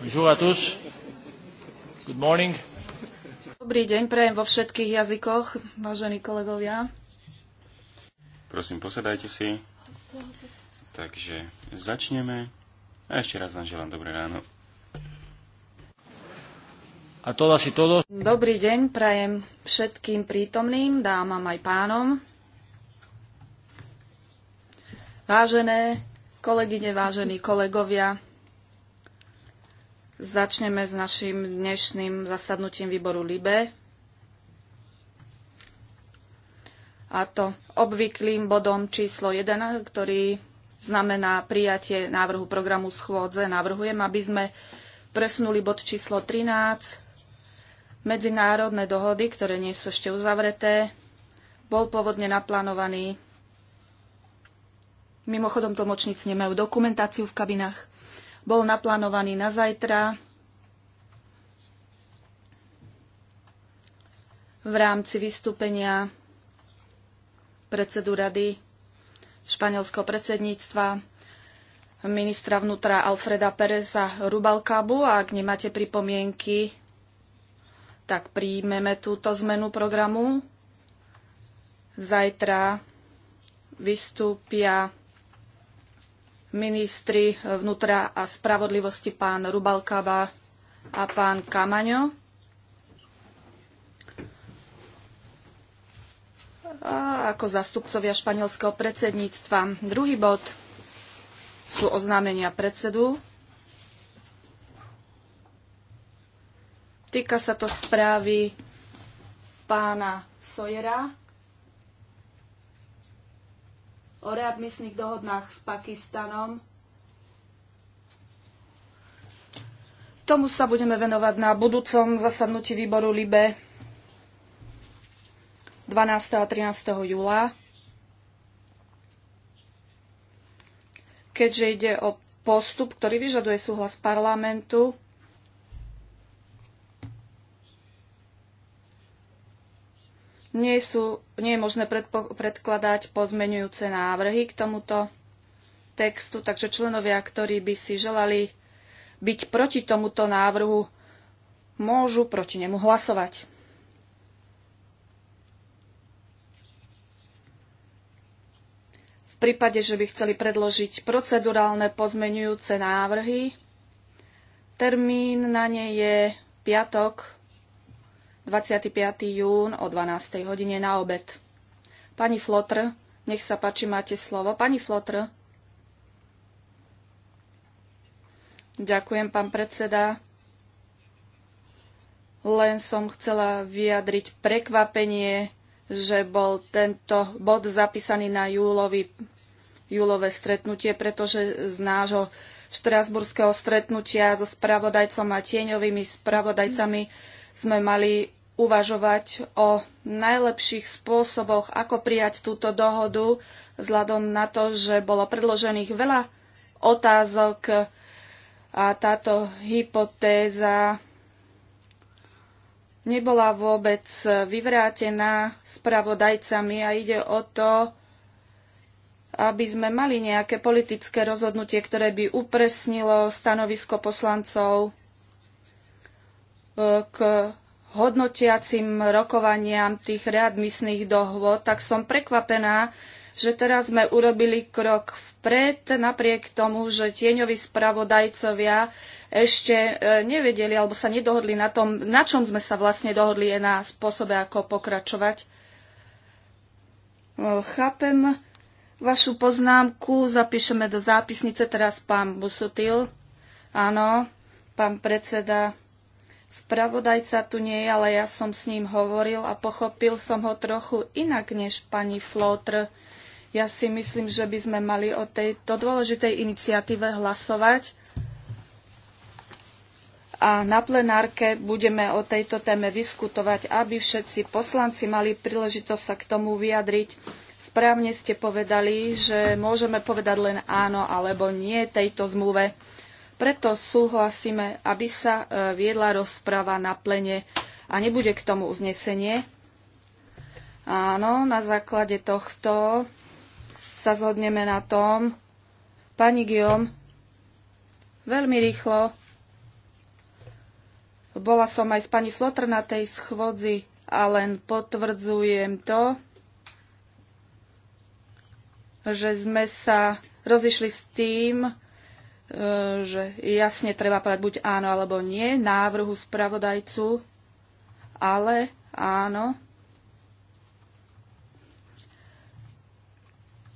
Bonjour à tous. Good morning. Dobrý deň, prejem vo všetkých jazykoch, vážení kolegovia. Prosím, posadajte si. Takže začneme. A ešte raz vám želám dobré ráno. A to asi todo. Dobrý deň, prajem všetkým prítomným, dámam aj pánom. Vážené kolegyne, vážení kolegovia, Začneme s našim dnešným zasadnutím výboru LIBE. A to obvyklým bodom číslo 1, ktorý znamená prijatie návrhu programu schôdze. Navrhujem, aby sme presunuli bod číslo 13, medzinárodné dohody, ktoré nie sú ešte uzavreté, bol pôvodne naplánovaný. Mimochodom, tlmočníci nemajú dokumentáciu v kabinách bol naplánovaný na zajtra v rámci vystúpenia predsedu rady španielského predsedníctva ministra vnútra Alfreda Pereza Rubalkabu. A ak nemáte pripomienky, tak príjmeme túto zmenu programu. Zajtra vystúpia ministri vnútra a spravodlivosti pán Rubalkava a pán Kamaňo. A ako zastupcovia španielského predsedníctva. Druhý bod sú oznámenia predsedu. Týka sa to správy pána Sojera o readmisných dohodnách s Pakistanom. Tomu sa budeme venovať na budúcom zasadnutí výboru LIBE 12. a 13. júla. Keďže ide o postup, ktorý vyžaduje súhlas parlamentu, nie, sú, nie je možné predkladať pozmenujúce návrhy k tomuto textu, takže členovia, ktorí by si želali byť proti tomuto návrhu, môžu proti nemu hlasovať. V prípade, že by chceli predložiť procedurálne pozmenujúce návrhy, termín na ne je piatok 25. jún o 12. hodine na obed. Pani Flotr, nech sa páči, máte slovo. Pani Flotr. Ďakujem, pán predseda. Len som chcela vyjadriť prekvapenie, že bol tento bod zapísaný na júlovi, júlové stretnutie, pretože z nášho štrasburského stretnutia so spravodajcom a tieňovými spravodajcami mm sme mali uvažovať o najlepších spôsoboch, ako prijať túto dohodu, vzhľadom na to, že bolo predložených veľa otázok a táto hypotéza nebola vôbec vyvrátená spravodajcami a ide o to, aby sme mali nejaké politické rozhodnutie, ktoré by upresnilo stanovisko poslancov k hodnotiacim rokovaniam tých readmisných dohôd, tak som prekvapená, že teraz sme urobili krok vpred, napriek tomu, že tieňoví spravodajcovia ešte e, nevedeli alebo sa nedohodli na tom, na čom sme sa vlastne dohodli je na spôsobe, ako pokračovať. E, chápem vašu poznámku, zapíšeme do zápisnice teraz pán Busutil. Áno, pán predseda Spravodajca tu nie je, ale ja som s ním hovoril a pochopil som ho trochu inak než pani Flotr. Ja si myslím, že by sme mali o tejto dôležitej iniciatíve hlasovať a na plenárke budeme o tejto téme diskutovať, aby všetci poslanci mali príležitosť sa k tomu vyjadriť. Správne ste povedali, že môžeme povedať len áno alebo nie tejto zmluve. Preto súhlasíme, aby sa e, viedla rozprava na plene a nebude k tomu uznesenie. Áno, na základe tohto sa zhodneme na tom. Pani Giom, veľmi rýchlo. Bola som aj s pani Flotr na tej schvodzi a len potvrdzujem to, že sme sa rozišli s tým, E, že jasne treba povedať buď áno alebo nie návrhu spravodajcu, ale áno.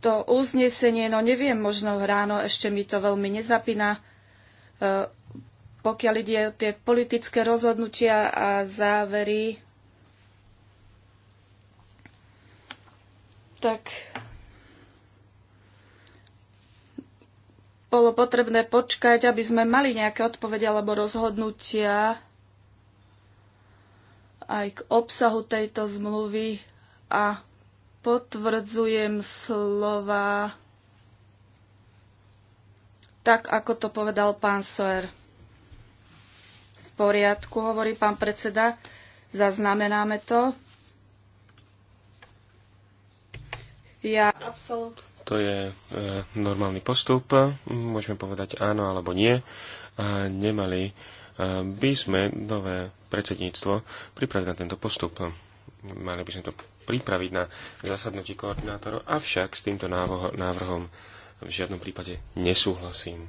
To uznesenie, no neviem, možno ráno ešte mi to veľmi nezapína, e, pokiaľ ide o tie politické rozhodnutia a závery, tak bolo potrebné počkať, aby sme mali nejaké odpovede alebo rozhodnutia aj k obsahu tejto zmluvy a potvrdzujem slova tak, ako to povedal pán Soer. V poriadku, hovorí pán predseda, zaznamenáme to. Ja absolútne. To je e, normálny postup. Môžeme povedať áno alebo nie. A nemali e, by sme nové predsedníctvo pripraviť na tento postup. Mali by sme to pripraviť na zasadnutí koordinátorov, avšak s týmto návrhom v žiadnom prípade nesúhlasím.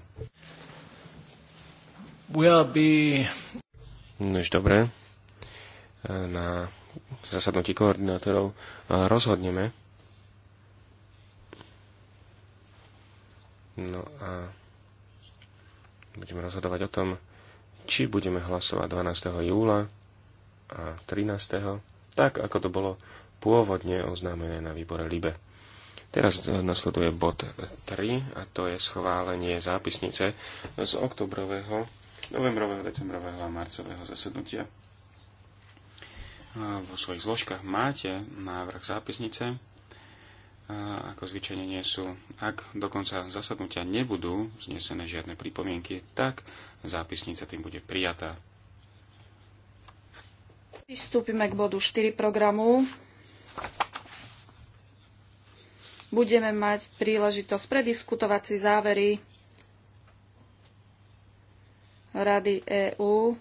We'll be... Nož dobre. E, na zasadnutí koordinátorov e, rozhodneme No a budeme rozhodovať o tom, či budeme hlasovať 12. júla a 13. tak, ako to bolo pôvodne oznámené na výbore LIBE. Teraz nasleduje bod 3 a to je schválenie zápisnice z oktobrového, novembrového, decembrového a marcového zasadnutia. Vo svojich zložkách máte návrh zápisnice ako zvyčajne nie sú, ak dokonca zasadnutia nebudú vznesené žiadne pripomienky, tak zápisnica tým bude prijatá. Vystúpime k bodu 4 programu. Budeme mať príležitosť prediskutovať si závery Rady EÚ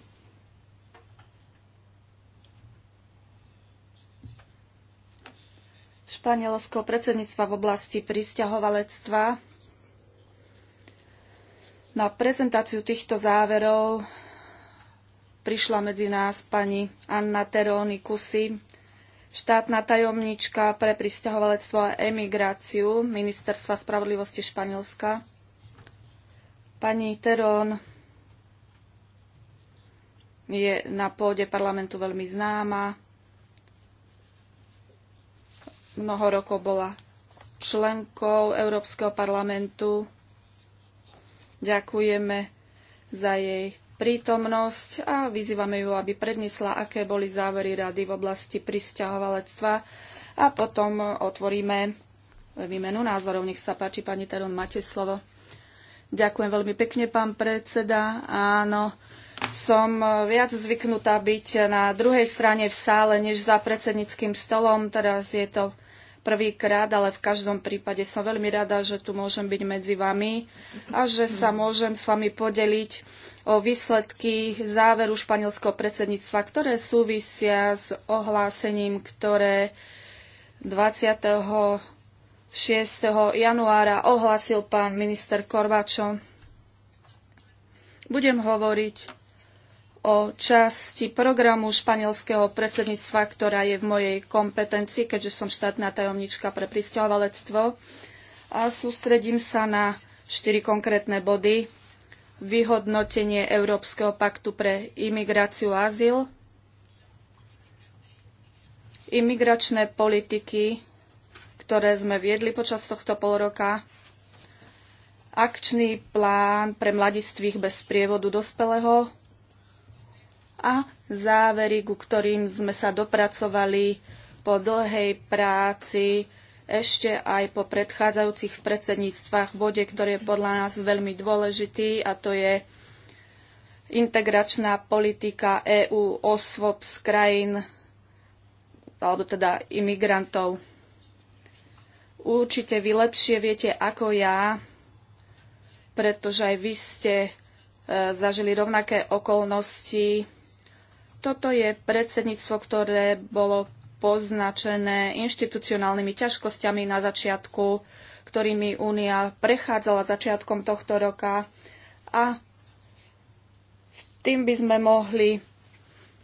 španielského predsedníctva v oblasti pristahovalectva. Na prezentáciu týchto záverov prišla medzi nás pani Anna Teróny Kusy, štátna tajomnička pre pristahovalectvo a emigráciu Ministerstva spravodlivosti Španielska. Pani Terón je na pôde parlamentu veľmi známa mnoho rokov bola členkou Európskeho parlamentu. Ďakujeme za jej prítomnosť a vyzývame ju, aby prednesla, aké boli závery rady v oblasti pristahovalectva a potom otvoríme výmenu názorov. Nech sa páči, pani Teron, máte slovo. Ďakujem veľmi pekne, pán predseda. Áno, som viac zvyknutá byť na druhej strane v sále, než za predsedníckým stolom. Teraz je to prvýkrát, ale v každom prípade som veľmi rada, že tu môžem byť medzi vami a že sa môžem s vami podeliť o výsledky záveru španielského predsedníctva, ktoré súvisia s ohlásením, ktoré 26. januára ohlásil pán minister Korvačo. Budem hovoriť o časti programu španielského predsedníctva, ktorá je v mojej kompetencii, keďže som štátna tajomnička pre pristahovalectvo. A sústredím sa na štyri konkrétne body. Vyhodnotenie Európskeho paktu pre imigráciu a azyl, imigračné politiky, ktoré sme viedli počas tohto pol roka, akčný plán pre mladistvých bez prievodu dospelého, a závery, ku ktorým sme sa dopracovali po dlhej práci, ešte aj po predchádzajúcich predsedníctvách v vode, ktorý je podľa nás veľmi dôležitý a to je integračná politika EÚ osôb z krajín alebo teda imigrantov. Určite vy lepšie viete ako ja, pretože aj vy ste e, zažili rovnaké okolnosti toto je predsedníctvo, ktoré bolo poznačené inštitucionálnymi ťažkosťami na začiatku, ktorými Únia prechádzala začiatkom tohto roka a tým by sme mohli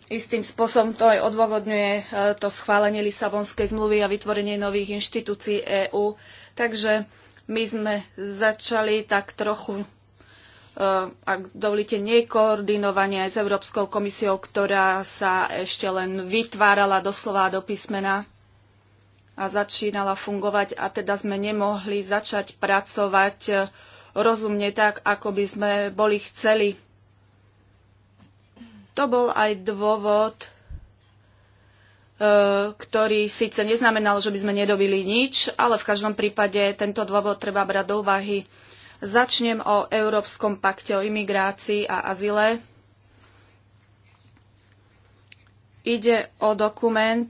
istým spôsobom to aj odôvodňuje e, to schválenie Lisabonskej zmluvy a vytvorenie nových inštitúcií EÚ. Takže my sme začali tak trochu Eh, ak dovolíte, nekoordinovanie aj s Európskou komisiou, ktorá sa ešte len vytvárala doslova do písmena a začínala fungovať a teda sme nemohli začať pracovať eh, rozumne tak, ako by sme boli chceli. To bol aj dôvod, eh, ktorý síce neznamenal, že by sme nedobili nič, ale v každom prípade tento dôvod treba brať do úvahy. Začnem o Európskom pakte o imigrácii a azile. Ide o dokument,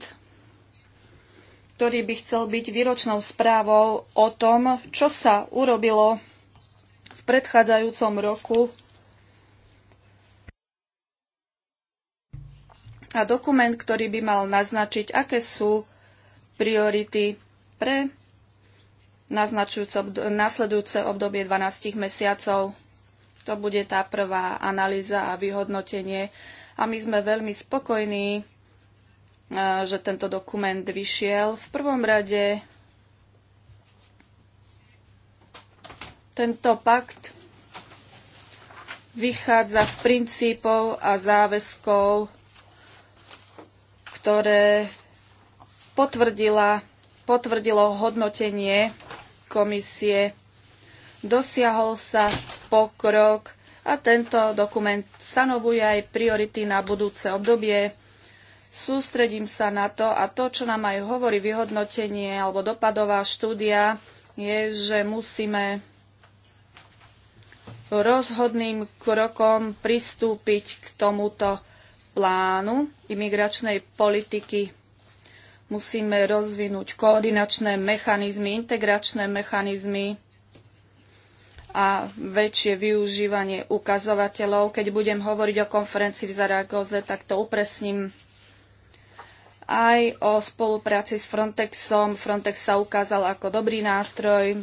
ktorý by chcel byť výročnou správou o tom, čo sa urobilo v predchádzajúcom roku. A dokument, ktorý by mal naznačiť, aké sú priority pre naznačujúce obd- nasledujúce obdobie 12 mesiacov. To bude tá prvá analýza a vyhodnotenie. A my sme veľmi spokojní, e, že tento dokument vyšiel. V prvom rade tento pakt vychádza z princípov a záväzkov, ktoré potvrdila, potvrdilo hodnotenie komisie. Dosiahol sa pokrok a tento dokument stanovuje aj priority na budúce obdobie. Sústredím sa na to a to, čo nám aj hovorí vyhodnotenie alebo dopadová štúdia, je, že musíme rozhodným krokom pristúpiť k tomuto plánu imigračnej politiky Musíme rozvinúť koordinačné mechanizmy, integračné mechanizmy a väčšie využívanie ukazovateľov. Keď budem hovoriť o konferencii v Zaragoze, tak to upresním aj o spolupráci s Frontexom. Frontex sa ukázal ako dobrý nástroj.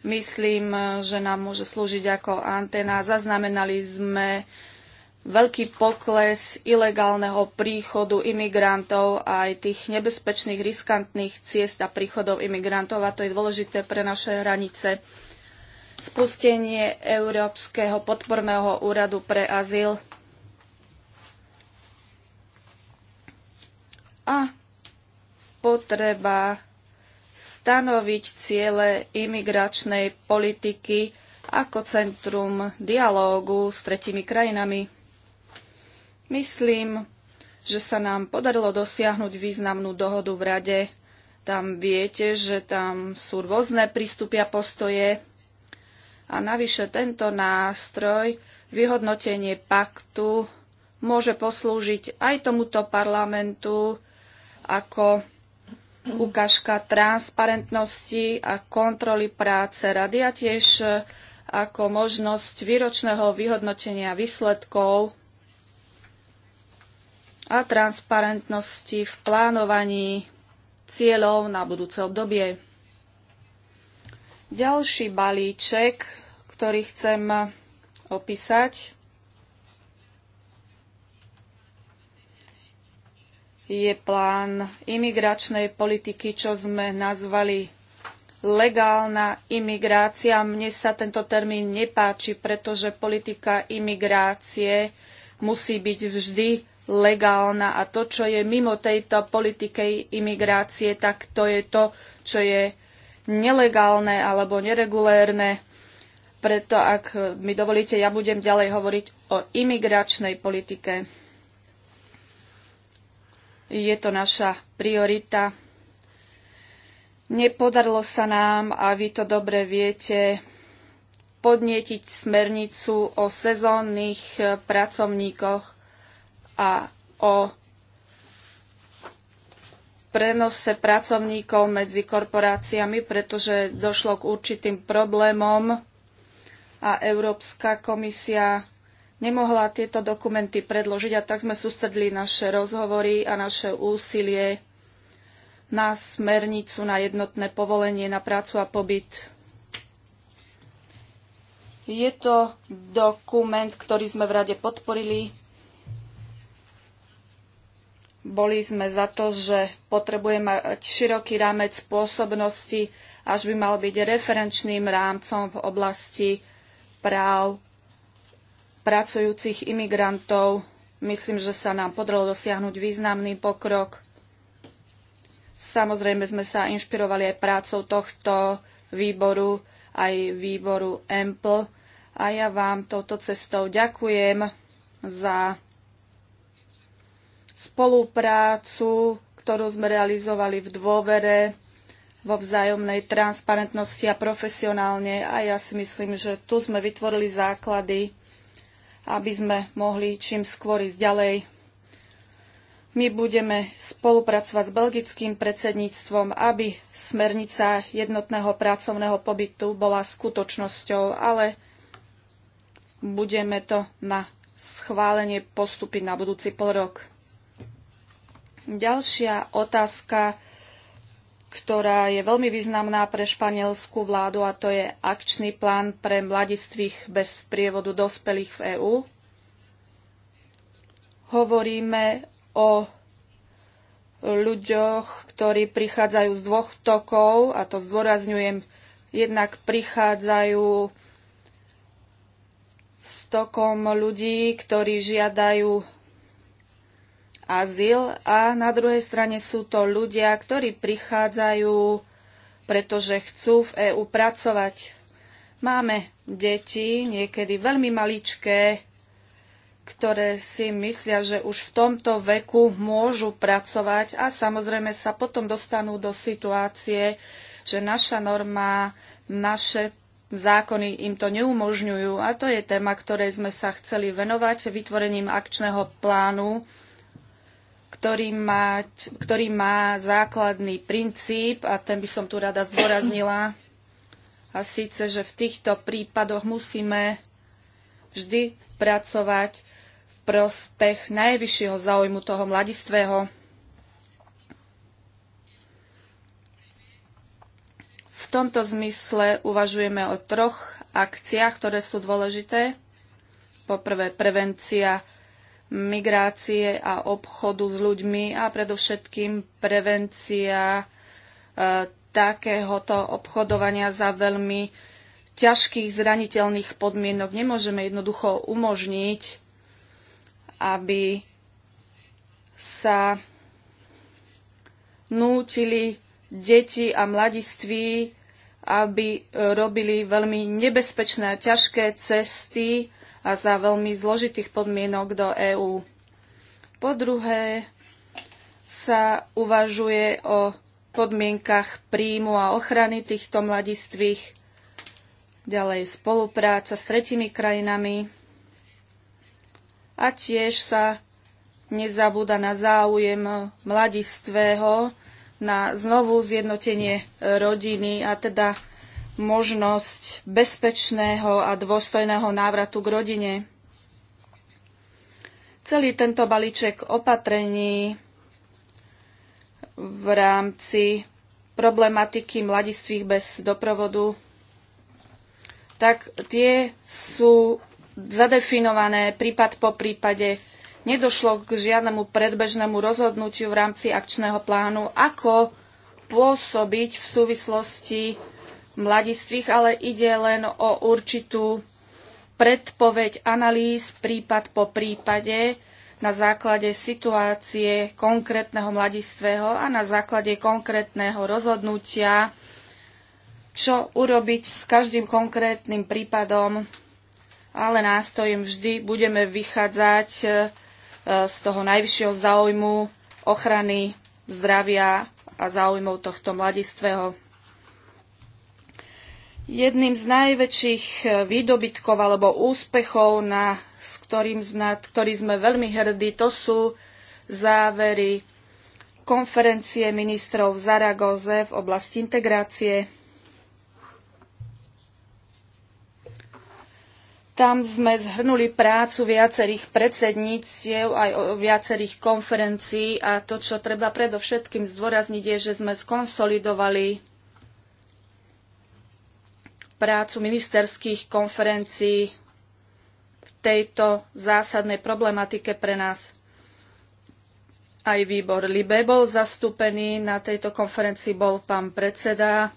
Myslím, že nám môže slúžiť ako antena. Zaznamenali sme veľký pokles ilegálneho príchodu imigrantov a aj tých nebezpečných, riskantných ciest a príchodov imigrantov a to je dôležité pre naše hranice. Spustenie Európskeho podporného úradu pre azyl a potreba stanoviť ciele imigračnej politiky ako centrum dialógu s tretimi krajinami. Myslím, že sa nám podarilo dosiahnuť významnú dohodu v rade. Tam viete, že tam sú rôzne prístupy a postoje. A navyše tento nástroj, vyhodnotenie paktu, môže poslúžiť aj tomuto parlamentu ako ukážka transparentnosti a kontroly práce rady a tiež ako možnosť výročného vyhodnotenia výsledkov a transparentnosti v plánovaní cieľov na budúce obdobie. Ďalší balíček, ktorý chcem opísať, je plán imigračnej politiky, čo sme nazvali legálna imigrácia. Mne sa tento termín nepáči, pretože politika imigrácie musí byť vždy legálna a to, čo je mimo tejto politikej imigrácie, tak to je to, čo je nelegálne alebo neregulérne. Preto, ak mi dovolíte, ja budem ďalej hovoriť o imigračnej politike. Je to naša priorita. Nepodarilo sa nám, a vy to dobre viete, podnietiť smernicu o sezónnych pracovníkoch a o prenose pracovníkov medzi korporáciami, pretože došlo k určitým problémom a Európska komisia nemohla tieto dokumenty predložiť a tak sme sústredili naše rozhovory a naše úsilie na smernicu na jednotné povolenie na prácu a pobyt. Je to dokument, ktorý sme v rade podporili boli sme za to, že potrebuje mať široký rámec spôsobnosti, až by mal byť referenčným rámcom v oblasti práv pracujúcich imigrantov. Myslím, že sa nám podarilo dosiahnuť významný pokrok. Samozrejme sme sa inšpirovali aj prácou tohto výboru, aj výboru EMPL. A ja vám touto cestou ďakujem za spoluprácu, ktorú sme realizovali v dôvere, vo vzájomnej transparentnosti a profesionálne. A ja si myslím, že tu sme vytvorili základy, aby sme mohli čím skôr ísť ďalej. My budeme spolupracovať s belgickým predsedníctvom, aby smernica jednotného pracovného pobytu bola skutočnosťou, ale budeme to na schválenie postupy na budúci pol rok. Ďalšia otázka, ktorá je veľmi významná pre španielskú vládu a to je akčný plán pre mladistvých bez prievodu dospelých v EÚ. Hovoríme o ľuďoch, ktorí prichádzajú z dvoch tokov, a to zdôrazňujem, jednak prichádzajú s tokom ľudí, ktorí žiadajú azyl a na druhej strane sú to ľudia, ktorí prichádzajú, pretože chcú v EÚ pracovať. Máme deti, niekedy veľmi maličké, ktoré si myslia, že už v tomto veku môžu pracovať a samozrejme sa potom dostanú do situácie, že naša norma, naše zákony im to neumožňujú a to je téma, ktorej sme sa chceli venovať vytvorením akčného plánu ktorý má, ktorý má základný princíp a ten by som tu rada zdôraznila. A síce, že v týchto prípadoch musíme vždy pracovať v prospech najvyššieho záujmu toho mladistvého. V tomto zmysle uvažujeme o troch akciách, ktoré sú dôležité. Poprvé prevencia migrácie a obchodu s ľuďmi a predovšetkým prevencia e, takéhoto obchodovania za veľmi ťažkých zraniteľných podmienok. Nemôžeme jednoducho umožniť, aby sa nútili deti a mladiství, aby robili veľmi nebezpečné a ťažké cesty a za veľmi zložitých podmienok do EÚ. Po druhé sa uvažuje o podmienkach príjmu a ochrany týchto mladistvých, ďalej spolupráca s tretimi krajinami a tiež sa nezabúda na záujem mladistvého na znovu zjednotenie rodiny a teda možnosť bezpečného a dôstojného návratu k rodine. Celý tento balíček opatrení v rámci problematiky mladistvých bez doprovodu, tak tie sú zadefinované prípad po prípade. Nedošlo k žiadnemu predbežnému rozhodnutiu v rámci akčného plánu, ako pôsobiť v súvislosti mladistvých, ale ide len o určitú predpoveď analýz prípad po prípade na základe situácie konkrétneho mladistvého a na základe konkrétneho rozhodnutia, čo urobiť s každým konkrétnym prípadom, ale nástojím vždy budeme vychádzať e, z toho najvyššieho záujmu ochrany zdravia a záujmov tohto mladistvého. Jedným z najväčších e, výdobytkov alebo úspechov, na, s ktorým, na ktorý sme veľmi hrdí, to sú závery konferencie ministrov v Zaragoze v oblasti integrácie. Tam sme zhrnuli prácu viacerých predsedníctiev aj o viacerých konferencií a to, čo treba predovšetkým zdôrazniť, je, že sme skonsolidovali prácu ministerských konferencií v tejto zásadnej problematike pre nás. Aj výbor Libe bol zastúpený, na tejto konferencii bol pán predseda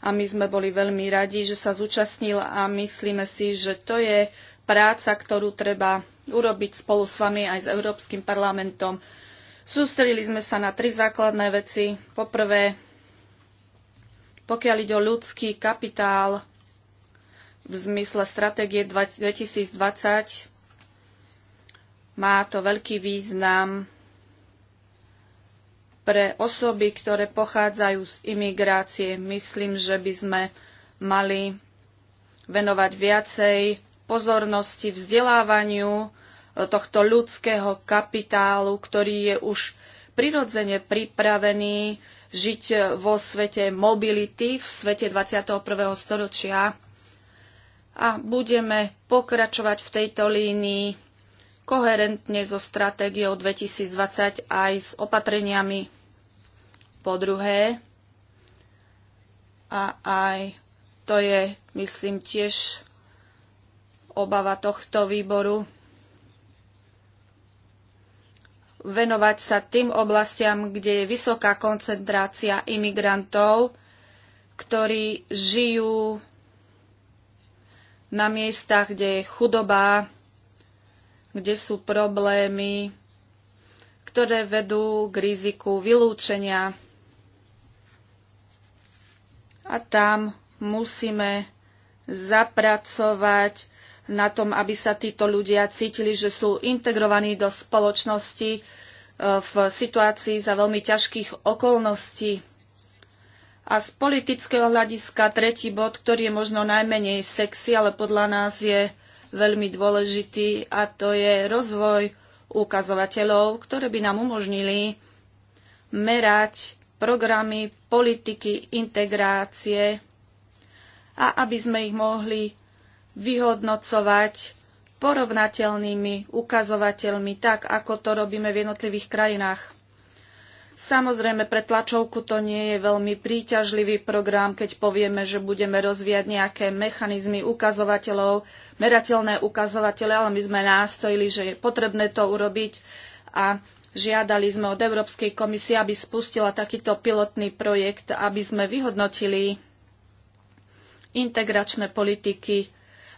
a my sme boli veľmi radi, že sa zúčastnil a myslíme si, že to je práca, ktorú treba urobiť spolu s vami aj s Európskym parlamentom. Sústredili sme sa na tri základné veci. Poprvé, pokiaľ ide o ľudský kapitál, v zmysle stratégie 2020 má to veľký význam pre osoby, ktoré pochádzajú z imigrácie. Myslím, že by sme mali venovať viacej pozornosti vzdelávaniu e, tohto ľudského kapitálu, ktorý je už prirodzene pripravený žiť e, vo svete mobility, v svete 21. storočia a budeme pokračovať v tejto línii koherentne so stratégiou 2020 aj s opatreniami po druhé. A aj to je, myslím, tiež obava tohto výboru venovať sa tým oblastiam, kde je vysoká koncentrácia imigrantov, ktorí žijú na miestach, kde je chudoba, kde sú problémy, ktoré vedú k riziku vylúčenia. A tam musíme zapracovať na tom, aby sa títo ľudia cítili, že sú integrovaní do spoločnosti eh, v situácii za veľmi ťažkých okolností. A z politického hľadiska tretí bod, ktorý je možno najmenej sexy, ale podľa nás je veľmi dôležitý, a to je rozvoj ukazovateľov, ktoré by nám umožnili merať programy politiky integrácie a aby sme ich mohli vyhodnocovať porovnateľnými ukazovateľmi, tak ako to robíme v jednotlivých krajinách. Samozrejme, pre tlačovku to nie je veľmi príťažlivý program, keď povieme, že budeme rozvíjať nejaké mechanizmy ukazovateľov, merateľné ukazovatele, ale my sme nástojili, že je potrebné to urobiť a žiadali sme od Európskej komisie, aby spustila takýto pilotný projekt, aby sme vyhodnotili integračné politiky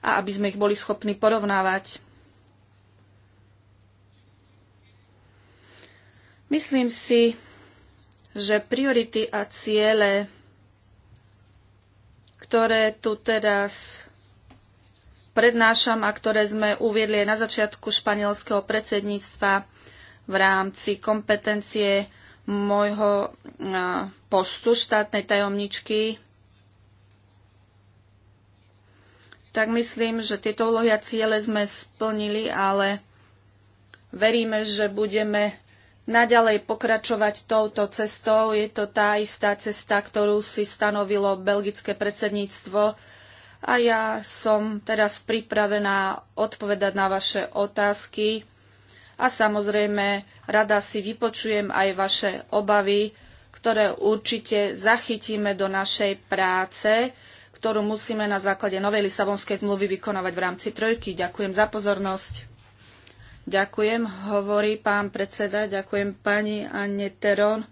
a aby sme ich boli schopní porovnávať. Myslím si, že priority a ciele, ktoré tu teraz prednášam a ktoré sme uviedli aj na začiatku španielského predsedníctva v rámci kompetencie môjho postu štátnej tajomničky, tak myslím, že tieto úlohy a ciele sme splnili, ale veríme, že budeme naďalej pokračovať touto cestou. Je to tá istá cesta, ktorú si stanovilo belgické predsedníctvo a ja som teraz pripravená odpovedať na vaše otázky a samozrejme rada si vypočujem aj vaše obavy, ktoré určite zachytíme do našej práce, ktorú musíme na základe novej Lisabonskej zmluvy vykonávať v rámci trojky. Ďakujem za pozornosť. Ďakujem, hovorí pán predseda, ďakujem pani Anne Teron.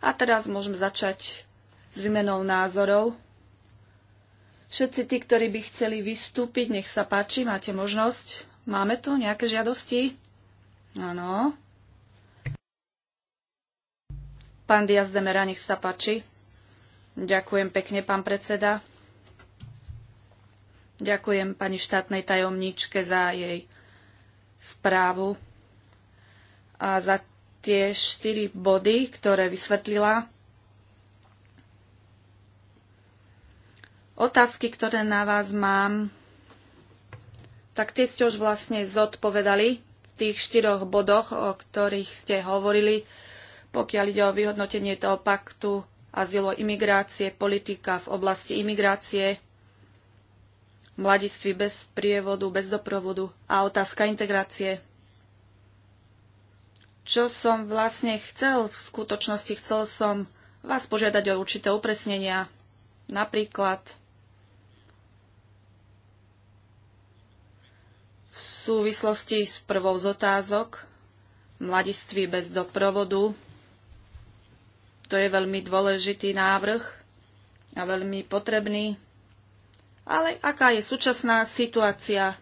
A teraz môžeme začať s výmenou názorov. Všetci tí, ktorí by chceli vystúpiť, nech sa páči, máte možnosť. Máme tu nejaké žiadosti? Áno. Pán Diaz Demera, nech sa páči. Ďakujem pekne, pán predseda. Ďakujem pani štátnej tajomníčke za jej správu a za tie štyri body, ktoré vysvetlila. Otázky, ktoré na vás mám, tak tie ste už vlastne zodpovedali v tých štyroch bodoch, o ktorých ste hovorili, pokiaľ ide o vyhodnotenie toho paktu azylo imigrácie, politika v oblasti imigrácie mladiství bez prievodu, bez doprovodu a otázka integrácie. Čo som vlastne chcel v skutočnosti? Chcel som vás požiadať o určité upresnenia. Napríklad v súvislosti s prvou z otázok mladiství bez doprovodu. To je veľmi dôležitý návrh a veľmi potrebný ale aká je súčasná situácia?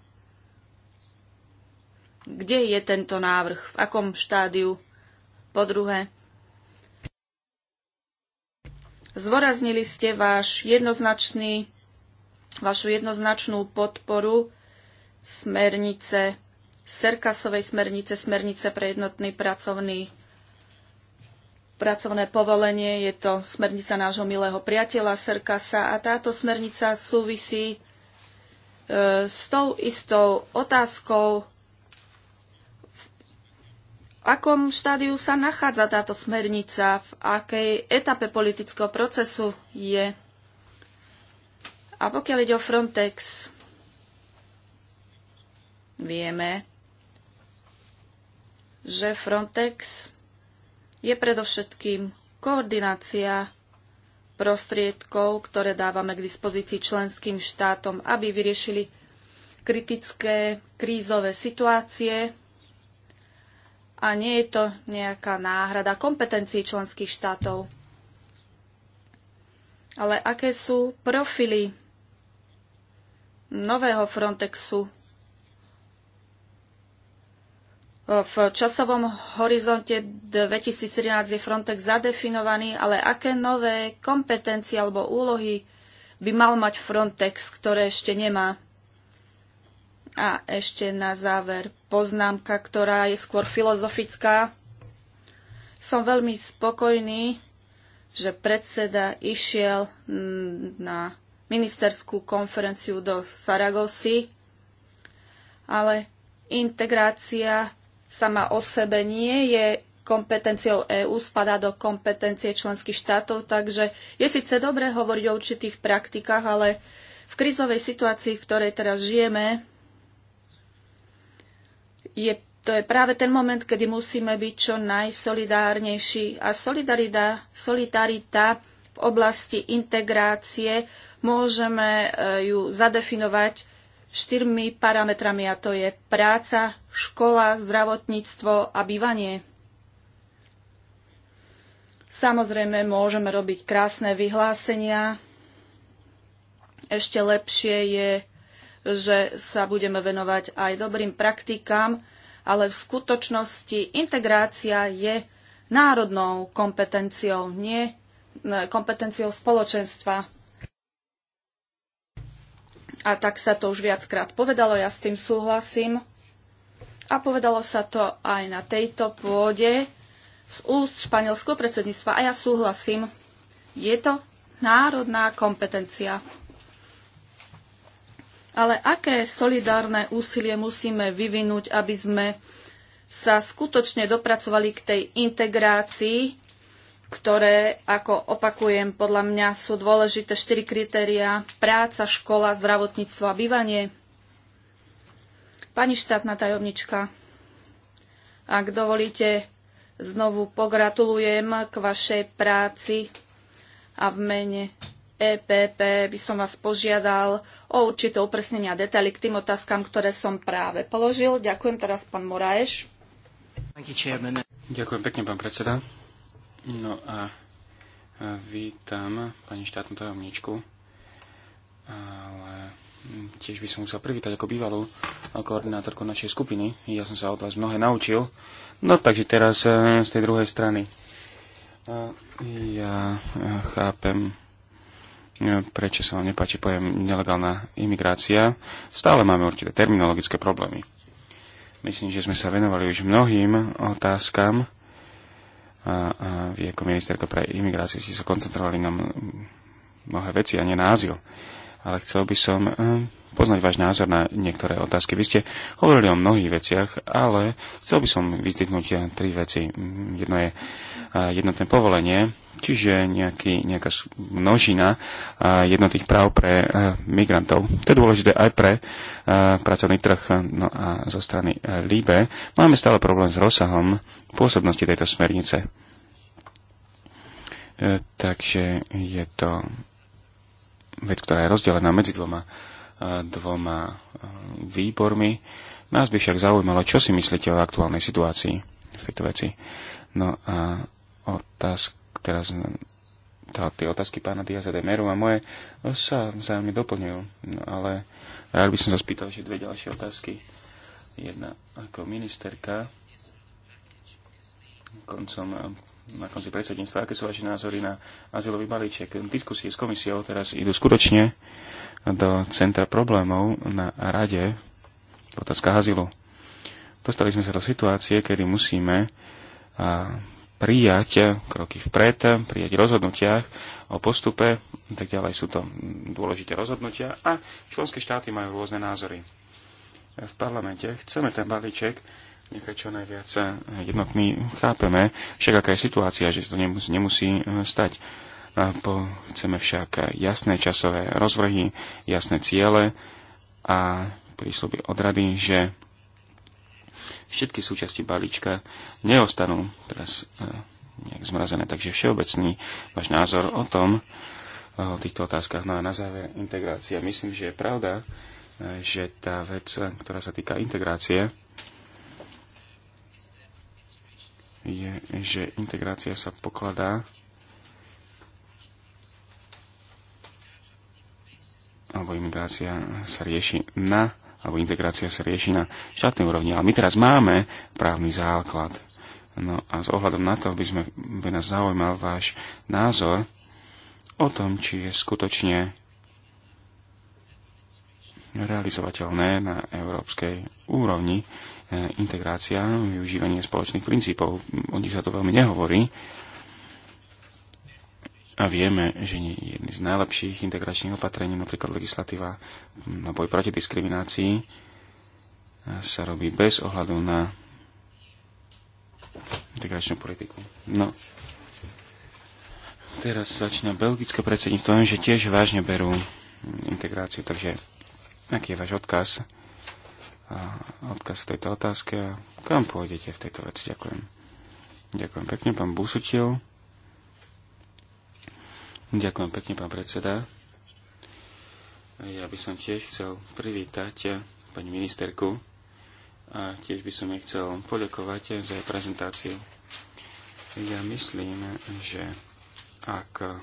Kde je tento návrh? V akom štádiu? Po druhé, zvoraznili ste váš jednoznačný, vašu jednoznačnú podporu smernice, serkasovej smernice, smernice pre jednotný pracovný pracovné povolenie, je to smernica nášho milého priateľa Serkasa a táto smernica súvisí e, s tou istou otázkou, v akom štádiu sa nachádza táto smernica, v akej etape politického procesu je. A pokiaľ ide o Frontex, vieme, že Frontex je predovšetkým koordinácia prostriedkov, ktoré dávame k dispozícii členským štátom, aby vyriešili kritické krízové situácie. A nie je to nejaká náhrada kompetencií členských štátov. Ale aké sú profily nového Frontexu? V časovom horizonte 2013 je Frontex zadefinovaný, ale aké nové kompetencie alebo úlohy by mal mať Frontex, ktoré ešte nemá? A ešte na záver poznámka, ktorá je skôr filozofická. Som veľmi spokojný, že predseda išiel mm, na ministerskú konferenciu do Saragosy, ale integrácia sama o sebe nie je kompetenciou EÚ, spadá do kompetencie členských štátov, takže je síce dobré hovoriť o určitých praktikách, ale v krizovej situácii, v ktorej teraz žijeme, je, to je práve ten moment, kedy musíme byť čo najsolidárnejší. A solidarita, solidarita v oblasti integrácie môžeme e, ju zadefinovať štyrmi parametrami a to je práca, škola, zdravotníctvo a bývanie. Samozrejme, môžeme robiť krásne vyhlásenia. Ešte lepšie je, že sa budeme venovať aj dobrým praktikám, ale v skutočnosti integrácia je národnou kompetenciou, nie kompetenciou spoločenstva. A tak sa to už viackrát povedalo, ja s tým súhlasím. A povedalo sa to aj na tejto pôde z úst španielského predsedníctva. A ja súhlasím, je to národná kompetencia. Ale aké solidárne úsilie musíme vyvinúť, aby sme sa skutočne dopracovali k tej integrácii ktoré, ako opakujem, podľa mňa sú dôležité štyri kritéria. Práca, škola, zdravotníctvo a bývanie. Pani štátna tajomnička, ak dovolíte, znovu pogratulujem k vašej práci a v mene EPP by som vás požiadal o určité upresnenia a detaily k tým otázkam, ktoré som práve položil. Ďakujem teraz pán Moraeš. Ďakujem pekne, pán predseda. No a vítam pani štátnu tajomničku, ale tiež by som musel privítať ako bývalú koordinátorku našej skupiny. Ja som sa od vás mnohé naučil. No takže teraz e, z tej druhej strany. Ja e, chápem, e, prečo sa vám nepáči pojem nelegálna imigrácia. Stále máme určité terminologické problémy. Myslím, že sme sa venovali už mnohým otázkam, a vy ako ministerka pre imigráciu ste sa koncentrovali na mnohé veci a nie na azyl. Ale chcel by som ehm, poznať váš názor na niektoré otázky. Vy ste hovorili o mnohých veciach, ale chcel by som vyzdvihnúť tri veci. Jedno je jednotné povolenie, čiže nejaký, nejaká množina jednotných práv pre migrantov. To je dôležité aj pre pracovný trh. No a zo strany Líbe máme stále problém s rozsahom pôsobnosti tejto smernice. E, takže je to vec, ktorá je rozdelená medzi dvoma dvoma eh, výbormi. Nás by však zaujímalo, čo si myslíte o aktuálnej situácii v tejto veci. No a otázka teraz tá, tie otázky pána Diaza de Meru a moje sa vzájomne doplňujú, no, ale rád by som sa spýtal ešte dve ďalšie otázky. Jedna ako ministerka koncom eh, na konci predsedníctva, aké sú vaše názory na azylový balíček. Diskusie s komisiou teraz idú skutočne do centra problémov na rade v otázkach azylu. Dostali sme sa do situácie, kedy musíme prijať kroky vpred, prijať rozhodnutiach o postupe, tak ďalej sú to dôležité rozhodnutia a členské štáty majú rôzne názory. V parlamente chceme ten balíček nechať čo najviac jednotný, chápeme však aká je situácia, že sa to nemusí, nemusí stať po Chceme však jasné časové rozvrhy, jasné ciele a prísluby od rady, že všetky súčasti balíčka neostanú teraz e, nejak zmrazené. Takže všeobecný váš názor o tom, e, o týchto otázkach. No a na záver integrácia. Myslím, že je pravda, e, že tá vec, ktorá sa týka integrácie, je, že integrácia sa pokladá alebo imigrácia sa rieši na, alebo integrácia sa rieši na štátnej úrovni. Ale my teraz máme právny základ. No a s ohľadom na to by, sme, by nás zaujímal váš názor o tom, či je skutočne realizovateľné na európskej úrovni eh, integrácia, využívanie spoločných princípov. O nich sa to veľmi nehovorí a vieme, že jedný z najlepších integračných opatrení, napríklad legislatíva na boj proti diskriminácii, sa robí bez ohľadu na integračnú politiku. No. Teraz začína belgické predsedníctvo. Viem, že tiež vážne berú integráciu, takže aký je váš odkaz? A odkaz v tejto otázke a kam pôjdete v tejto veci? Ďakujem. Ďakujem pekne, pán Busutil. Ďakujem pekne, pán predseda. Ja by som tiež chcel privítať pani ministerku a tiež by som jej chcel poďakovať za jej prezentáciu. Ja myslím, že ak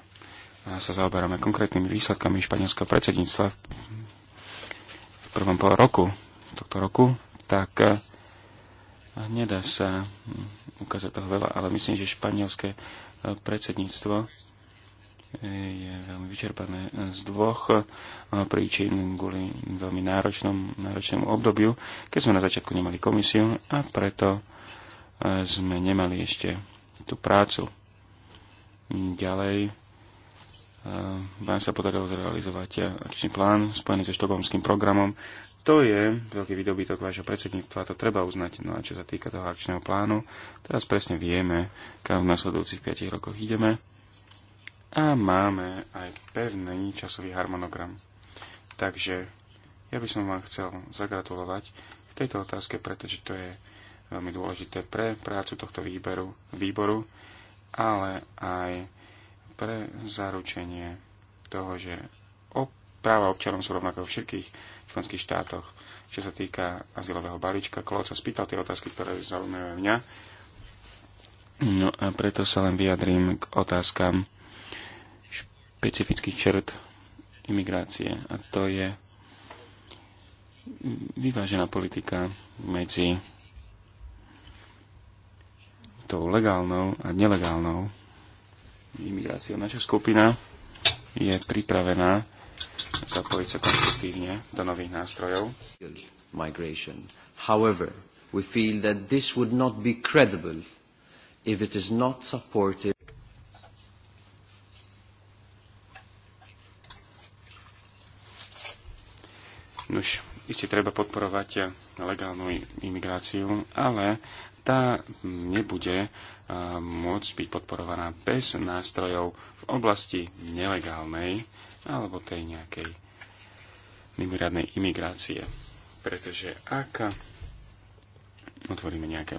sa zaoberáme konkrétnymi výsledkami španielského predsedníctva v prvom pol roku tohto roku, tak eh, nedá sa ukázať toho veľa, ale myslím, že španielské eh, predsedníctvo je veľmi vyčerpané z dvoch e, príčin kvôli veľmi náročnom, náročnému obdobiu, keď sme na začiatku nemali komisiu a preto e, sme nemali ešte tú prácu. Ďalej e, vám sa podarilo zrealizovať akčný plán spojený so štokholmským programom. To je veľký výdobytok vášho predsedníctva, to treba uznať. No a čo sa týka toho akčného plánu, teraz presne vieme, kam v nasledujúcich 5 rokoch ideme a máme aj pevný časový harmonogram. Takže ja by som vám chcel zagratulovať v tejto otázke, pretože to je veľmi dôležité pre prácu tohto výberu, výboru, ale aj pre zaručenie toho, že práva občanom sú rovnaké vo všetkých členských štátoch. Čo sa týka azylového balíčka, Klod sa spýtal tie otázky, ktoré zaujímajú mňa. No a preto sa len vyjadrím k otázkam špecifický čert imigrácie a to je vyvážená politika medzi tou legálnou a nelegálnou imigráciou. Naša skupina je pripravená zapojiť sa konstruktívne do nových nástrojov. Migration. However, we feel that this would not be credible if it is not supported Už iste treba podporovať legálnu imigráciu, ale tá nebude môcť byť podporovaná bez nástrojov v oblasti nelegálnej alebo tej nejakej mimoriadnej imigrácie. Pretože ak otvoríme nejaké,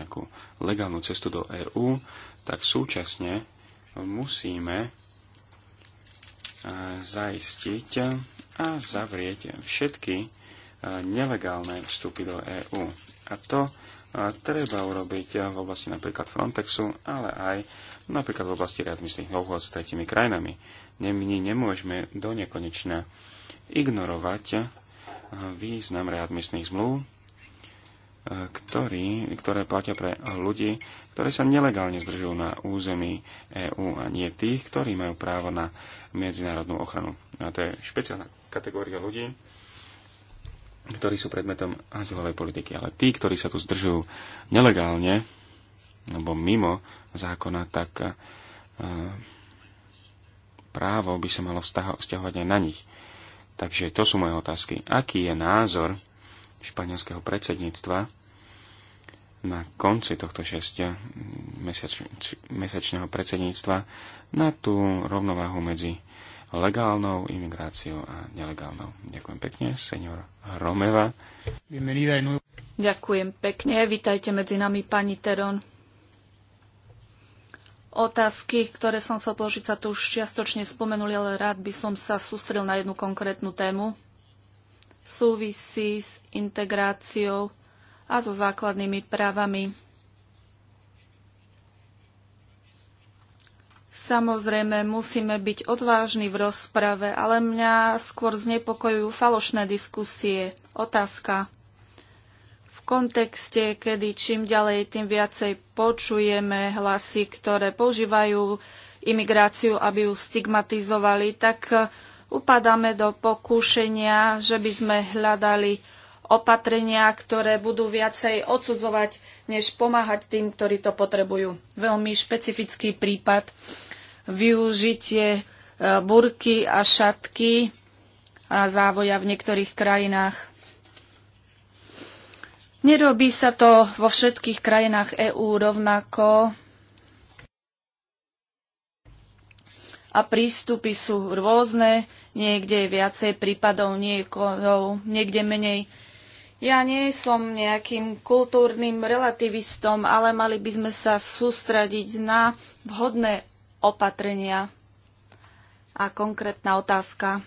nejakú legálnu cestu do EÚ, tak súčasne musíme zaistiť a zavrieť všetky e, nelegálne vstupy do EÚ. A to e, treba urobiť v oblasti napríklad Frontexu, ale aj napríklad v oblasti readmisných dohôd s tretimi krajinami. My nemôžeme do nekonečna ignorovať e, význam readmisných zmluv, ktorý, ktoré platia pre ľudí, ktoré sa nelegálne zdržujú na území EÚ a nie tých, ktorí majú právo na medzinárodnú ochranu. A to je špeciálna kategória ľudí, ktorí sú predmetom azylovej politiky. Ale tí, ktorí sa tu zdržujú nelegálne, alebo mimo zákona, tak e, právo by sa malo vzťahovať aj na nich. Takže to sú moje otázky. Aký je názor španielského predsedníctva na konci tohto mesiač, mesačného predsedníctva na tú rovnováhu medzi legálnou imigráciou a nelegálnou. Ďakujem pekne, senior Romeva. Ďakujem pekne, vítajte medzi nami, pani Teron. Otázky, ktoré som chcel položiť, sa tu už čiastočne spomenuli, ale rád by som sa sústrel na jednu konkrétnu tému. Súvisí s integráciou a so základnými právami. Samozrejme, musíme byť odvážni v rozprave, ale mňa skôr znepokojujú falošné diskusie. Otázka. V kontexte, kedy čím ďalej, tým viacej počujeme hlasy, ktoré používajú imigráciu, aby ju stigmatizovali, tak upadáme do pokúšenia, že by sme hľadali opatrenia, ktoré budú viacej odsudzovať, než pomáhať tým, ktorí to potrebujú. Veľmi špecifický prípad využitie e, burky a šatky a závoja v niektorých krajinách. Nerobí sa to vo všetkých krajinách EÚ rovnako a prístupy sú rôzne, niekde je viacej prípadov, niekde menej. Ja nie som nejakým kultúrnym relativistom, ale mali by sme sa sústrediť na vhodné opatrenia. A konkrétna otázka.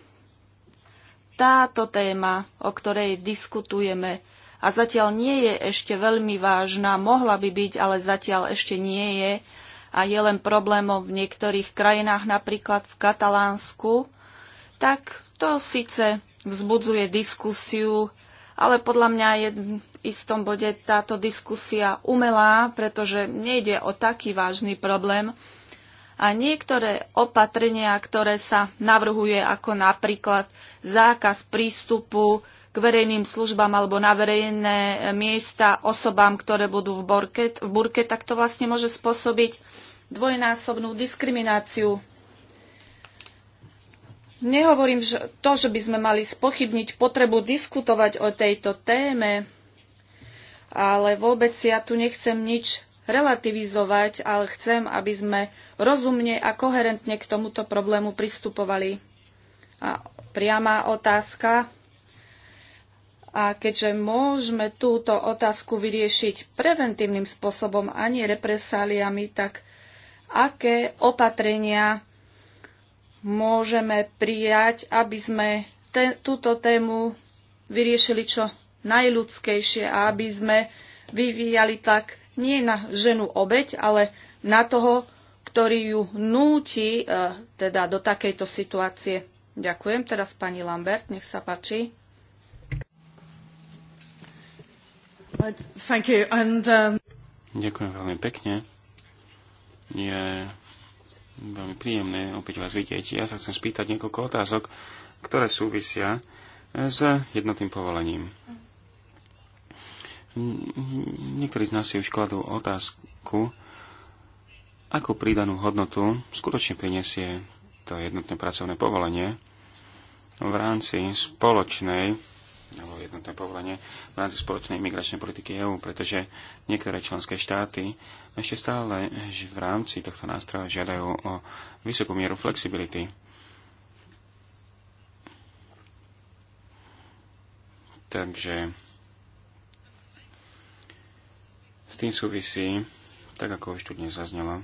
Táto téma, o ktorej diskutujeme, a zatiaľ nie je ešte veľmi vážna, mohla by byť, ale zatiaľ ešte nie je a je len problémom v niektorých krajinách, napríklad v Katalánsku, tak to síce vzbudzuje diskusiu, ale podľa mňa je v istom bode táto diskusia umelá, pretože nejde o taký vážny problém. A niektoré opatrenia, ktoré sa navrhuje, ako napríklad zákaz prístupu k verejným službám alebo na verejné miesta osobám, ktoré budú v burke, v burke tak to vlastne môže spôsobiť dvojnásobnú diskrimináciu Nehovorím že to, že by sme mali spochybniť potrebu diskutovať o tejto téme, ale vôbec ja tu nechcem nič relativizovať, ale chcem, aby sme rozumne a koherentne k tomuto problému pristupovali. A priama otázka. A keďže môžeme túto otázku vyriešiť preventívnym spôsobom, ani represáliami, tak aké opatrenia môžeme prijať, aby sme te, túto tému vyriešili čo najľudskejšie a aby sme vyvíjali tak nie na ženu obeď, ale na toho, ktorý ju núti e, teda do takejto situácie. Ďakujem. Teraz pani Lambert, nech sa páči. Uh, And, um... Ďakujem veľmi pekne. Je Veľmi príjemné opäť vás vidieť. Ja sa chcem spýtať niekoľko otázok, ktoré súvisia s jednotným povolením. Niektorí z nás si už kladú otázku, akú pridanú hodnotu skutočne prinesie to jednotné pracovné povolenie v rámci spoločnej alebo jednotné povolenie v rámci spoločnej imigračnej politiky EÚ, pretože niektoré členské štáty ešte stále v rámci tohto nástroja žiadajú o vysokú mieru flexibility. Takže s tým súvisí, tak ako už tu dnes zaznelo,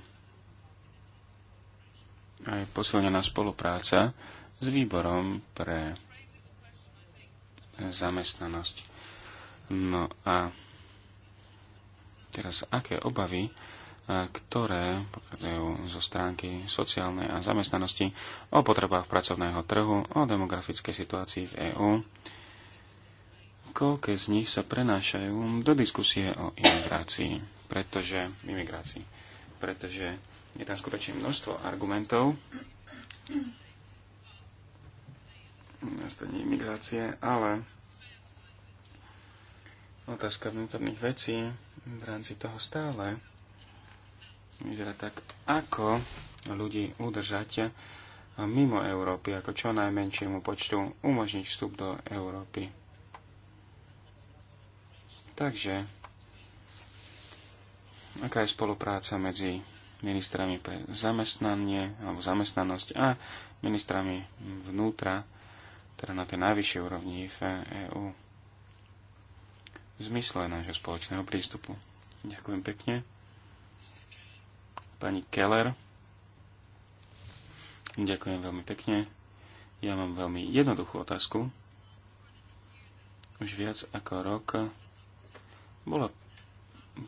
aj posilnená spolupráca s výborom pre zamestnanosť. No a teraz aké obavy, ktoré pochádzajú zo stránky sociálnej a zamestnanosti o potrebách pracovného trhu, o demografickej situácii v EÚ, koľké z nich sa prenášajú do diskusie o imigrácii, pretože, imigrácii, pretože je tam skutočne množstvo argumentov, nastavení imigrácie, ale otázka vnútorných vecí v rámci toho stále vyzerá tak, ako ľudí udržať mimo Európy, ako čo najmenšiemu počtu umožniť vstup do Európy. Takže, aká je spolupráca medzi ministrami pre zamestnanie alebo zamestnanosť a ministrami vnútra teda na tej najvyššej úrovni v EÚ v zmysle nášho spoločného prístupu. Ďakujem pekne. Pani Keller. Ďakujem veľmi pekne. Ja mám veľmi jednoduchú otázku. Už viac ako rok bola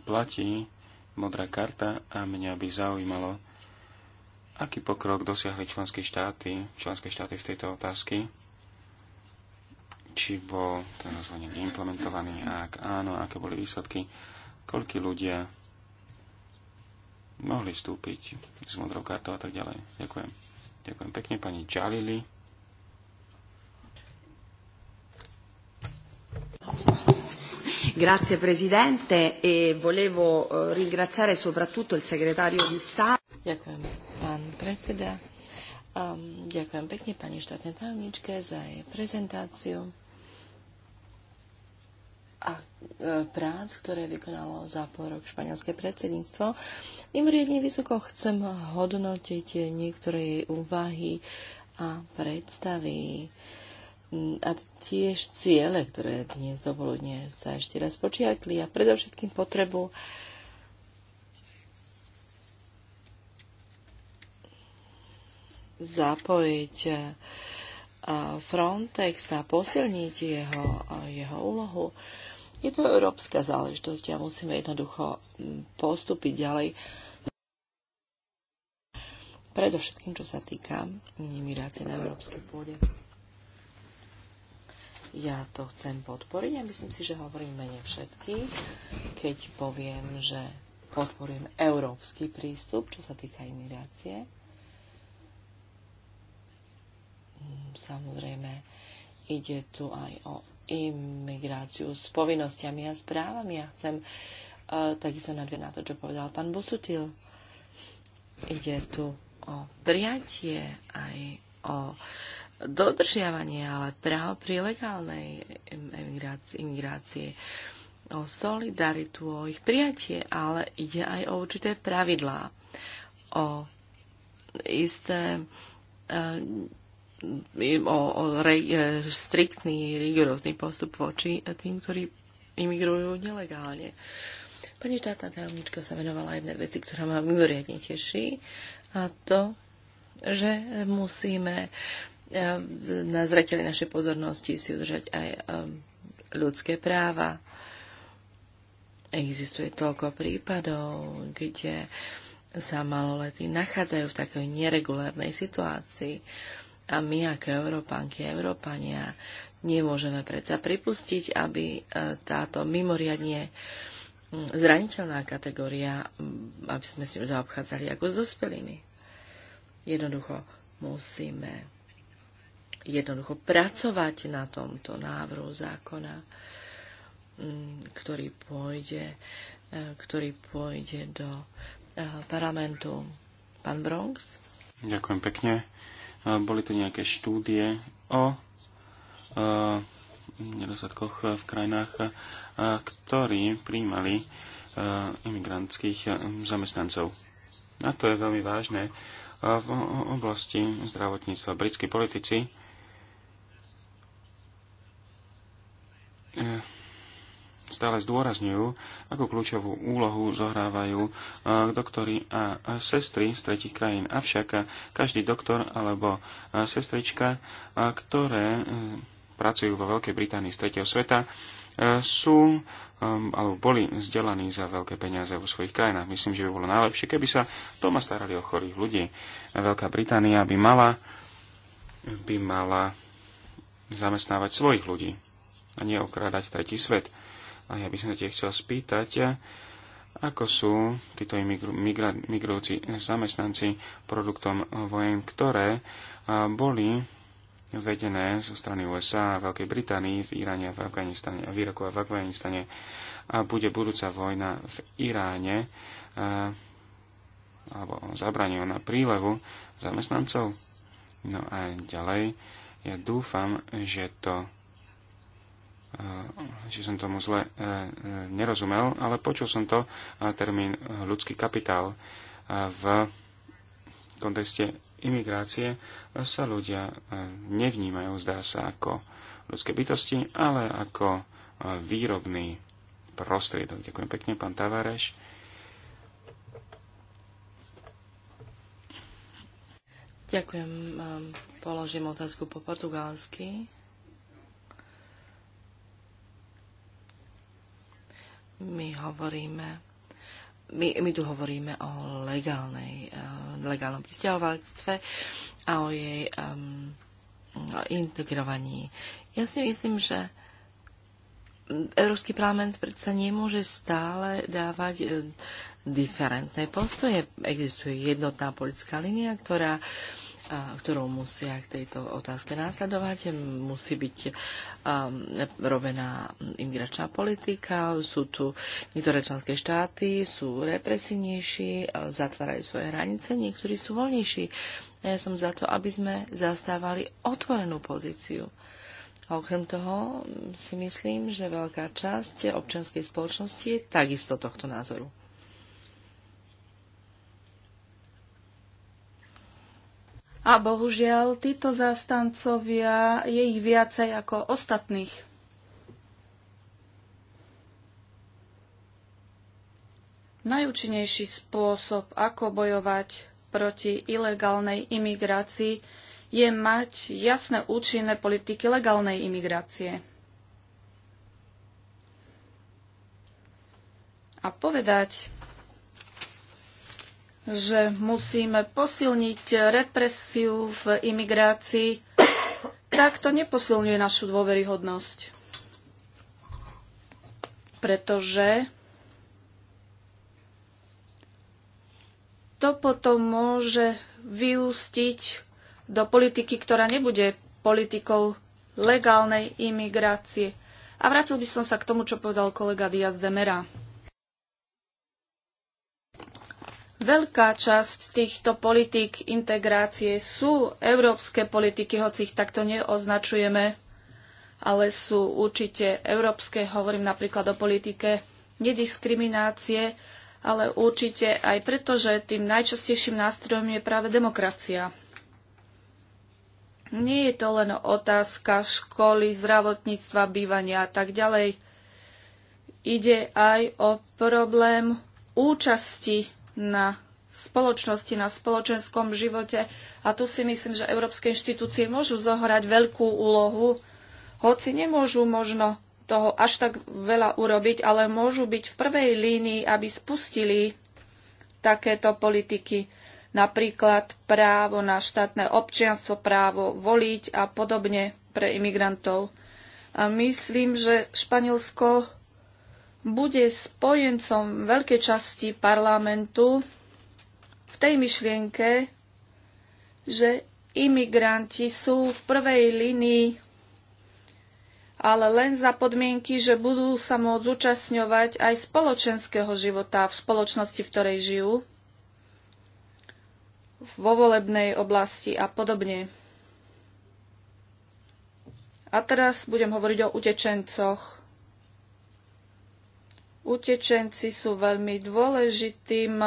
platí modrá karta a mňa by zaujímalo, aký pokrok dosiahli členské štáty, členské štáty v tejto otázky či bol ten rozhodne implementovaný a ak áno, aké boli výsledky, koľko ľudia mohli vstúpiť s modrou kartou a tak ďalej. Ďakujem. Ďakujem pekne pani Čalili. Grazie Presidente e volevo eh, ringraziare soprattutto il segretario di Stato. Ďakujem, pán predseda. Um, ďakujem pekne pani štátnej tajomničke za jej prezentáciu a e, prác, ktoré vykonalo za pol rok španielské predsedníctvo. Mimoriadne vysoko chcem hodnotiť niektoré jej úvahy a predstavy mm, a tiež ciele, ktoré dnes dovoludne sa ešte raz počiatli a predovšetkým potrebu zapojiť e, Frontex a posilniť jeho, jeho úlohu. Je to európska záležitosť a musíme jednoducho mm, postúpiť ďalej. Predovšetkým, čo sa týka imigrácie na európskej pôde. Ja to chcem podporiť a myslím si, že hovorím mene všetkých, keď poviem, že podporujem európsky prístup, čo sa týka imigrácie. Mm, samozrejme, Ide tu aj o imigráciu s povinnosťami a správami. Ja chcem uh, takisto nadvieť na to, čo povedal pán Busutil. Ide tu o prijatie aj o dodržiavanie, ale právo pri legálnej imigrácii, o solidaritu, o ich prijatie, ale ide aj o určité pravidlá, o isté e, o, o re, e, striktný, rigorózny postup voči tým, ktorí imigrujú nelegálne. Pani štátna tajomnička sa venovala jednej veci, ktorá ma mimoriadne teší, a to, že musíme e, na zreteli našej pozornosti si udržať aj e, ľudské práva. Existuje toľko prípadov, kde sa maloletí nachádzajú v takej neregulárnej situácii a my ako Európanky, Európania nemôžeme predsa pripustiť, aby e, táto mimoriadne zraniteľná kategória, aby sme s ňou zaobchádzali ako s dospelými. Jednoducho musíme jednoducho pracovať na tomto návrhu zákona, ktorý pôjde, e, ktorý pôjde do e, parlamentu. Pán Bronx? Ďakujem pekne. Boli tu nejaké štúdie o e, nedostatkoch v krajinách, e, ktorí príjmali e, imigrantských zamestnancov. A to je veľmi vážne. V oblasti zdravotníctva britskí politici stále zdôrazňujú, ako kľúčovú úlohu zohrávajú e, doktory a sestry z tretich krajín. Avšak každý doktor alebo e, sestrička, e, ktoré pracujú vo Veľkej Británii z tretieho sveta, sú alebo boli vzdelaní za veľké peniaze vo svojich krajinách. Myslím, že by bolo najlepšie, keby sa doma starali o chorých ľudí. Veľká Británia by mala, by mala zamestnávať svojich ľudí a neokrádať tretí svet. A ja by som sa chcel spýtať, ako sú títo migrujúci zamestnanci produktom vojen, ktoré boli vedené zo strany USA a Veľkej Británii v Iráne a v Afganistane a v Iraku a v Afganistane a bude budúca vojna v Iráne a, alebo zabranie na prílevu zamestnancov. No a ďalej, ja dúfam, že to či som tomu zle e, e, nerozumel, ale počul som to termín e, ľudský kapitál v kontexte imigrácie sa ľudia nevnímajú, zdá sa, ako ľudské bytosti, ale ako výrobný prostriedok. Ďakujem pekne, pán Tavareš. Ďakujem. Položím otázku po portugalsky. my hovoríme my, my tu hovoríme o legálnej, uh, legálnom pristahovalectve a o jej um, o integrovaní. Ja si myslím, že Európsky parlament predsa nemôže stále dávať eh, diferentné postoje. Existuje jednotná politická línia, ktorá uh, ktorou musia k tejto otázke následovať. Musí byť um, robená imigračná politika, sú tu niektoré členské štáty, sú represívnejší, zatvárajú svoje hranice, niektorí sú voľnejší. Ja som za to, aby sme zastávali otvorenú pozíciu. A okrem toho si myslím, že veľká časť občianskej spoločnosti je takisto tohto názoru. A bohužiaľ, títo zástancovia je ich viacej ako ostatných. Najúčinnejší spôsob, ako bojovať proti ilegálnej imigrácii, je mať jasné účinné politiky legálnej imigrácie. A povedať že musíme posilniť represiu v imigrácii, tak to neposilňuje našu dôveryhodnosť. Pretože to potom môže vyústiť do politiky, ktorá nebude politikou legálnej imigrácie. A vrátil by som sa k tomu, čo povedal kolega Diaz de Mera. Veľká časť týchto politík integrácie sú európske politiky, hoci ich takto neoznačujeme, ale sú určite európske, hovorím napríklad o politike nediskriminácie, ale určite aj preto, že tým najčastejším nástrojom je práve demokracia. Nie je to len otázka školy, zdravotníctva, bývania a tak ďalej. Ide aj o problém účasti na spoločnosti, na spoločenskom živote. A tu si myslím, že európske inštitúcie môžu zohrať veľkú úlohu, hoci nemôžu možno toho až tak veľa urobiť, ale môžu byť v prvej línii, aby spustili takéto politiky, napríklad právo na štátne občianstvo, právo voliť a podobne pre imigrantov. A myslím, že Španielsko bude spojencom veľkej časti parlamentu v tej myšlienke, že imigranti sú v prvej línii, ale len za podmienky, že budú sa môcť zúčastňovať aj spoločenského života v spoločnosti, v ktorej žijú, vo volebnej oblasti a podobne. A teraz budem hovoriť o utečencoch. Utečenci sú veľmi dôležitým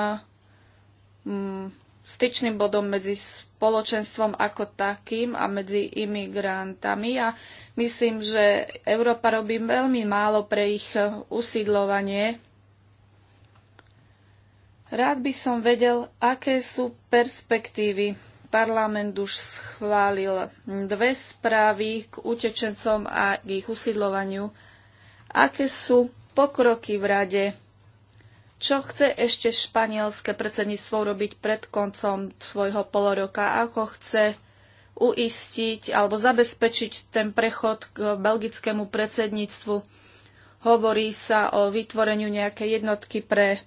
mm, styčným bodom medzi spoločenstvom ako takým a medzi imigrantami a myslím, že Európa robí veľmi málo pre ich usídlovanie. Rád by som vedel, aké sú perspektívy. Parlament už schválil dve správy k utečencom a k ich usídlovaniu. Aké sú pokroky v rade. Čo chce ešte španielské predsedníctvo robiť pred koncom svojho poloroka? Ako chce uistiť alebo zabezpečiť ten prechod k belgickému predsedníctvu? Hovorí sa o vytvoreniu nejakej jednotky pre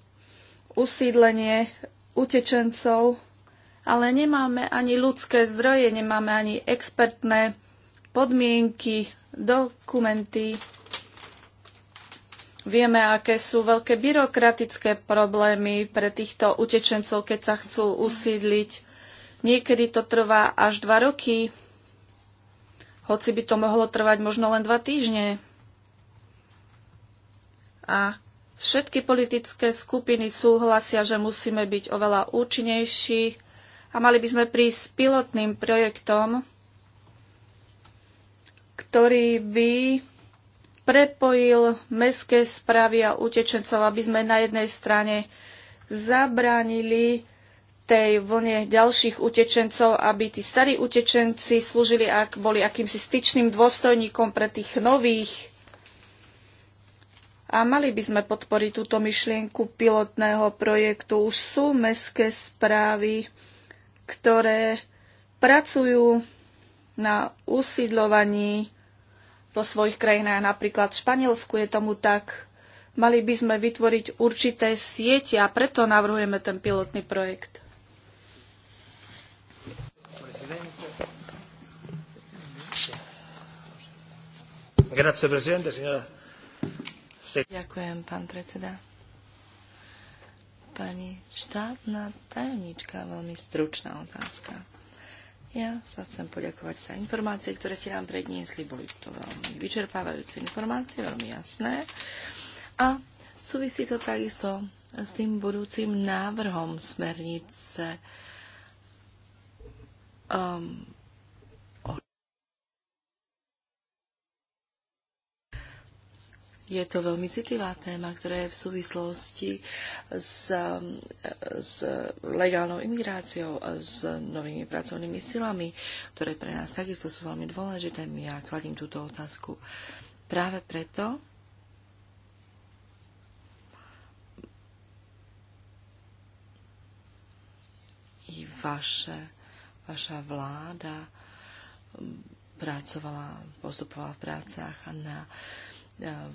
usídlenie utečencov, ale nemáme ani ľudské zdroje, nemáme ani expertné podmienky, dokumenty, Vieme, aké sú veľké byrokratické problémy pre týchto utečencov, keď sa chcú usídliť. Niekedy to trvá až dva roky, hoci by to mohlo trvať možno len dva týždne. A všetky politické skupiny súhlasia, že musíme byť oveľa účinnejší a mali by sme prísť s pilotným projektom, ktorý by prepojil mestské správy a utečencov, aby sme na jednej strane zabránili tej vlne ďalších utečencov, aby tí starí utečenci slúžili, ak boli akýmsi styčným dôstojníkom pre tých nových. A mali by sme podporiť túto myšlienku pilotného projektu. Už sú mestské správy, ktoré pracujú na usídlovaní vo svojich krajinách, napríklad v Španielsku je tomu tak. Mali by sme vytvoriť určité siete a preto navrhujeme ten pilotný projekt. Ďakujem, pán predseda. Pani štátna tajomnička, veľmi stručná otázka. Ja sa chcem poďakovať za informácie, ktoré ste nám predniesli. Boli to veľmi vyčerpávajúce informácie, veľmi jasné. A súvisí to takisto s tým budúcim návrhom smernice um, Je to veľmi citlivá téma, ktorá je v súvislosti s, s legálnou imigráciou, s novými pracovnými silami, ktoré pre nás takisto sú veľmi dôležité. Ja kladím túto otázku práve preto, i vaše, vaša vláda pracovala, postupovala v prácach na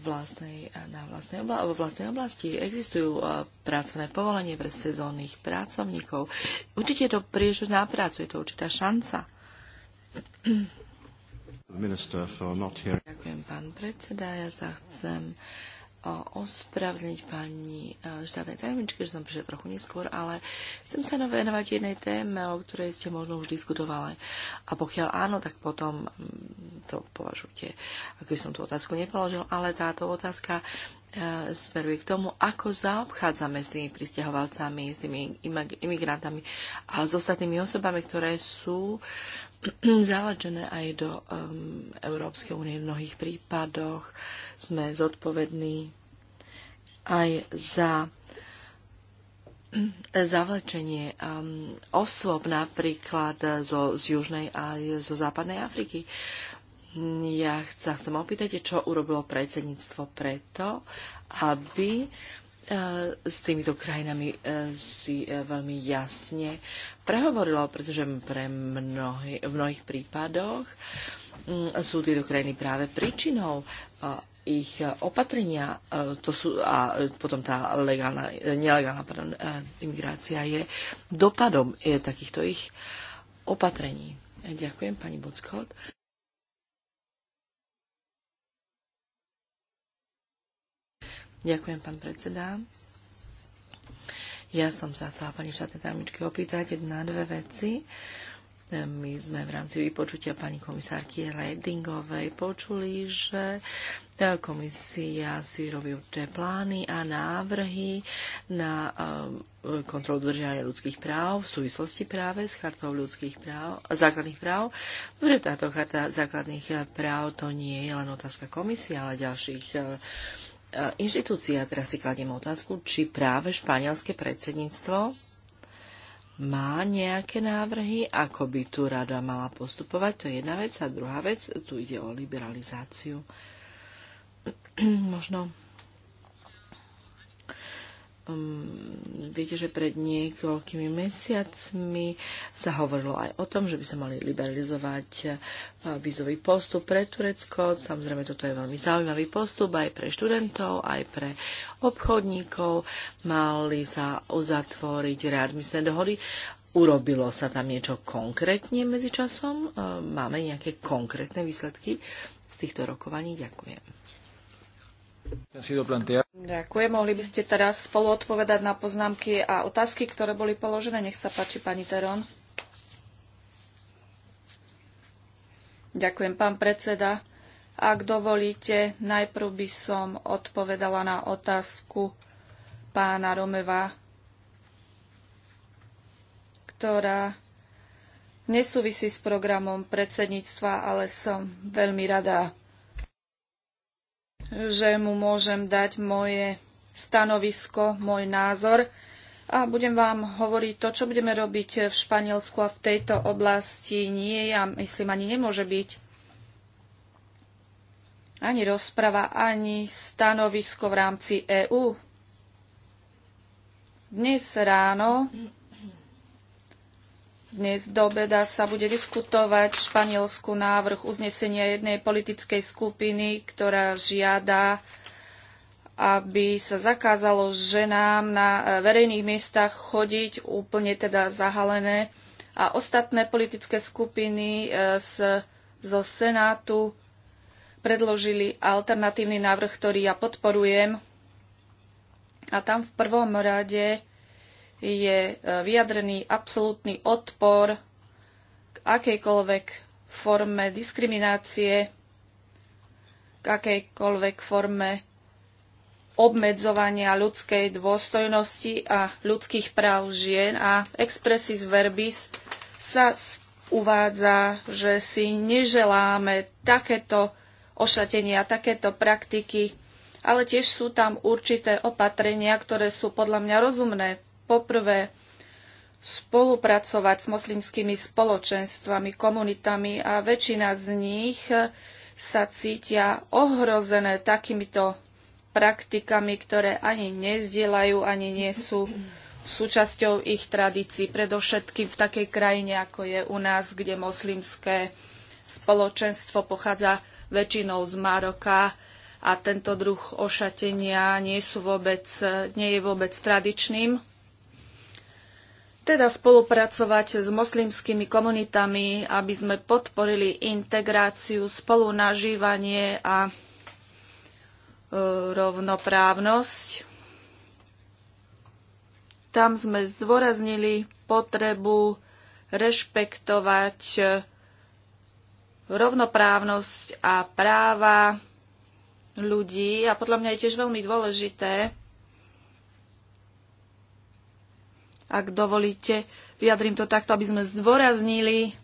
vlastnej, na vlastnej, obla- vo vlastnej oblasti. Existujú pracovné povolenie pre sezónnych pracovníkov. Určite je to príležitosť na prácu, je to určitá šanca. Ďakujem, pán predseda. Ja sa chcem ospravedlniť pani e, štátnej tajomničke, že som prišla trochu neskôr, ale chcem sa venovať jednej téme, o ktorej ste možno už diskutovali. A pokiaľ áno, tak potom mm, to považujte, ako som tú otázku nepoložil, ale táto otázka e, smeruje k tomu, ako zaobchádzame s tými pristahovalcami, s tými imigrantami a s ostatnými osobami, ktoré sú uh, zavadžené aj do um, Európskej únie. V mnohých prípadoch sme zodpovední aj za zavlečenie um, osôb napríklad zo, z Južnej a zo Západnej Afriky. Ja sa chcem opýtať, čo urobilo predsedníctvo preto, aby s týmito krajinami e, si e, veľmi jasne prehovorilo, pretože pre mnohy, v mnohých prípadoch sú tieto krajiny práve príčinou e, ich opatrenia to sú, a potom tá legálna, nelegálna pardon, imigrácia je dopadom je takýchto ich opatrení. Ďakujem, pani Bockhold. Ďakujem, pán predseda. Ja som sa chcela pani štátnej tajomničky opýtať na dve veci. My sme v rámci vypočutia pani komisárky Redingovej počuli, že komisia si robí určité plány a návrhy na um, kontrolu dodržiavania ľudských práv v súvislosti práve s chartou ľudských práv, základných práv. Dobre, táto charta základných práv to nie je len otázka komisie, ale ďalších E, inštitúcia, teraz si kladiem otázku, či práve španielské predsedníctvo má nejaké návrhy, ako by tu rada mala postupovať. To je jedna vec. A druhá vec, tu ide o liberalizáciu. Možno Um, viete, že pred niekoľkými mesiacmi sa hovorilo aj o tom, že by sa mali liberalizovať uh, vízový postup pre Turecko. Samozrejme, toto je veľmi zaujímavý postup aj pre študentov, aj pre obchodníkov. Mali sa uzatvoriť readmisné dohody. Urobilo sa tam niečo konkrétne medzičasom? Uh, máme nejaké konkrétne výsledky z týchto rokovaní? Ďakujem. Ďakujem. Mohli by ste teraz spolu odpovedať na poznámky a otázky, ktoré boli položené. Nech sa páči, pani terón. Ďakujem, pán predseda. Ak dovolíte, najprv by som odpovedala na otázku pána Romeva, ktorá nesúvisí s programom predsedníctva, ale som veľmi rada, že mu môžem dať moje stanovisko, môj názor a budem vám hovoriť to, čo budeme robiť v Španielsku a v tejto oblasti nie je ja a myslím ani nemôže byť ani rozprava, ani stanovisko v rámci EÚ. Dnes ráno dnes do obeda sa bude diskutovať v Španielsku návrh uznesenia jednej politickej skupiny, ktorá žiada, aby sa zakázalo ženám na e, verejných miestach chodiť úplne teda zahalené a ostatné politické skupiny z, e, zo Senátu predložili alternatívny návrh, ktorý ja podporujem. A tam v prvom rade je e, vyjadrený absolútny odpor k akejkoľvek forme diskriminácie, k akejkoľvek forme obmedzovania ľudskej dôstojnosti a ľudských práv žien a expressis verbis sa uvádza, že si neželáme takéto ošatenia, takéto praktiky, ale tiež sú tam určité opatrenia, ktoré sú podľa mňa rozumné poprvé spolupracovať s moslimskými spoločenstvami, komunitami a väčšina z nich sa cítia ohrozené takýmito praktikami, ktoré ani nezdielajú, ani nie sú súčasťou ich tradícií, predovšetkým v takej krajine, ako je u nás, kde moslimské spoločenstvo pochádza väčšinou z Maroka a tento druh ošatenia nie, sú vôbec, nie je vôbec tradičným teda spolupracovať s moslimskými komunitami, aby sme podporili integráciu, spolunažívanie a e, rovnoprávnosť. Tam sme zdôraznili potrebu rešpektovať e, rovnoprávnosť a práva ľudí a podľa mňa je tiež veľmi dôležité, ak dovolíte, vyjadrím to takto, aby sme zdôraznili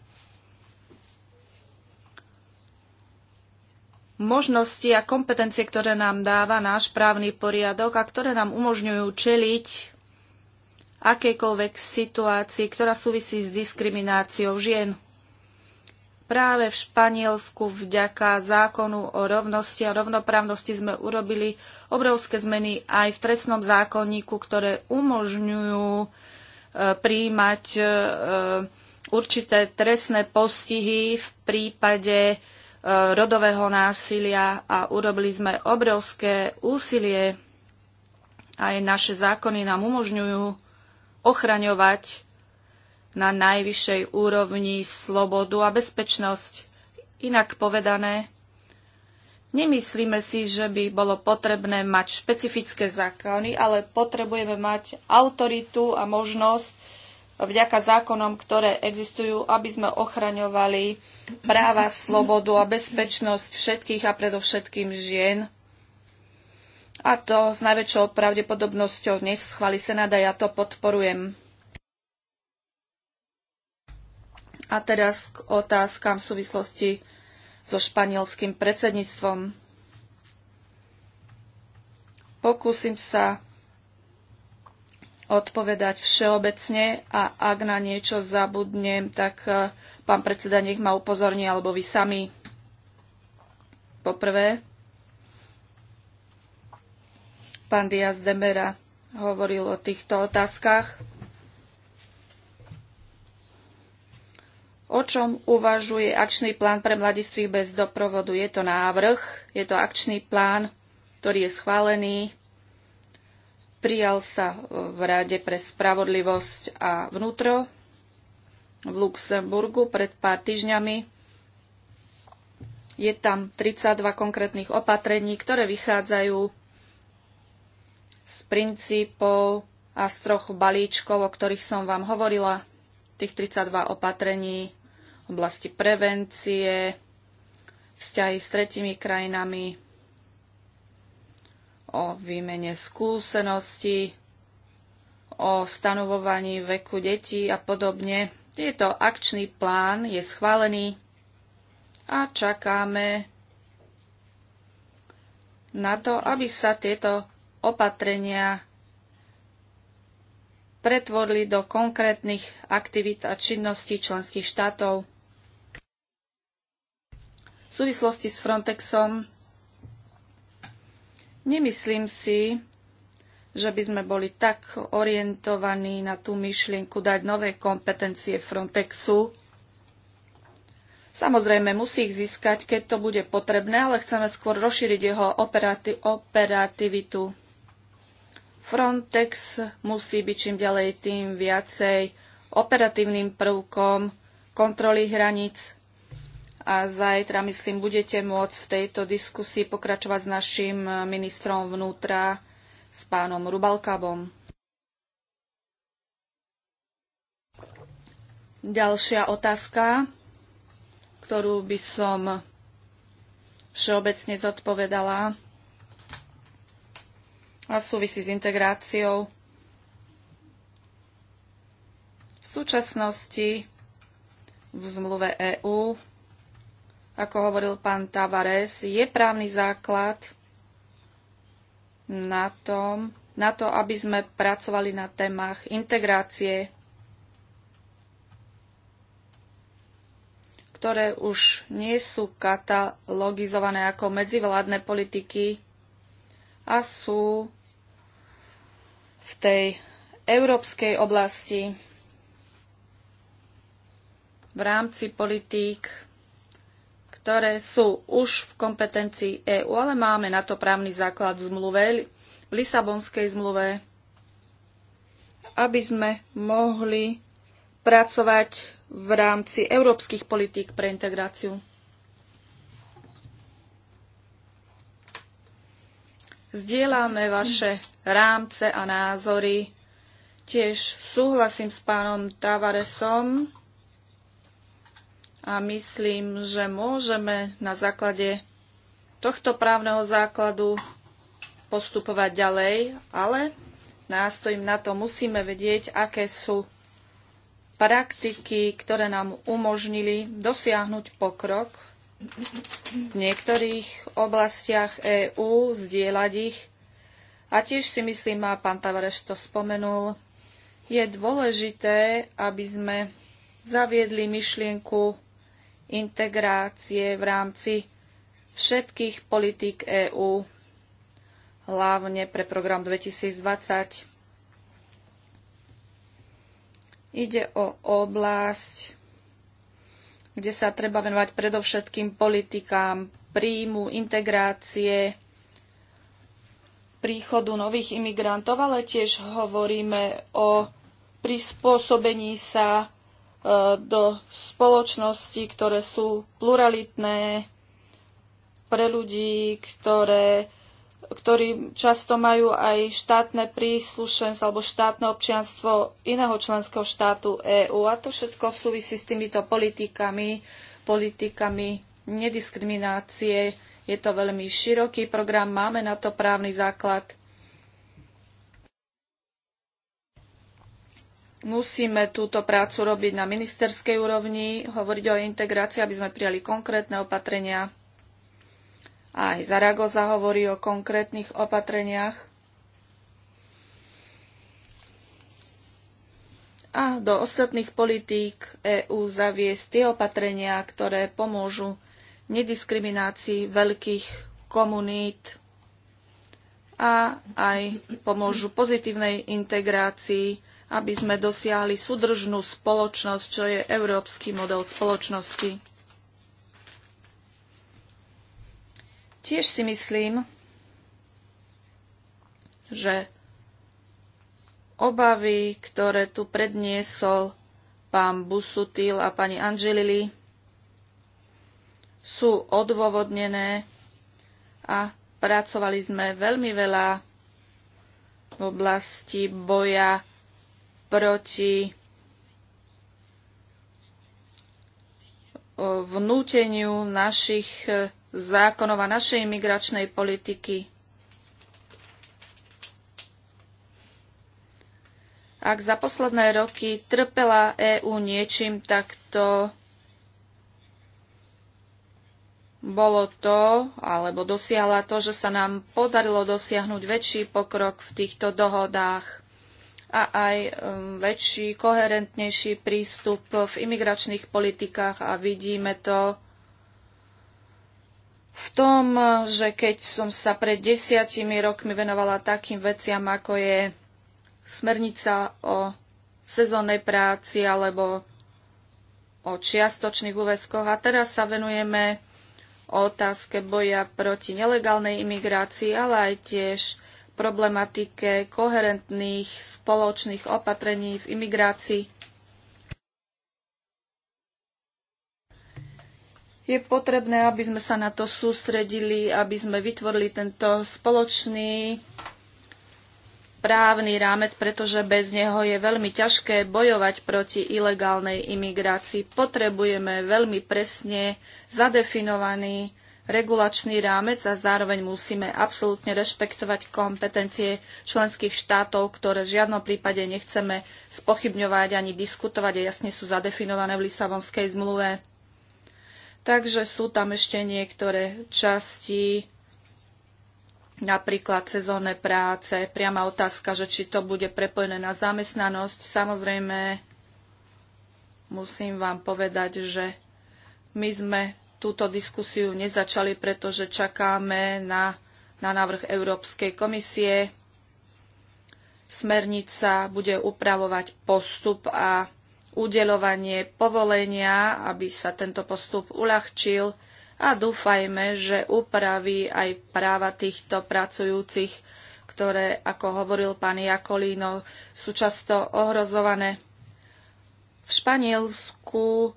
možnosti a kompetencie, ktoré nám dáva náš právny poriadok a ktoré nám umožňujú čeliť akejkoľvek situácii, ktorá súvisí s diskrimináciou žien. Práve v Španielsku vďaka zákonu o rovnosti a rovnoprávnosti sme urobili obrovské zmeny aj v trestnom zákonníku, ktoré umožňujú prijímať e, určité trestné postihy v prípade e, rodového násilia a urobili sme obrovské úsilie. Aj naše zákony nám umožňujú ochraňovať na najvyššej úrovni slobodu a bezpečnosť. Inak povedané, Nemyslíme si, že by bolo potrebné mať špecifické zákony, ale potrebujeme mať autoritu a možnosť vďaka zákonom, ktoré existujú, aby sme ochraňovali práva, slobodu a bezpečnosť všetkých a predovšetkým žien. A to s najväčšou pravdepodobnosťou dnes schváli Senát a ja to podporujem. A teraz k otázkam v súvislosti so španielským predsedníctvom. Pokúsim sa odpovedať všeobecne a ak na niečo zabudnem, tak eh, pán predseda nech ma upozorní alebo vy sami. Poprvé, pán Diaz Demera hovoril o týchto otázkach. o čom uvažuje akčný plán pre mladistvých bez doprovodu. Je to návrh, je to akčný plán, ktorý je schválený. Prijal sa v Rade pre spravodlivosť a vnútro v Luxemburgu pred pár týždňami. Je tam 32 konkrétnych opatrení, ktoré vychádzajú z princípov a z troch balíčkov, o ktorých som vám hovorila tých 32 opatrení v oblasti prevencie, vzťahy s tretimi krajinami, o výmene skúsenosti, o stanovovaní veku detí a podobne. Tieto akčný plán je schválený a čakáme na to, aby sa tieto opatrenia pretvorili do konkrétnych aktivít a činností členských štátov. V súvislosti s Frontexom nemyslím si, že by sme boli tak orientovaní na tú myšlienku dať nové kompetencie Frontexu. Samozrejme, musí ich získať, keď to bude potrebné, ale chceme skôr rozšíriť jeho operativitu. Frontex musí byť čím ďalej tým viacej operatívnym prvkom kontroly hraníc a zajtra, myslím, budete môcť v tejto diskusii pokračovať s našim ministrom vnútra, s pánom Rubalkabom. Ďalšia otázka, ktorú by som všeobecne zodpovedala a súvisí s integráciou. V súčasnosti v zmluve EÚ, ako hovoril pán Tavares, je právny základ na, tom, na to, aby sme pracovali na témach integrácie, ktoré už nie sú katalogizované ako medzivládne politiky a sú v tej európskej oblasti v rámci politík, ktoré sú už v kompetencii EÚ, ale máme na to právny základ v zmluve, v Lisabonskej zmluve, aby sme mohli pracovať v rámci európskych politík pre integráciu. Zdieľame vaše rámce a názory. Tiež súhlasím s pánom Tavaresom a myslím, že môžeme na základe tohto právneho základu postupovať ďalej, ale nástojím na to, musíme vedieť, aké sú praktiky, ktoré nám umožnili dosiahnuť pokrok v niektorých oblastiach EÚ, zdieľať ich. A tiež si myslím, a pán Tavareš to spomenul, je dôležité, aby sme zaviedli myšlienku integrácie v rámci všetkých politík EÚ, hlavne pre program 2020. Ide o oblasť, kde sa treba venovať predovšetkým politikám príjmu, integrácie, príchodu nových imigrantov, ale tiež hovoríme o prispôsobení sa e, do spoločnosti, ktoré sú pluralitné pre ľudí, ktoré ktorí často majú aj štátne príslušenstvo alebo štátne občianstvo iného členského štátu EÚ. A to všetko súvisí s týmito politikami, politikami nediskriminácie. Je to veľmi široký program, máme na to právny základ. Musíme túto prácu robiť na ministerskej úrovni, hovoriť o integrácii, aby sme prijali konkrétne opatrenia aj Zaragoza hovorí o konkrétnych opatreniach. A do ostatných politík EÚ zaviesť tie opatrenia, ktoré pomôžu nediskriminácii veľkých komunít a aj pomôžu pozitívnej integrácii, aby sme dosiahli súdržnú spoločnosť, čo je európsky model spoločnosti. Tiež si myslím, že obavy, ktoré tu predniesol pán Busutil a pani Angelili, sú odôvodnené a pracovali sme veľmi veľa v oblasti boja proti vnúteniu našich zákonov a našej imigračnej politiky. Ak za posledné roky trpela EÚ niečím, tak to bolo to, alebo dosiahla to, že sa nám podarilo dosiahnuť väčší pokrok v týchto dohodách a aj um, väčší, koherentnejší prístup v imigračných politikách a vidíme to v tom, eh, že keď som sa pred desiatimi rokmi venovala takým veciam, ako je smernica o sezónnej práci alebo o čiastočných úväzkoch a teraz sa venujeme o otázke boja proti nelegálnej imigrácii, ale aj tiež problematike koherentných spoločných opatrení v imigrácii. Je potrebné, aby sme sa na to sústredili, aby sme vytvorili tento spoločný právny rámec, pretože bez neho je veľmi ťažké bojovať proti ilegálnej imigrácii. Potrebujeme veľmi presne zadefinovaný regulačný rámec a zároveň musíme absolútne rešpektovať kompetencie členských štátov, ktoré v žiadnom prípade nechceme spochybňovať ani diskutovať a jasne sú zadefinované v Lisabonskej zmluve. Takže sú tam ešte niektoré časti, napríklad sezónne práce, priama otázka, že či to bude prepojené na zamestnanosť. Samozrejme, musím vám povedať, že my sme túto diskusiu nezačali, pretože čakáme na, na návrh Európskej komisie. Smernica bude upravovať postup a udelovanie povolenia, aby sa tento postup uľahčil a dúfajme, že upraví aj práva týchto pracujúcich, ktoré, ako hovoril pán Jakolíno, sú často ohrozované. V Španielsku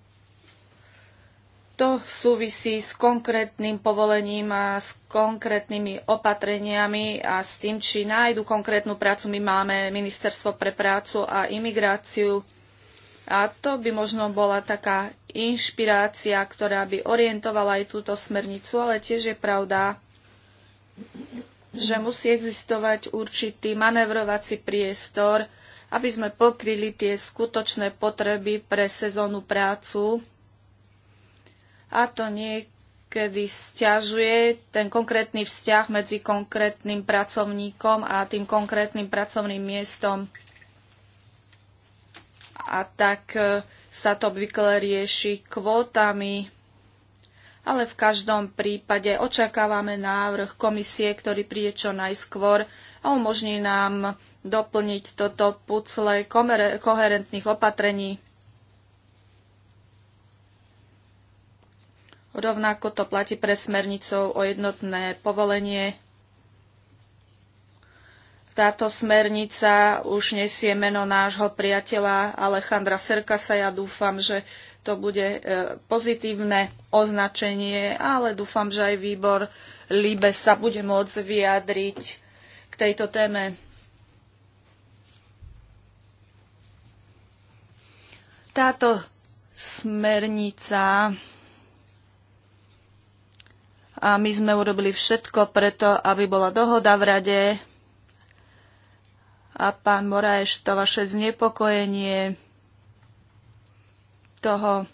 to súvisí s konkrétnym povolením a s konkrétnymi opatreniami a s tým, či nájdu konkrétnu prácu. My máme Ministerstvo pre prácu a imigráciu. A to by možno bola taká inšpirácia, ktorá by orientovala aj túto smernicu, ale tiež je pravda, že musí existovať určitý manevrovací priestor, aby sme pokryli tie skutočné potreby pre sezónnu prácu. A to niekedy stiažuje ten konkrétny vzťah medzi konkrétnym pracovníkom a tým konkrétnym pracovným miestom a tak e, sa to obvykle rieši kvótami. Ale v každom prípade očakávame návrh komisie, ktorý príde čo najskôr a umožní nám doplniť toto pucle koherentných opatrení. Rovnako to platí pre smernicou o jednotné povolenie táto smernica už nesie meno nášho priateľa Alejandra Serkasa. Ja dúfam, že to bude e, pozitívne označenie, ale dúfam, že aj výbor Líbe sa bude môcť vyjadriť k tejto téme. Táto smernica a my sme urobili všetko preto, aby bola dohoda v rade a pán Moraeš, to vaše znepokojenie toho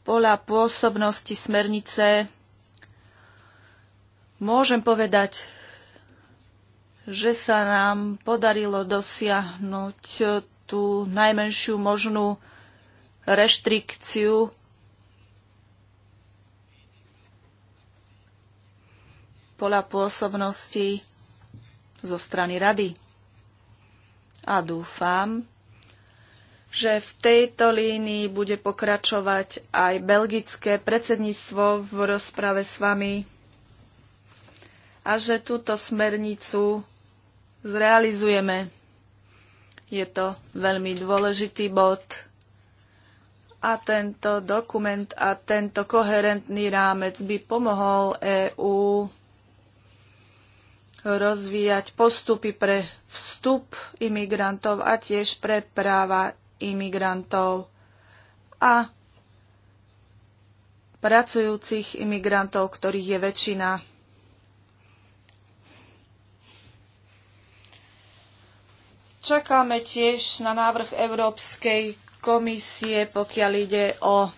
pola pôsobnosti smernice, môžem povedať, že sa nám podarilo dosiahnuť tú najmenšiu možnú reštrikciu pola pôsobnosti zo strany rady a dúfam, že v tejto línii bude pokračovať aj belgické predsedníctvo v rozprave s vami a že túto smernicu zrealizujeme. Je to veľmi dôležitý bod a tento dokument a tento koherentný rámec by pomohol EÚ rozvíjať postupy pre vstup imigrantov a tiež pre práva imigrantov a pracujúcich imigrantov, ktorých je väčšina. Čakáme tiež na návrh Európskej komisie, pokiaľ ide o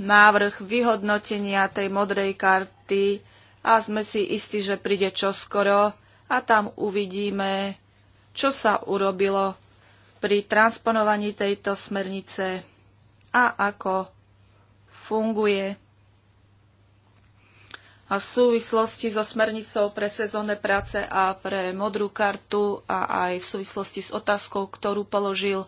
návrh vyhodnotenia tej modrej karty a sme si istí, že príde čoskoro a tam uvidíme, čo sa urobilo pri transponovaní tejto smernice a ako funguje. A v súvislosti so smernicou pre sezónne práce a pre modrú kartu a aj v súvislosti s otázkou, ktorú položil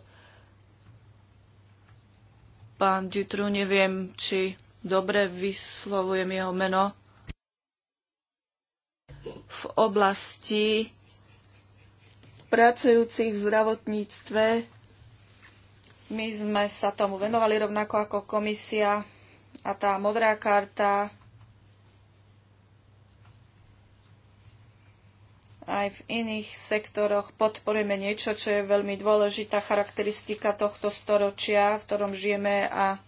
pán Dutru, neviem, či dobre vyslovujem jeho meno v oblasti pracujúcich v zdravotníctve. My sme sa tomu venovali rovnako ako komisia a tá modrá karta aj v iných sektoroch podporujeme niečo, čo je veľmi dôležitá charakteristika tohto storočia, v ktorom žijeme a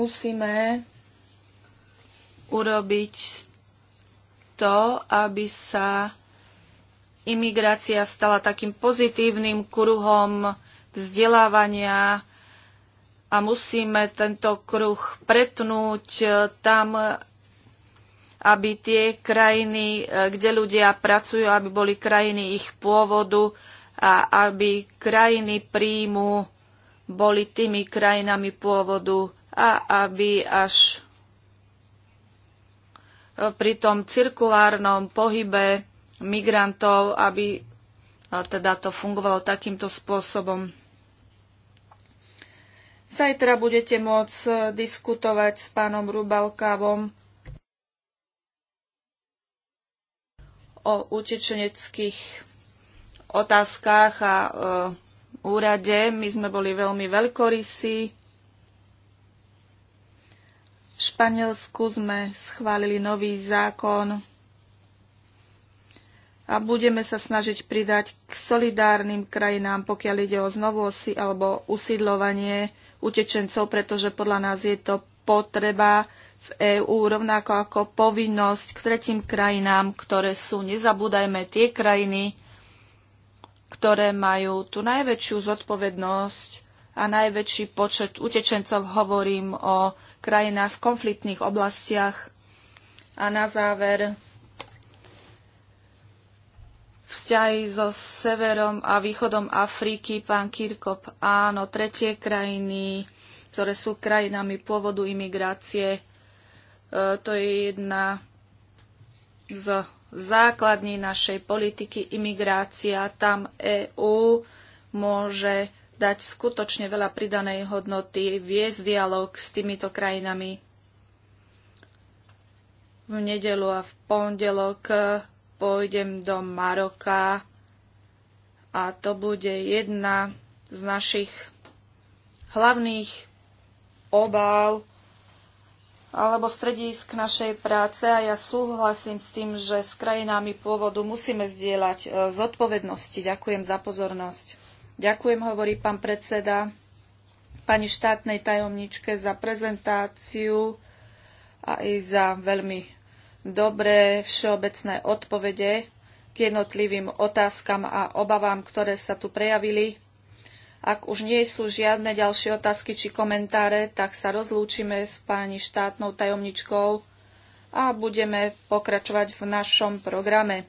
Musíme urobiť to, aby sa imigrácia stala takým pozitívnym kruhom vzdelávania a musíme tento kruh pretnúť e, tam, aby tie krajiny, e, kde ľudia pracujú, aby boli krajiny ich pôvodu a aby krajiny príjmu boli tými krajinami pôvodu, a aby až e, pri tom cirkulárnom pohybe migrantov, aby e, teda to fungovalo takýmto spôsobom. Zajtra budete môcť e, diskutovať s pánom Rubalkávom o utečeneckých otázkach a úrade. My sme boli veľmi veľkorysí Španielsku sme schválili nový zákon a budeme sa snažiť pridať k solidárnym krajinám, pokiaľ ide o znovu osi alebo usídlovanie utečencov, pretože podľa nás je to potreba v EÚ, rovnako ako povinnosť k tretím krajinám, ktoré sú, nezabúdajme, tie krajiny, ktoré majú tú najväčšiu zodpovednosť a najväčší počet utečencov, hovorím o krajinách v konfliktných oblastiach. A na záver vzťahy so severom a východom Afriky, pán Kirkop, áno, tretie krajiny, ktoré sú krajinami pôvodu imigrácie. E, to je jedna z základní našej politiky imigrácia. Tam EÚ môže dať skutočne veľa pridanej hodnoty, viesť dialog s týmito krajinami. V nedelu a v pondelok pôjdem do Maroka a to bude jedna z našich hlavných obáv alebo stredisk našej práce a ja súhlasím s tým, že s krajinami pôvodu musíme zdieľať e, zodpovednosti. Ďakujem za pozornosť. Ďakujem, hovorí pán predseda, pani štátnej tajomničke za prezentáciu a i za veľmi dobré všeobecné odpovede k jednotlivým otázkam a obavám, ktoré sa tu prejavili. Ak už nie sú žiadne ďalšie otázky či komentáre, tak sa rozlúčime s pani štátnou tajomničkou a budeme pokračovať v našom programe.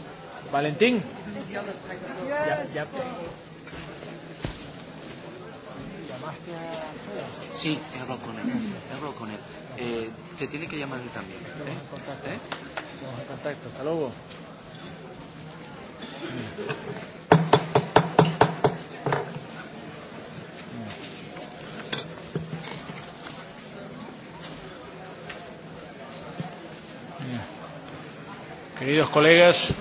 Valentín. Ya, ya. Sí, he hablado con él. He hablado con él. Eh, te tiene que llamar él también. ¿eh? ¿Eh? Estamos en contacto. Hasta luego. Queridos colegas,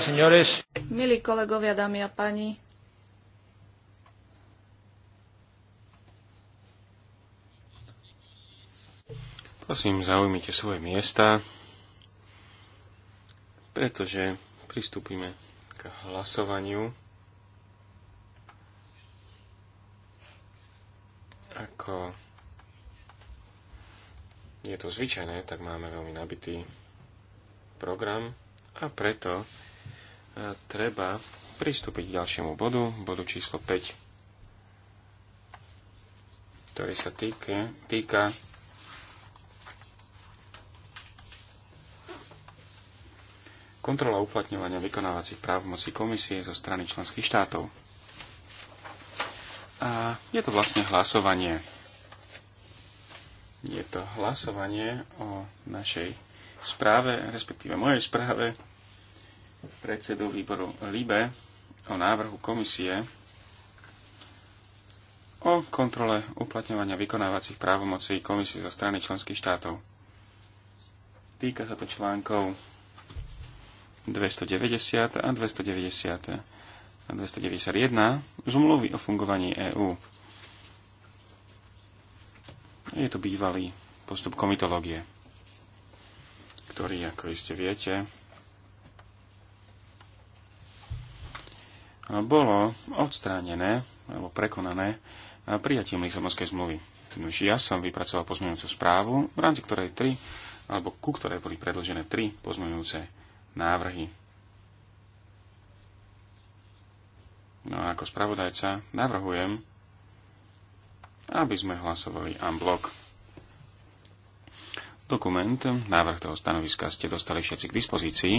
señores. Milí kolegovia, dámy a páni. Prosím, zaujmite svoje miesta, pretože pristúpime k hlasovaniu. Ako je to zvyčajné, tak máme veľmi nabitý program a preto treba pristúpiť k ďalšiemu bodu, bodu číslo 5, ktorý sa týka, týka kontrola uplatňovania vykonávacích práv moci komisie zo strany členských štátov. A je to vlastne hlasovanie. Je to hlasovanie o našej správe, respektíve mojej správe, predsedu výboru LIBE o návrhu komisie o kontrole uplatňovania vykonávacích právomocí komisie zo strany členských štátov. Týka sa to článkov 290 a 290 a 291 zmluvy o fungovaní EÚ. Je to bývalý postup komitológie, ktorý, ako iste viete, bolo odstránené alebo prekonané prijatím Lisabonskej zmluvy. Ja som vypracoval pozmeňujúcu správu, v rámci ktorej tri, alebo ku ktorej boli predložené tri pozmeňujúce návrhy. No a ako spravodajca navrhujem, aby sme hlasovali unblock. Dokument, návrh toho stanoviska ste dostali všetci k dispozícii.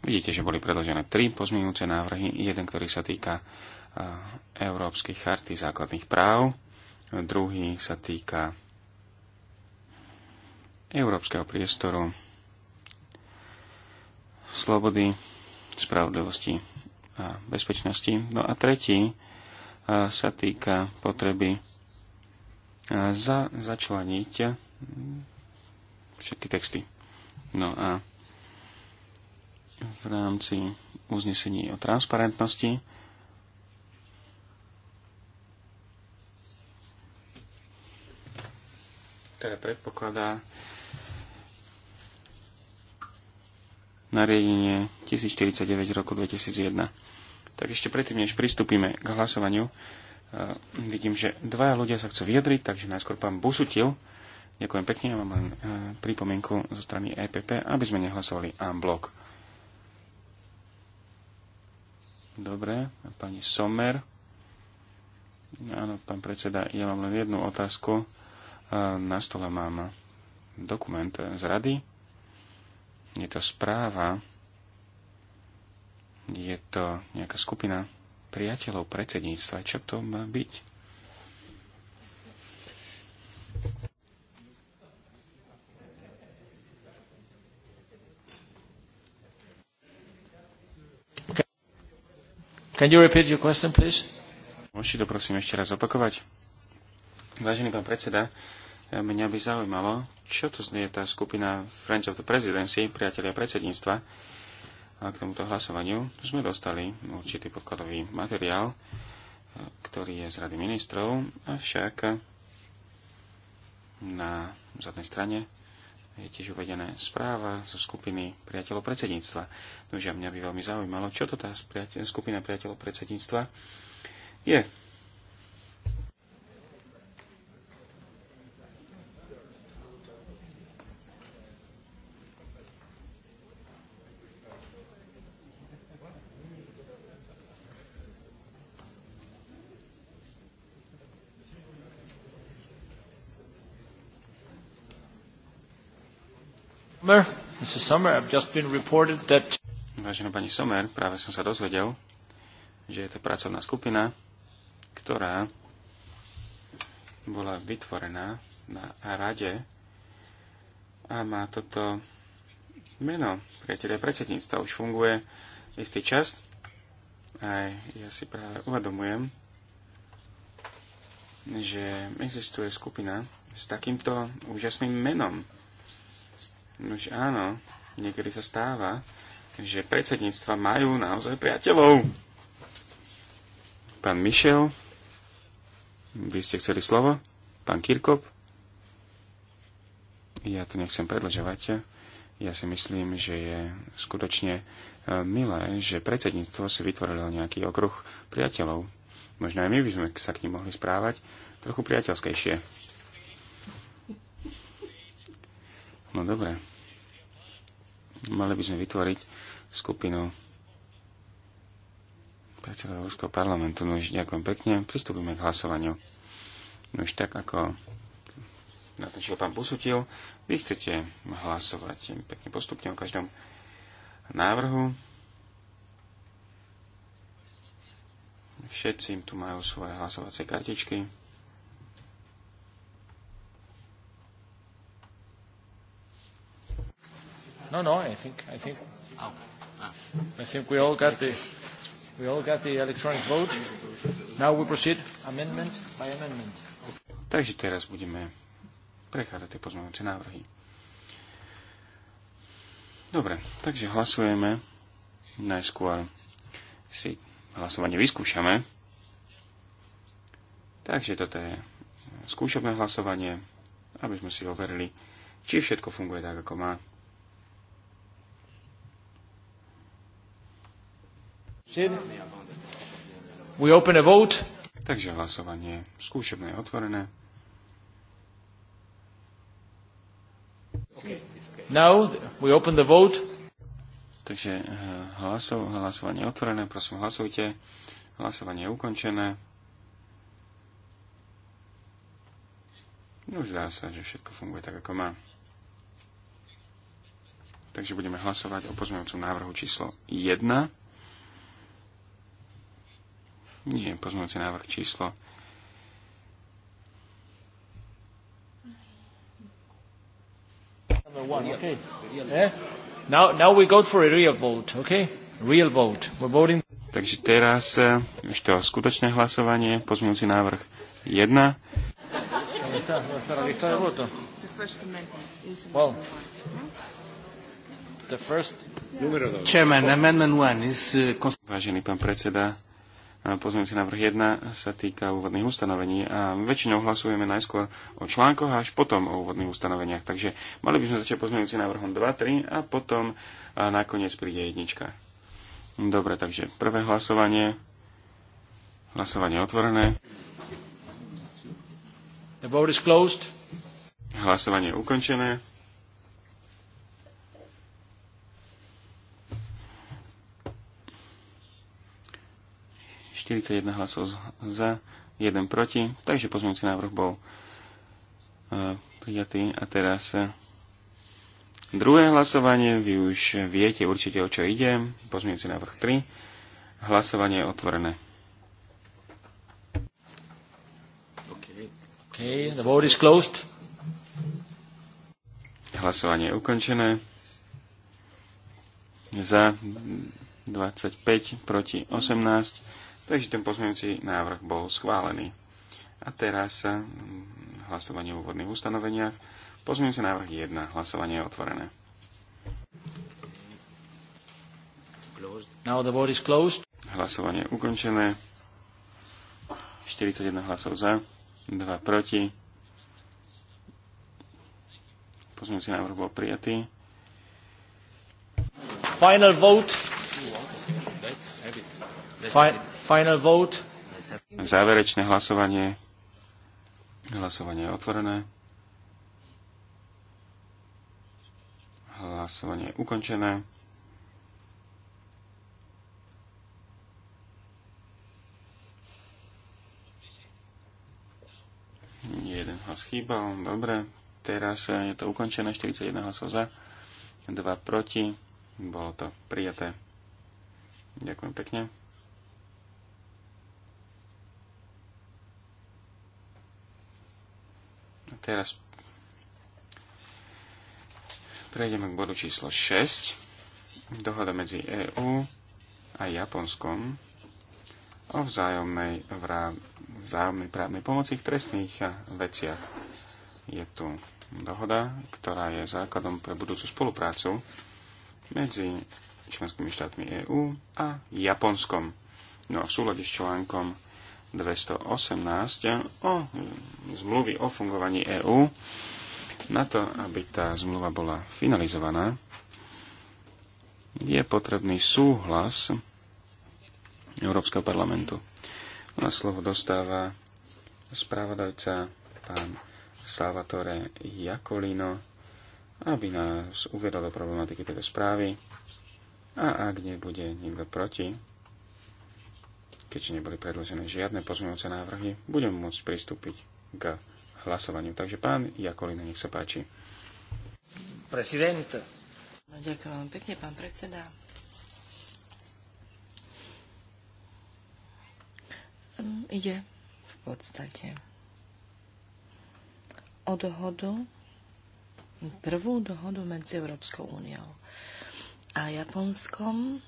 Vidíte, že boli predložené tri pozmienujúce návrhy. Jeden, ktorý sa týka Európskej charty základných práv, druhý sa týka Európskeho priestoru slobody, spravodlivosti a bezpečnosti. No a tretí sa týka potreby za, začleniť všetky texty. No a v rámci uznesení o transparentnosti. ktoré predpokladá nariadenie 1049 roku 2001. Tak ešte predtým, než pristúpime k hlasovaniu, e, vidím, že dvaja ľudia sa chcú vyjadriť, takže najskôr pán Busutil. Ďakujem pekne, ja mám len e, pripomienku zo strany EPP, aby sme nehlasovali en blok. Dobre, pani Somer. Áno, pán predseda, ja mám len jednu otázku. E, na stole mám dokument z rady. Je to správa. Je to nejaká skupina priateľov predsedníctva. Čo to má byť? Can you repeat your question, please? Môžete to prosím ešte raz opakovať? Vážený pán predseda, mňa by zaujímalo, čo to je tá skupina Friends of the Presidency, priatelia predsedníctva, a k tomuto hlasovaniu sme dostali určitý podkladový materiál, ktorý je z Rady ministrov, avšak na zadnej strane je tiež uvedená správa zo skupiny priateľov predsedníctva. Nože mňa by veľmi zaujímalo, čo to tá skupina priateľov predsedníctva je. Sommer, Sommer, I've just been reported that... Vážená pani Sommer, práve som sa dozvedel, že je to pracovná skupina, ktorá bola vytvorená na rade a má toto meno. Priateľe predsedníctva už funguje istý čas. A ja si práve uvedomujem, že existuje skupina s takýmto úžasným menom. Nož áno, niekedy sa stáva, že predsedníctva majú naozaj priateľov. Pán Mišel, vy ste chceli slovo? Pán Kirkop? Ja to nechcem predlžovať. Ja si myslím, že je skutočne e, milé, že predsedníctvo si vytvorilo nejaký okruh priateľov. Možno aj my by sme sa k ním mohli správať trochu priateľskejšie. No dobre. Mali by sme vytvoriť skupinu predseda Európskeho parlamentu. No už ďakujem pekne. Pristúpime k hlasovaniu. No už tak, ako naznačil pán Posutil, vy chcete hlasovať pekne postupne o každom návrhu. Všetci tu majú svoje hlasovacie kartičky. No, no, I think, I think, I think we all got the, we all got the electronic vote. Now we proceed amendment by amendment. Takže teraz budeme prechádzať tie pozmeňujúce návrhy. Dobre, takže hlasujeme. Najskôr si hlasovanie vyskúšame. Takže toto je skúšobné hlasovanie, aby sme si overili, či všetko funguje tak, ako má. We open a vote. Takže hlasovanie skúšebné je otvorené. Now we open the vote. Takže eh, hlasovanie je otvorené, prosím hlasujte. Hlasovanie je ukončené. už zdá sa, že všetko funguje tak, ako má. Takže budeme hlasovať o pozmeňujúcom návrhu číslo 1. Nie, pozmeňujúci návrh číslo okay. eh? now, now we go for a real vote, okay? Real vote. We're voting. Takže teraz ešte eh, o skutočné hlasovanie, pozmeňujúci návrh 1. Well, the first... Chairman, amendment 1 is... Eh, Vážený pán predseda, Pozmeňujúci návrh 1 sa týka úvodných ustanovení a väčšinou hlasujeme najskôr o článkoch a až potom o úvodných ustanoveniach. Takže mali by sme začať pozmeňujúci návrhom 2, 3 a potom a nakoniec príde jednička. Dobre, takže prvé hlasovanie. Hlasovanie otvorené. The vote is closed. Hlasovanie ukončené. 41 hlasov za, 1 proti, takže pozmeňujúci návrh bol e, prijatý. A teraz e, druhé hlasovanie, vy už viete určite o čo ide, pozmeňujúci návrh 3, hlasovanie je otvorené. the vote is closed. Hlasovanie je ukončené. Za 25 proti 18 Takže ten pozmeňujúci návrh bol schválený. A teraz mm, hlasovanie o úvodných ustanoveniach. Pozmeňujúci návrh 1. Hlasovanie je otvorené. Now the vote is closed. Hlasovanie je ukončené. 41 hlasov za, 2 proti. Pozmeňujúci návrh bol prijatý. Final vote. Fi- Final vote. Záverečné hlasovanie. Hlasovanie je otvorené. Hlasovanie je ukončené. Jeden hlas chýbal, dobre. Teraz eh, je to ukončené, 41 hlasov za, 2 proti. Bolo to prijaté. Ďakujem pekne. teraz prejdeme k bodu číslo 6. Dohoda medzi EÚ a Japonskom o vzájomnej, vrá, vzájomnej právnej pomoci v trestných veciach. Je tu dohoda, ktorá je základom pre budúcu spoluprácu medzi členskými štátmi EÚ a Japonskom. No a v súlade s článkom 218 o zmluvy o fungovaní EÚ na to, aby tá zmluva bola finalizovaná, je potrebný súhlas Európskeho parlamentu. Na slovo dostáva správodajca pán Salvatore Jakolino, aby nás uvedol do problematiky tejto správy a ak nebude nikto proti, keďže neboli predložené žiadne pozmeňujúce návrhy, budem môcť pristúpiť k hlasovaniu. Takže pán Jakolina, nech sa páči. Prezident. No, ďakujem vám pekne, pán predseda. Hm, ide v podstate o dohodu, prvú dohodu medzi Európskou úniou a Japonskom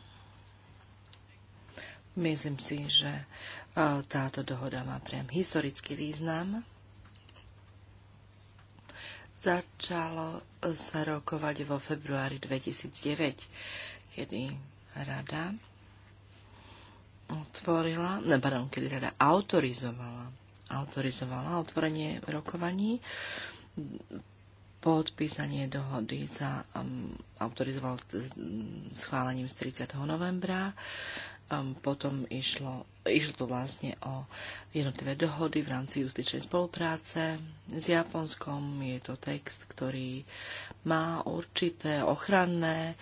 Myslím si, že e, táto dohoda má priam historický význam. Začalo sa rokovať vo februári 2009, kedy rada otvorila, ne, pardon, kedy rada autorizovala, autorizovala otvorenie rokovaní, podpísanie dohody sa um, autorizovalo schválením z 30. novembra potom išlo, išlo to vlastne o jednotlivé dohody v rámci justičnej spolupráce s Japonskom. Je to text, ktorý má určité ochranné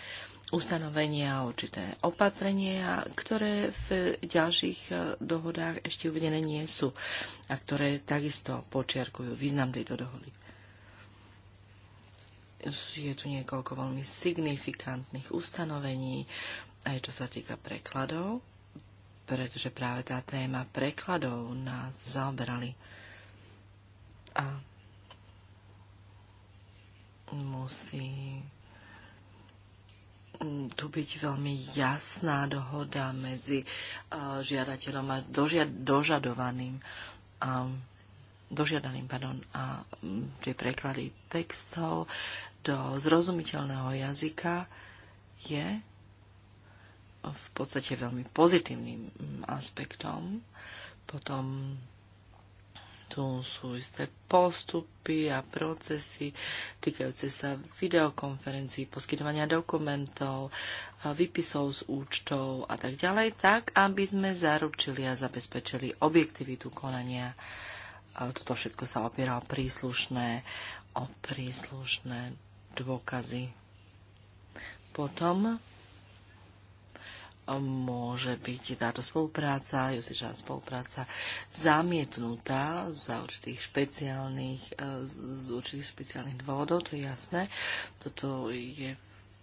ustanovenia, určité opatrenia, ktoré v ďalších e, dohodách ešte uvedené nie sú a ktoré takisto počiarkujú význam tejto dohody. Je tu niekoľko veľmi signifikantných ustanovení, aj čo sa týka prekladov, pretože práve tá téma prekladov nás zaoberali. A musí tu byť veľmi jasná dohoda medzi žiadateľom a dožadovaným a dožiadaným pardon, a tie preklady textov do zrozumiteľného jazyka je v podstate veľmi pozitívnym aspektom. Potom tu sú isté postupy a procesy týkajúce sa videokonferencií, poskytovania dokumentov, výpisov z účtov a tak ďalej, tak aby sme zaručili a zabezpečili objektivitu konania. Toto všetko sa opiera o príslušné, o príslušné dôkazy. Potom môže byť táto spolupráca, justičná spolupráca zamietnutá za určitých špeciálnych, e, z určitých špeciálnych dôvodov, to je jasné. Toto je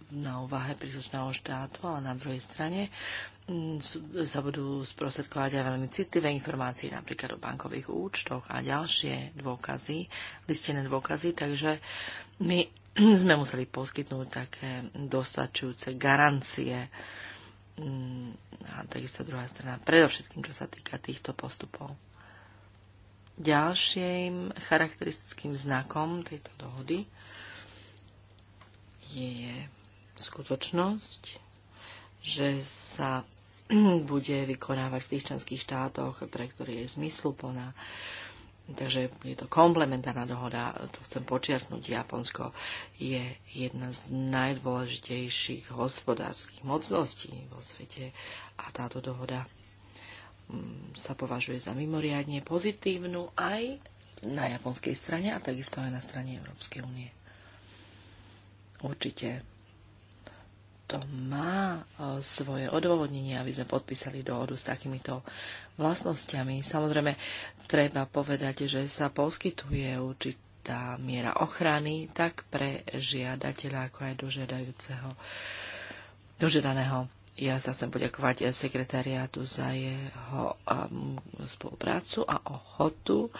na úvahe príslušného štátu, ale na druhej strane mm, sa budú sprostredkovať aj veľmi citlivé informácie, napríklad o bankových účtoch a ďalšie dôkazy, listené dôkazy, takže my sme museli poskytnúť také dostačujúce garancie Mm, a takisto druhá strana, predovšetkým čo sa týka týchto postupov. Ďalším charakteristickým znakom tejto dohody je skutočnosť, že sa bude vykonávať v tých členských štátoch, pre ktoré je zmysluplná. plná Takže je to komplementárna dohoda, to chcem počiarknúť. Japonsko je jedna z najdôležitejších hospodárskych mocností vo svete a táto dohoda mm, sa považuje za mimoriadne pozitívnu aj na japonskej strane a takisto aj na strane Európskej únie. Určite to má e, svoje odôvodnenie, aby sme podpísali dohodu s takýmito vlastnosťami. Samozrejme, treba povedať, že sa poskytuje určitá miera ochrany tak pre žiadateľa, ako aj dožiadajúceho, dožiadaného. Ja sa chcem poďakovať sekretariátu za jeho um, spoluprácu a ochotu,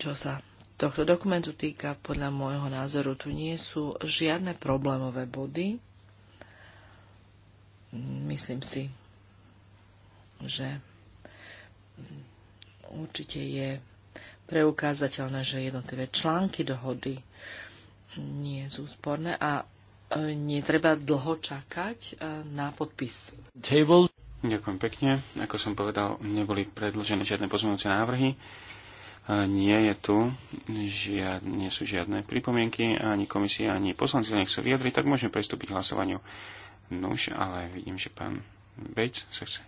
čo sa tohto dokumentu týka, podľa môjho názoru tu nie sú žiadne problémové body. Myslím si, že určite je preukázateľné, že jednotlivé články dohody nie sú sporné a e, netreba dlho čakať e, na podpis. Table. Ďakujem pekne. Ako som povedal, neboli predložené žiadne pozmeňujúce návrhy nie je tu, žiad, nie sú žiadne pripomienky, ani komisia, ani poslanci sa nechcú vyjadriť, tak môžeme pristúpiť k hlasovaniu. Nuž, ale vidím, že pán Bejc sa chce,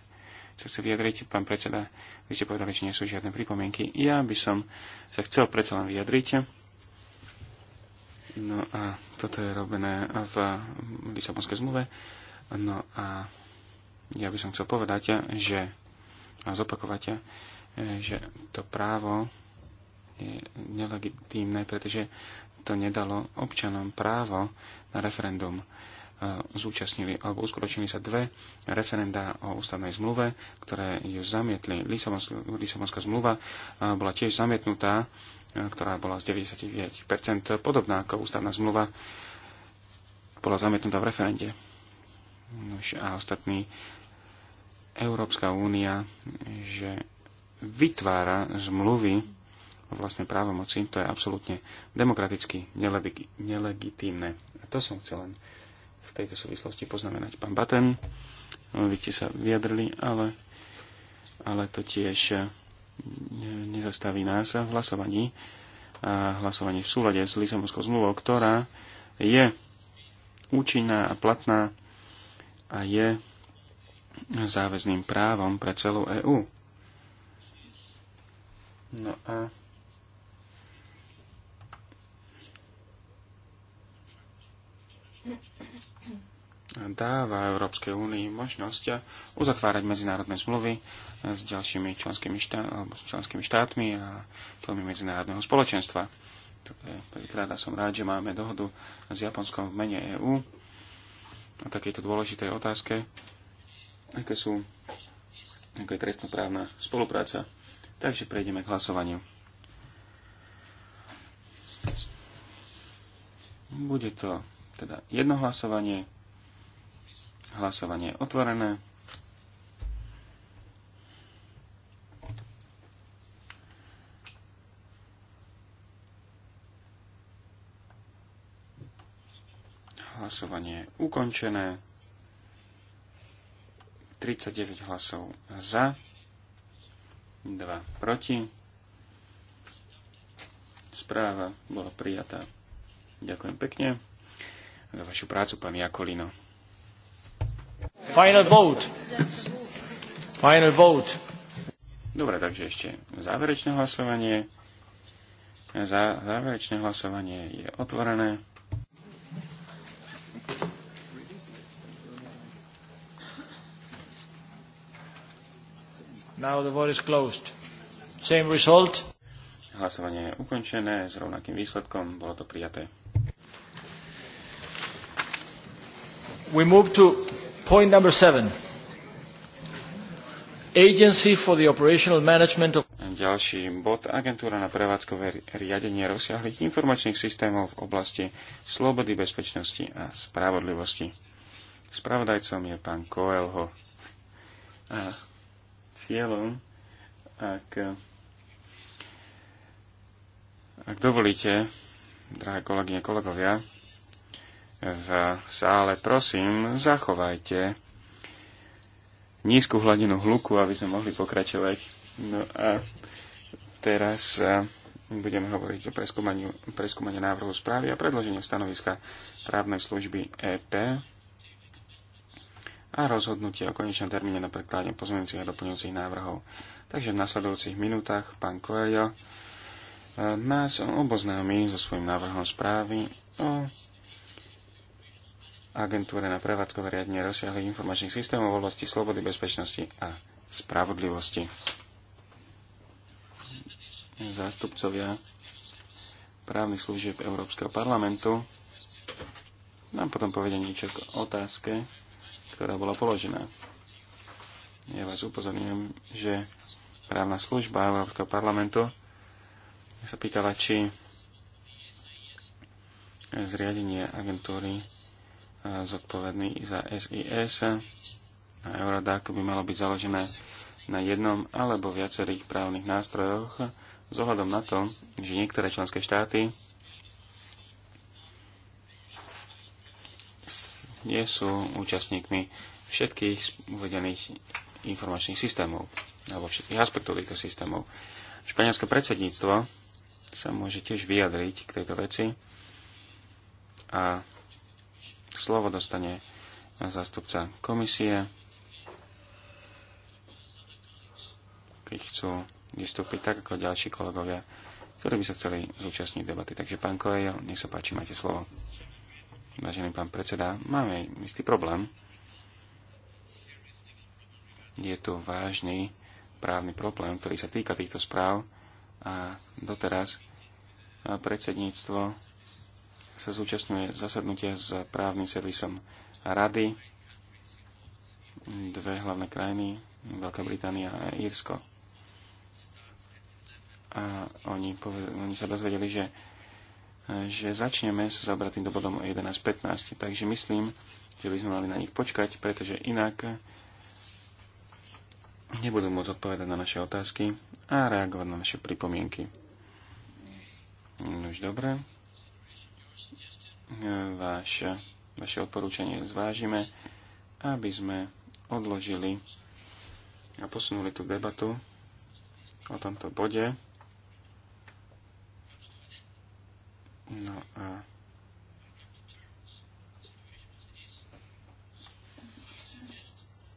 sa chce vyjadriť. Pán predseda, vy ste povedali, že nie sú žiadne pripomienky. Ja by som sa chcel predsa len vyjadriť. No a toto je robené v Lisabonskej zmluve. No a ja by som chcel povedať, že a zopakovať, že to právo je nelegitímne, pretože to nedalo občanom právo na referendum. E, zúčastnili alebo uskutočnili sa dve referenda o ústavnej zmluve, ktoré ju zamietli. Lisabonská zmluva e, bola tiež zamietnutá, e, ktorá bola z 99% podobná ako ústavná zmluva, bola zamietnutá v referende. Nož a ostatní Európska únia, že vytvára zmluvy vlastne právomoci, to je absolútne demokraticky nelegitímne. A to som chcel len v tejto súvislosti poznamenať. Pán Baten, vy ste sa vyjadrili, ale, ale to tiež eh, nezastaví nás v hlasovaní. A hlasovanie v súlade s Lisabonskou zmluvou, ktorá je účinná a platná a je záväzným právom pre celú EÚ. No a dáva Európskej únii možnosť uzatvárať medzinárodné zmluvy s ďalšími členskými, štát, alebo s členskými štátmi a členmi medzinárodného spoločenstva. Prvýkrát som rád, že máme dohodu s Japonskom v mene EÚ o takejto dôležitej otázke, aké sú, ako je trestnoprávna spolupráca. Takže prejdeme k hlasovaniu. Bude to teda jedno hlasovanie, Hlasovanie je otvorené. Hlasovanie je ukončené. 39 hlasov za, 2 proti. Správa bola prijatá. Ďakujem pekne za vašu prácu, pán Jakolino. Final vote. Final vote. Dobre, takže ešte záverečné hlasovanie. Zá, záverečné hlasovanie je otvorené. Now the vote is closed. Same result. Hlasovanie je ukončené s rovnakým výsledkom. Bolo to prijaté. We move to Point number seven. Agency for the operational management of... Ďalší bod. Agentúra na prevádzkové riadenie rozsiahlých informačných systémov v oblasti slobody, bezpečnosti a spravodlivosti. Spravodajcom je pán Koelho. A cieľom, ak, ak dovolíte, drahé kolegyne, kolegovia, v sále, prosím, zachovajte nízku hladinu hluku, aby sme mohli pokračovať. No a teraz e, budeme hovoriť o preskúmaniu, preskúmaniu návrhu správy a predložení stanoviska právnej služby EP a rozhodnutie o konečnom termíne na prekladanie pozmeňujúcich a doplňujúcich návrhov. Takže v nasledujúcich minútach pán Coelho e, nás oboznámi so svojím návrhom správy o agentúre na prevádzkové riadenie rozsiahlých informačných systémov v oblasti slobody, bezpečnosti a spravodlivosti. Zástupcovia právnych služieb Európskeho parlamentu nám potom povedia niečo k otázke, ktorá bola položená. Ja vás upozorňujem, že právna služba Európskeho parlamentu sa pýtala, či zriadenie agentúry zodpovedný za SIS a Eurodac by malo byť založené na jednom alebo viacerých právnych nástrojoch s ohľadom na to, že niektoré členské štáty nie sú účastníkmi všetkých uvedených informačných systémov alebo všetkých aspektov týchto systémov. Španielské predsedníctvo sa môže tiež vyjadriť k tejto veci a Slovo dostane zástupca komisie. Keď chcú vystúpiť tak ako ďalší kolegovia, ktorí by sa chceli zúčastniť debaty. Takže pán Koejo, nech sa páči, máte slovo. Vážený pán predseda, máme istý problém. Je tu vážny právny problém, ktorý sa týka týchto správ a doteraz predsedníctvo sa zúčastňuje zasadnutia s právnym servisom Rady, dve hlavné krajiny, Veľká Británia a Írsko. A oni, povedali, oni sa dozvedeli, že, že začneme sa zabrať týmto bodom o 11.15, takže myslím, že by sme mali na nich počkať, pretože inak nebudú môcť odpovedať na naše otázky a reagovať na naše pripomienky. No už dobre váš, vaše odporúčanie zvážime, aby sme odložili a posunuli tú debatu o tomto bode. No a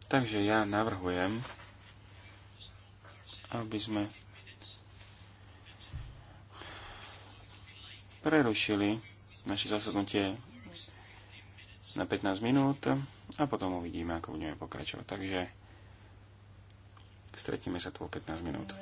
Takže ja navrhujem, aby sme prerušili naše zasadnutie na 15 minút a potom uvidíme, ako budeme pokračovať. Takže stretíme sa tu o 15 minút.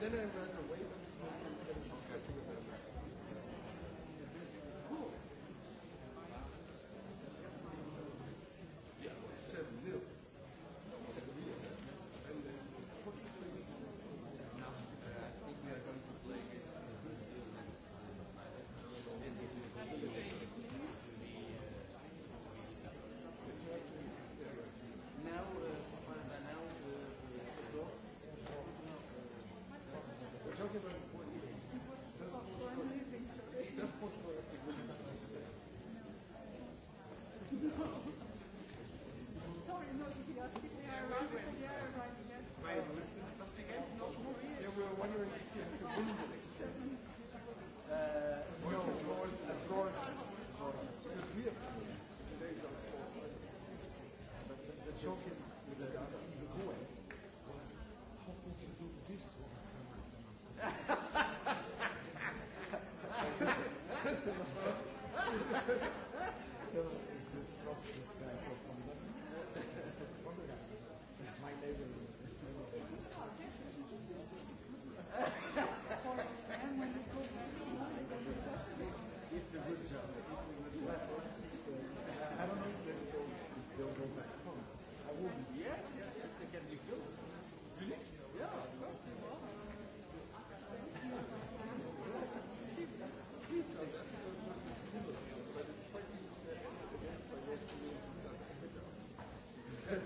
then I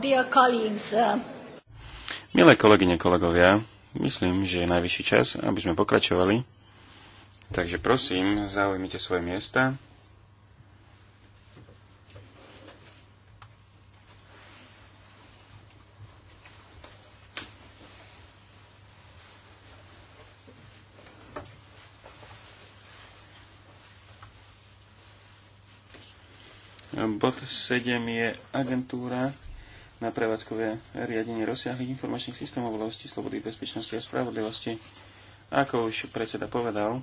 Dear colleagues, uh, Milé kolegyne, kolegovia, myslím, že je najvyšší čas, aby sme pokračovali. Takže prosím, zaujmite svoje miesta. Bod 7 je agentúra na prevádzkové riadenie rozsiahlých informačných systémov v oblasti slobody, bezpečnosti a spravodlivosti. Ako už predseda povedal, e,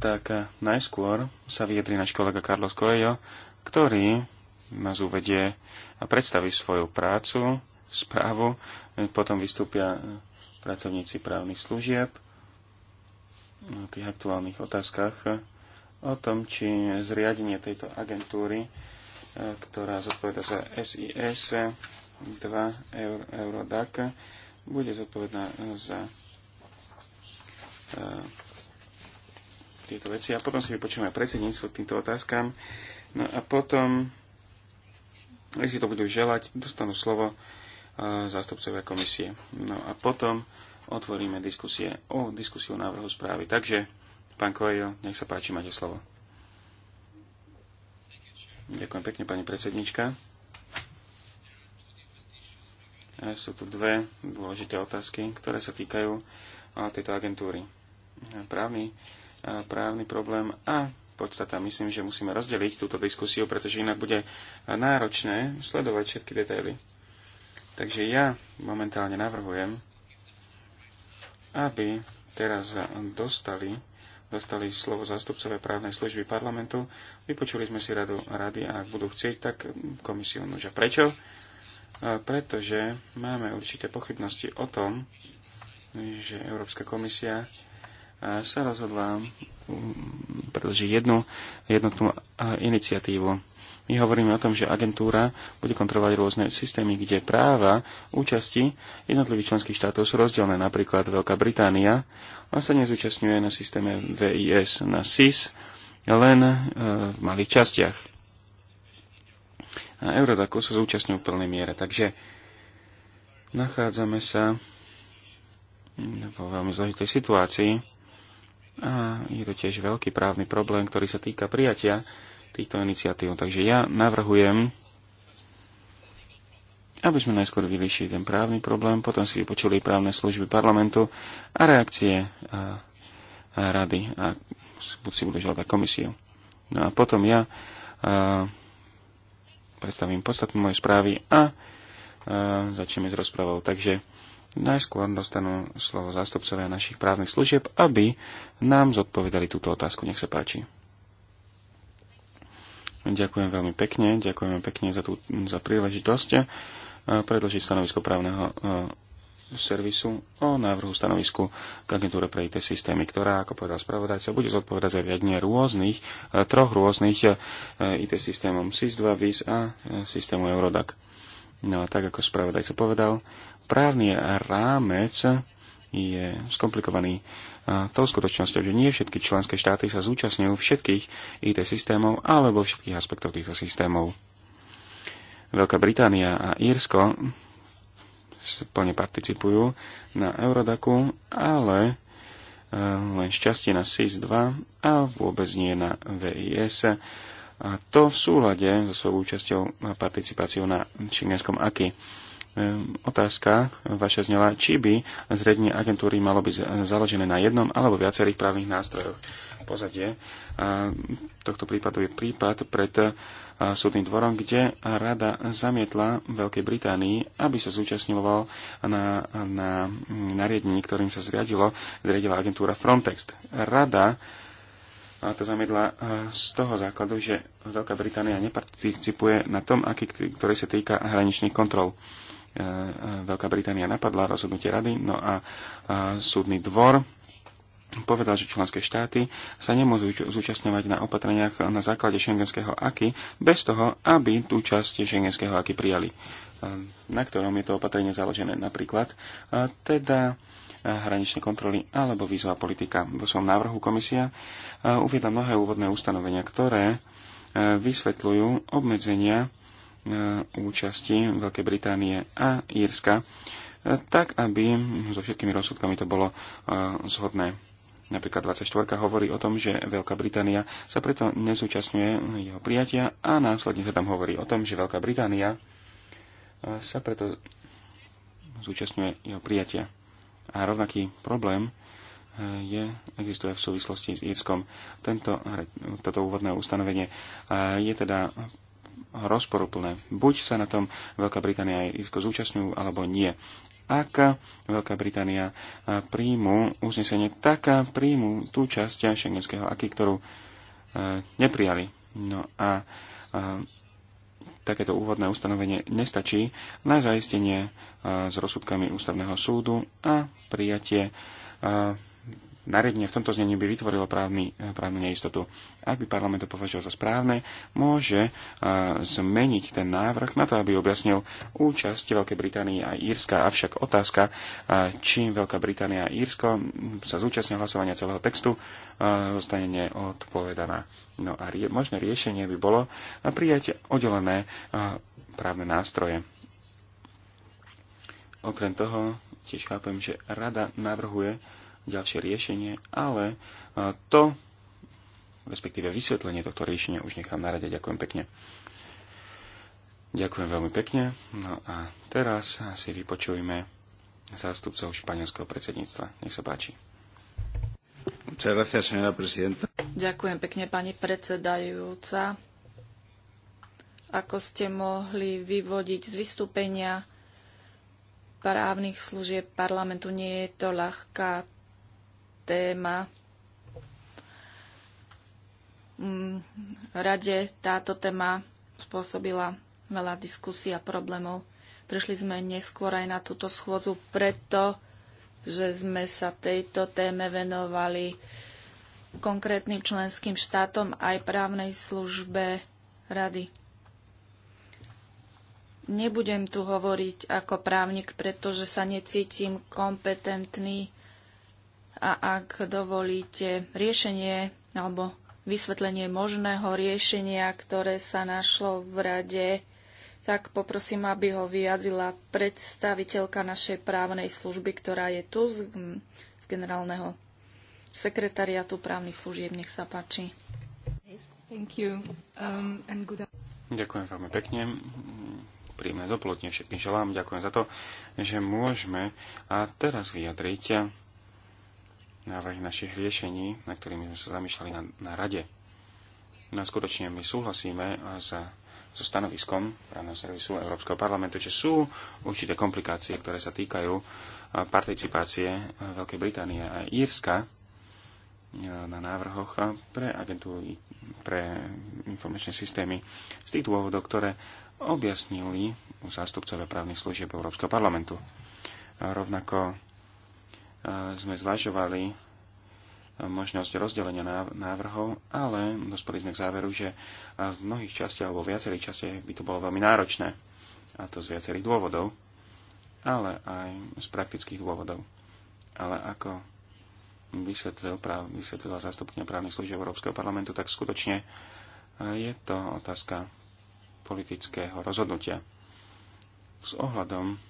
tak najskôr sa vyjadri náš kolega Carlos Coelho, ktorý nás uvedie a predstaví svoju prácu, správu, e, potom vystúpia pracovníci právnych služieb o tých aktuálnych otázkach, o tom, či zriadenie tejto agentúry ktorá zodpoveda za SIS 2 Euro, Eurodac, bude zodpovedná za e, tieto veci. A potom si vypočujeme predsedníctvo k týmto otázkam. No a potom, ak si to budú želať, dostanú slovo e, zástupcovia komisie. No a potom otvoríme diskusie o diskusiu návrhu správy. Takže, pán Kojo, nech sa páči, máte slovo. Ďakujem pekne, pani predsednička. Sú tu dve dôležité otázky, ktoré sa týkajú tejto agentúry. Právny, právny problém a podstata. Myslím, že musíme rozdeliť túto diskusiu, pretože inak bude náročné sledovať všetky detaily. Takže ja momentálne navrhujem, aby teraz dostali dostali slovo zástupcové právnej služby parlamentu. Vypočuli sme si radu rady a ak budú chcieť, tak komisiu nuža. Prečo? E, pretože máme určité pochybnosti o tom, že Európska komisia e, sa rozhodla predlžiť jednu jednotnú e, iniciatívu. My hovoríme o tom, že agentúra bude kontrolovať rôzne systémy, kde práva účasti jednotlivých členských štátov sú rozdielne. Napríklad Veľká Británia ona sa nezúčastňuje na systéme VIS na SIS len e, v malých častiach. A Eurodaku sa zúčastňujú v plnej miere. Takže nachádzame sa vo veľmi zložitej situácii a je to tiež veľký právny problém, ktorý sa týka prijatia týchto iniciatív. Takže ja navrhujem, aby sme najskôr vyriešili ten právny problém, potom si vypočuli právne služby parlamentu a reakcie a, a rady a buď si budú žiadať komisiu. No a potom ja a, predstavím podstatnú moje správy a, a začneme s rozpravou. Takže najskôr dostanú slovo zástupcovia našich právnych služieb, aby nám zodpovedali túto otázku. Nech sa páči. Ďakujem veľmi pekne, ďakujem pekne za, tú, za príležitosť eh, predložiť stanovisko právneho eh, servisu o návrhu stanovisku k agentúre pre IT systémy, ktorá, ako povedal spravodajca, bude zodpovedať za riadne rôznych, eh, troch rôznych IT systémom SIS-2, VIS a systému Eurodac. No a tak, ako spravodajca povedal, právny rámec je skomplikovaný tou skutočnosťou, že nie všetky členské štáty sa zúčastňujú všetkých IT systémov alebo všetkých aspektov týchto systémov. Veľká Británia a Írsko plne participujú na Eurodaku, ale e, len šťastie na SIS-2 a vôbec nie na VIS. A to v súlade so svojou účasťou a participáciou na čínskom AKI. Ehm, otázka vaša znela, či by zredenie agentúry malo byť založené na jednom alebo viacerých právnych nástrojoch. Pozadie tohto prípadu je prípad pred súdnym dvorom, kde rada zamietla Veľkej Británii, aby sa zúčastňoval na, na nariadení, ktorým sa zriadilo, zriadila agentúra Frontex. Rada a to zamiedla z toho základu, že Veľká Británia neparticipuje na tom, aký, ktorý sa týka hraničných kontrol. E, e, Veľká Británia napadla rozhodnutie rady, no a súdny dvor povedal, že členské štáty sa nemôžu zúčastňovať na opatreniach na základe šengenského aky bez toho, aby tú časť šengenského aky prijali, e, na ktorom je to opatrenie založené napríklad, teda hraničné kontroly alebo vízová politika. Vo svojom návrhu komisia uviedla mnohé úvodné ustanovenia, ktoré vysvetľujú obmedzenia E, účasti Veľkej Británie a Írska, e, tak aby so všetkými rozsudkami to bolo e, zhodné. Napríklad 24 hovorí o tom, že Veľká Británia sa preto nezúčastňuje jeho prijatia a následne sa tam hovorí o tom, že Veľká Británia sa preto zúčastňuje jeho prijatia. A rovnaký problém je, existuje v súvislosti s Írskom. Tento, toto úvodné ustanovenie je teda rozporuplné. Buď sa na tom Veľká Británia aj Irsko zúčastňujú, alebo nie. Ak Veľká Británia príjmu uznesenie, tak príjmu tú časť šengenského aký, ktorú e, neprijali. No a e, takéto úvodné ustanovenie nestačí na zaistenie e, s rozsudkami ústavného súdu a prijatie nariadenie v tomto znení by vytvorilo právny, právnu neistotu. Ak by parlament to považoval za správne, môže zmeniť ten návrh na to, aby objasnil účasť Veľkej Británie a Írska. Avšak otázka, čím Veľká Británia a Írsko sa zúčastnia hlasovania celého textu, zostane neodpovedaná. No a rie- možné riešenie by bolo prijať oddelené právne nástroje. Okrem toho tiež chápem, že rada navrhuje ďalšie riešenie, ale to, respektíve vysvetlenie tohto riešenia už nechám na rade. Ďakujem pekne. Ďakujem veľmi pekne. No a teraz si vypočujme zástupcov španielského predsedníctva. Nech sa páči. Ďakujem pekne, pani predsedajúca. Ako ste mohli vyvodiť z vystúpenia právnych služieb parlamentu, nie je to ľahká téma. Mm, rade táto téma spôsobila veľa diskusí a problémov. Prišli sme neskôr aj na túto schôdzu preto, že sme sa tejto téme venovali konkrétnym členským štátom aj právnej službe rady. Nebudem tu hovoriť ako právnik, pretože sa necítim kompetentný a ak dovolíte riešenie alebo vysvetlenie možného riešenia, ktoré sa našlo v rade, tak poprosím, aby ho vyjadrila predstaviteľka našej právnej služby, ktorá je tu z, z generálneho sekretariatu právnych služieb. Nech sa páči. Um, good... Ďakujem veľmi pekne. Príjemné dopoludne všetkým želám. Ďakujem za to, že môžeme a teraz vyjadriť návrhy našich riešení, na ktorými sme sa zamýšľali na, na rade. No a skutočne my súhlasíme za, so stanoviskom právneho servisu Európskeho parlamentu, že sú určité komplikácie, ktoré sa týkajú participácie Veľkej Británie a Írska na návrhoch pre agentúry, pre informačné systémy z tých dôvodov, ktoré objasnili zástupcovia právnych služieb Európskeho parlamentu. A rovnako sme zvažovali e, možnosť rozdelenia návrhov, ale dospeli sme k záveru, že e, v mnohých častiach alebo viacerých častiach by to bolo veľmi náročné. A to z viacerých dôvodov, ale aj z praktických dôvodov. Ale ako vysvetlil práv, vysvetlila zástupkňa právnych služieb Európskeho parlamentu, tak skutočne e, je to otázka politického rozhodnutia. S ohľadom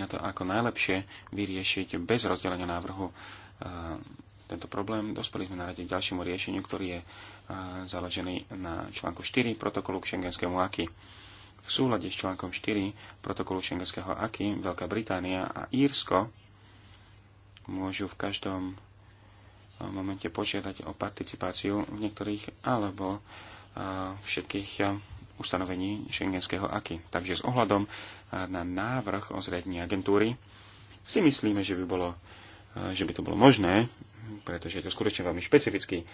na to, ako najlepšie vyriešiť bez rozdelenia návrhu e, tento problém. Dospeli sme na rade k ďalšiemu riešeniu, ktorý je e, založený na článku 4 protokolu k šengenskému AKI. V súlade s článkom 4 protokolu šengenského AKI Veľká Británia a Írsko môžu v každom e, momente požiadať o participáciu v niektorých alebo všetkých ustanovení šengenského aky. Takže s ohľadom eh, na návrh o zrední agentúry si myslíme, že by, bolo, eh, že by to bolo možné, pretože je to skutočne veľmi špecifický eh,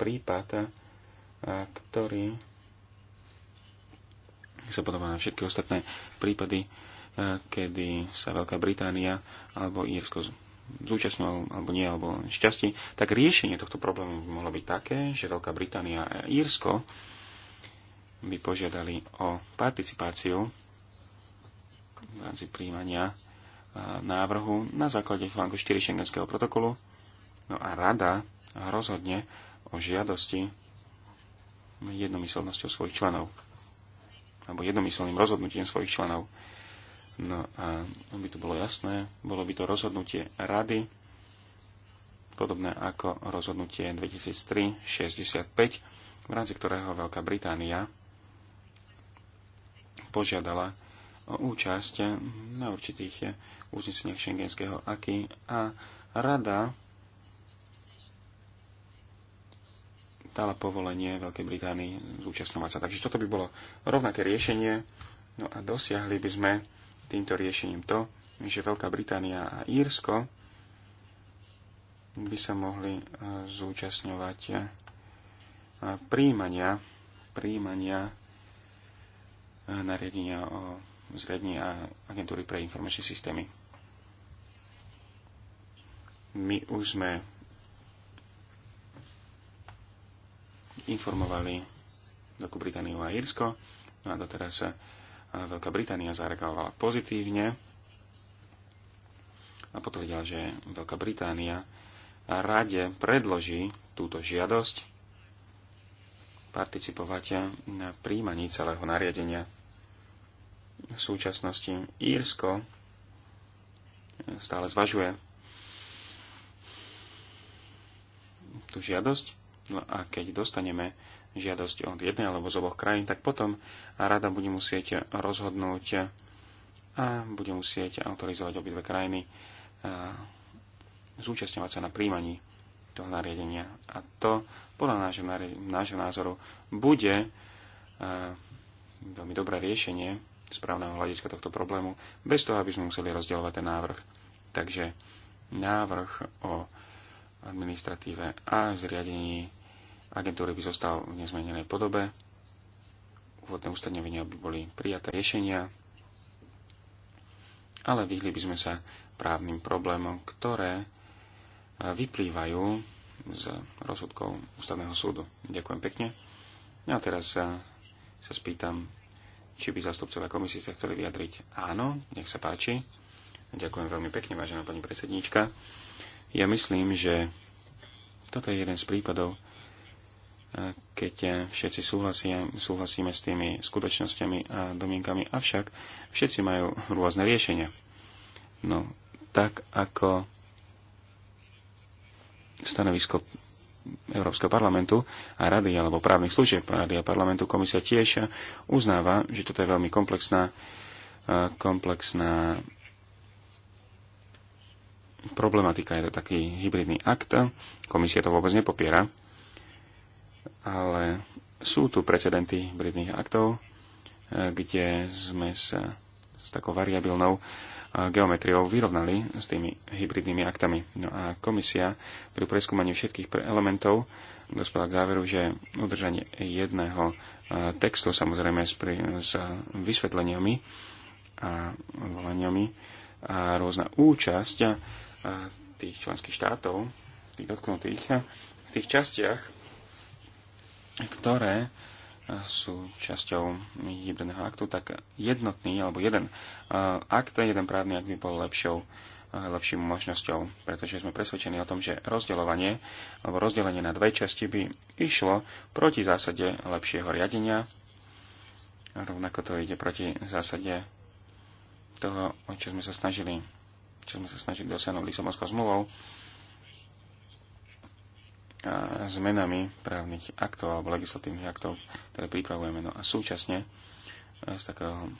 prípad, ktorý sa podobá na všetky ostatné prípady, kedy sa Veľká Británia alebo Írsko zúčastnú alebo nie, alebo šťastie, tak riešenie tohto problému by mohlo byť také, že Veľká Británia a Írsko by požiadali o participáciu v rámci príjmania návrhu na základe článku 4 šengenského protokolu. No a rada rozhodne o žiadosti jednomyselnosťou svojich členov. Alebo jednomyselným rozhodnutím svojich členov. No a aby to bolo jasné, bolo by to rozhodnutie rady, podobné ako rozhodnutie 2003-65, v rámci ktorého Veľká Británia požiadala o účasť na určitých uzneseniach šengenského aky a rada dala povolenie Veľkej Británii zúčastňovať sa. Takže toto by bolo rovnaké riešenie. No a dosiahli by sme týmto riešením to, že Veľká Británia a Írsko by sa mohli e, zúčastňovať e, príjmania, príjmania nariadenia o zriadení agentúry pre informačné systémy. My už sme informovali Veľkú Britániu a Írsko. No a doteraz sa Veľká Británia zareagovala pozitívne a potvrdila, že Veľká Británia rade predloží túto žiadosť participovať na príjmaní celého nariadenia v súčasnosti Írsko stále zvažuje tú žiadosť. No a keď dostaneme žiadosť od jednej alebo z oboch krajín, tak potom rada bude musieť rozhodnúť a bude musieť autorizovať obidve krajiny a zúčastňovať sa na príjmaní toho nariadenia. A to podľa nášho, nášho názoru bude veľmi dobré riešenie správneho hľadiska tohto problému, bez toho, aby sme museli rozdielovať ten návrh. Takže návrh o administratíve a zriadení agentúry by zostal v nezmenenej podobe. Úvodné ustanovenia by boli prijaté riešenia, ale vyhli by sme sa právnym problémom, ktoré vyplývajú z rozsudkov Ústavného súdu. Ďakujem pekne. A teraz sa, sa spýtam či by zastupcovia komisie sa chceli vyjadriť. Áno, nech sa páči. Ďakujem veľmi pekne, vážená pani predsedníčka. Ja myslím, že toto je jeden z prípadov, keď všetci súhlasia, súhlasíme s tými skutočnosťami a domienkami, avšak všetci majú rôzne riešenia. No, tak ako stanovisko Európskeho parlamentu a rady, alebo právnych služieb rady a parlamentu, komisia tiež uznáva, že toto je veľmi komplexná, e, komplexná problematika. Je to taký hybridný akt. Komisia to vôbec nepopiera. Ale sú tu precedenty hybridných aktov, e, kde sme sa s takou variabilnou uh, geometriou vyrovnali s tými hybridnými aktami. No a komisia pri preskúmaní všetkých elementov dospela k záveru, že udržanie jedného e, textu, samozrejme s, pri, s vysvetleniami a volaniami, a rôzna účasť e, tých členských štátov, tých dotknutých, e, v tých častiach, ktoré sú časťou jedného aktu, tak jednotný alebo jeden eh, akt, jeden právny akt by bol lepšou, eh, lepším možnosťou, pretože sme presvedčení o tom, že rozdeľovanie alebo rozdelenie na dve časti by išlo proti zásade lepšieho riadenia. A rovnako to ide proti zásade toho, o čo sme sa snažili, čo sme sa snažili dosiahnuť Lisabonskou zmluvou zmenami právnych aktov alebo legislatívnych aktov, ktoré pripravujeme. No a súčasne z takého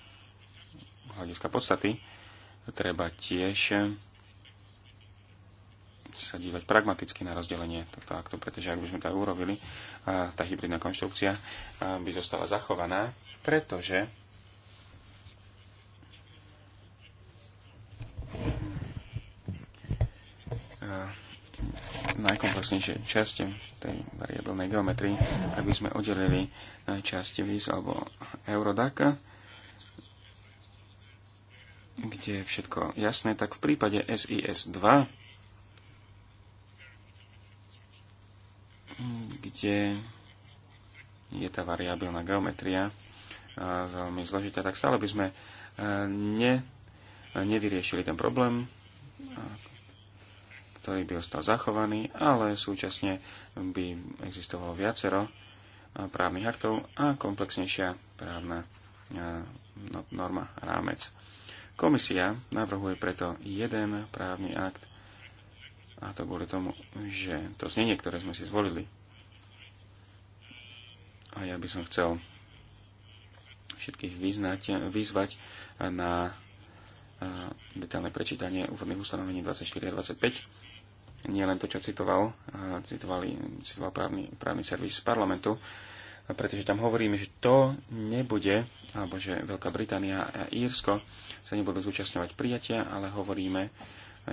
hľadiska podstaty treba tiež sa dívať pragmaticky na rozdelenie tohto aktu, pretože ak by sme to urobili, tá hybridná konštrukcia by zostala zachovaná, pretože najkomplexnejšie časti tej variabilnej geometrii, aby sme oddelili e, časti VIS alebo Eurodac, kde je všetko jasné, tak v prípade SIS-2, kde je tá variabilná geometria e, veľmi zložitá, tak stále by sme e, ne, nevyriešili ten problém ktorý by ostal zachovaný, ale súčasne by existovalo viacero eh, právnych aktov a komplexnejšia právna eh, no, norma rámec. Komisia navrhuje preto jeden právny akt, a to kvôli tomu, že to znenie, ktoré sme si zvolili, a ja by som chcel všetkých vyznať, vyzvať na eh, detálne prečítanie úvodných ustanovení 24 a 25, nie len to, čo citoval, citovali, citoval právny, právny servis parlamentu, pretože tam hovoríme, že to nebude, alebo že Veľká Británia a Írsko sa nebudú zúčastňovať prijatia, ale hovoríme,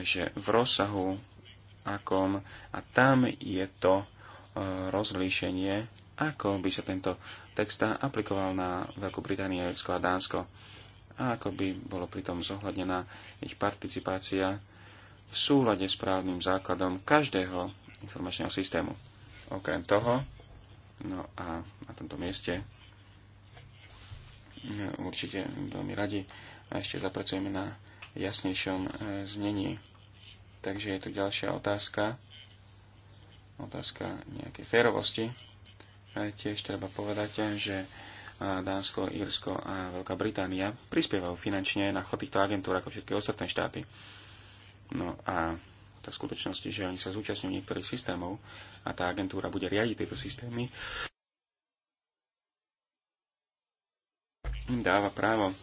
že v rozsahu akom a tam je to e, rozlíšenie, ako by sa tento text aplikoval na Veľkú Britániu, Írsko a Dánsko a ako by bolo pritom zohľadnená ich participácia v súlade s právnym základom každého informačného systému. Okrem toho, no a na tomto mieste no, určite veľmi radi a ešte zapracujeme na jasnejšom e, znení. Takže je tu ďalšia otázka, otázka nejakej férovosti. tiež treba povedať, že Dánsko, Írsko a Veľká Británia prispievajú finančne na chod týchto agentúr ako všetky ostatné štáty. No a tá skutočnosti, že oni sa zúčastňujú niektorých systémov a tá agentúra bude riadiť tieto systémy, im dáva právo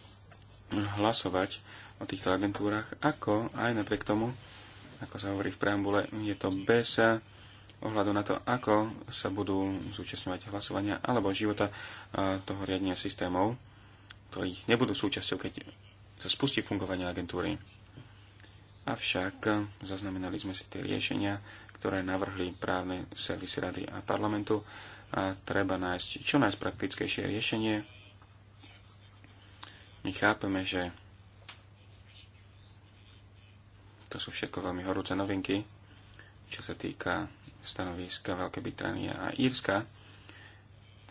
hlasovať o týchto agentúrach, ako aj napriek tomu, ako sa hovorí v preambule, je to bez ohľadu na to, ako sa budú zúčastňovať hlasovania alebo života e, toho riadenia systémov, ktorých nebudú súčasťou, keď sa spustí fungovanie agentúry. Avšak eh, zaznamenali sme si tie riešenia, ktoré navrhli právne servisy Rady a parlamentu a treba nájsť čo najspraktickejšie riešenie. My chápeme, že to sú všetko veľmi horúce novinky, čo sa týka stanoviska Veľkej Británie a Írska.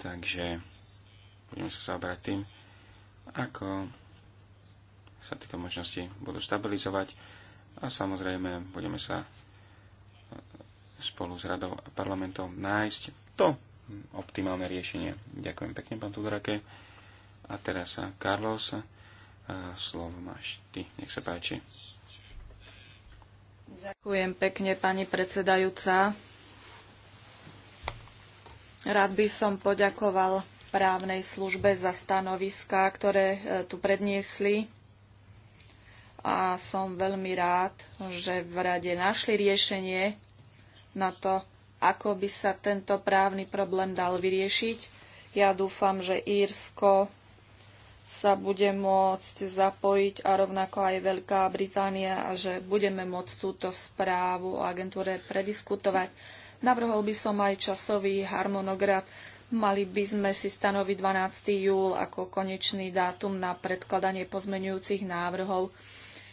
Takže budeme sa zaoberať tým, ako sa tieto možnosti budú stabilizovať a samozrejme, budeme sa spolu s radou a parlamentom nájsť to optimálne riešenie. Ďakujem pekne, pán Tudorake. A teraz Carlos, slovo máš ty. Nech sa páči. Ďakujem pekne, pani predsedajúca. Rád by som poďakoval právnej službe za stanoviská, ktoré e, tu predniesli a som veľmi rád, že v rade našli riešenie na to, ako by sa tento právny problém dal vyriešiť. Ja dúfam, že Írsko sa bude môcť zapojiť a rovnako aj Veľká Británia a že budeme môcť túto správu o agentúre prediskutovať. Navrhol by som aj časový harmonograf. Mali by sme si stanoviť 12. júl ako konečný dátum na predkladanie pozmenujúcich návrhov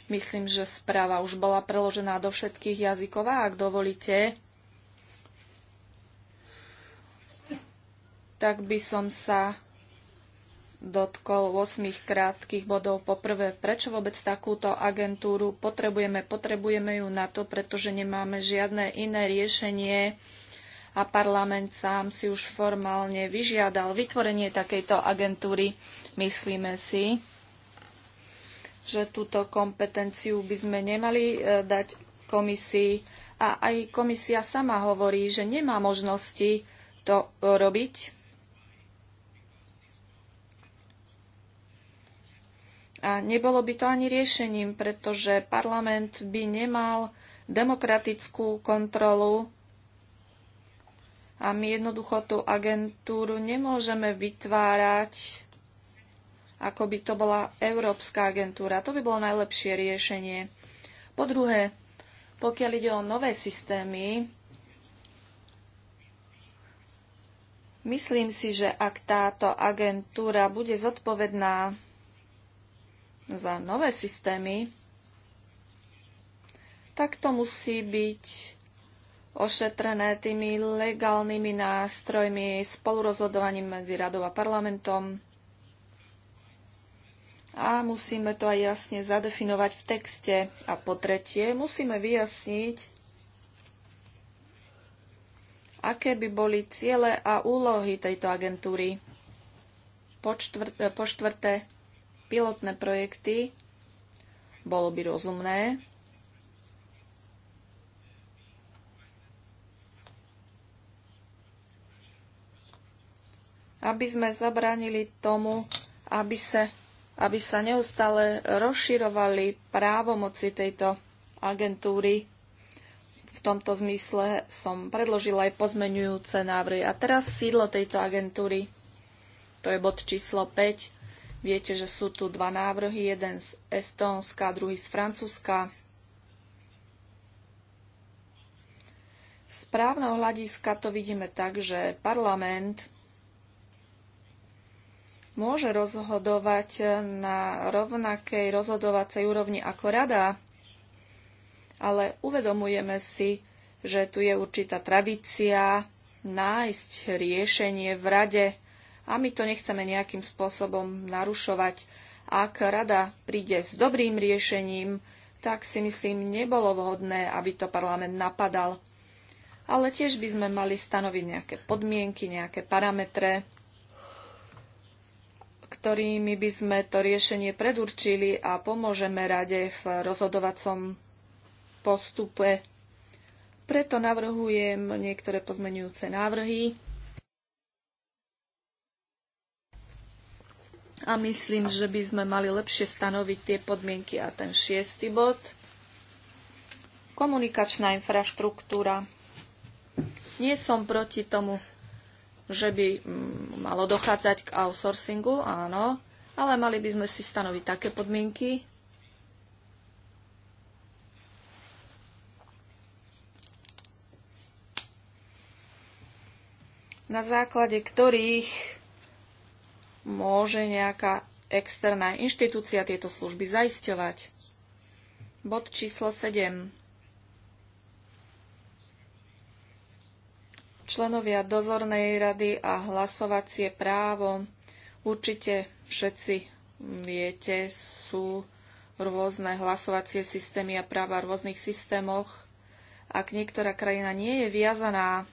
Myslím, že správa už bola preložená do všetkých jazykov ak dovolíte, tak by som sa dotkol 8 krátkých bodov. Poprvé, prečo vôbec takúto agentúru potrebujeme? Potrebujeme ju na to, pretože nemáme žiadne iné riešenie a parlament sám si už formálne vyžiadal vytvorenie takejto agentúry. Myslíme si, že túto kompetenciu by sme nemali e, dať komisii. A aj komisia sama hovorí, že nemá možnosti to robiť. A nebolo by to ani riešením, pretože parlament by nemal demokratickú kontrolu a my jednoducho tú agentúru nemôžeme vytvárať ako by to bola Európska agentúra. To by bolo najlepšie riešenie. Po druhé, pokiaľ ide o nové systémy, myslím si, že ak táto agentúra bude zodpovedná za nové systémy, tak to musí byť ošetrené tými legálnymi nástrojmi, spolurozhodovaním medzi radou a parlamentom a musíme to aj jasne zadefinovať v texte. A po tretie, musíme vyjasniť, aké by boli ciele a úlohy tejto agentúry. Po, čtvr- eh, po štvrté, pilotné projekty bolo by rozumné, aby sme zabránili tomu, aby sa aby sa neustále rozširovali právomoci tejto agentúry. V tomto zmysle som predložila aj pozmenujúce návrhy. A teraz sídlo tejto agentúry, to je bod číslo 5. Viete, že sú tu dva návrhy, jeden z Estónska, druhý z Francúzska. Z právneho hľadiska to vidíme tak, že parlament môže rozhodovať na rovnakej rozhodovacej úrovni ako rada, ale uvedomujeme si, že tu je určitá tradícia nájsť riešenie v rade a my to nechceme nejakým spôsobom narušovať. Ak rada príde s dobrým riešením, tak si myslím, nebolo vhodné, aby to parlament napadal. Ale tiež by sme mali stanoviť nejaké podmienky, nejaké parametre, ktorými by sme to riešenie predurčili a pomôžeme rade v rozhodovacom postupe. Preto navrhujem niektoré pozmenujúce návrhy. A myslím, že by sme mali lepšie stanoviť tie podmienky a ten šiestý bod. Komunikačná infraštruktúra. Nie som proti tomu že by mm, malo dochádzať k outsourcingu, áno, ale mali by sme si stanoviť také podmienky, na základe ktorých môže nejaká externá inštitúcia tieto služby zaisťovať. Bod číslo 7. členovia dozornej rady a hlasovacie právo. Určite všetci viete, sú rôzne hlasovacie systémy a práva v rôznych systémoch. Ak niektorá krajina nie je viazaná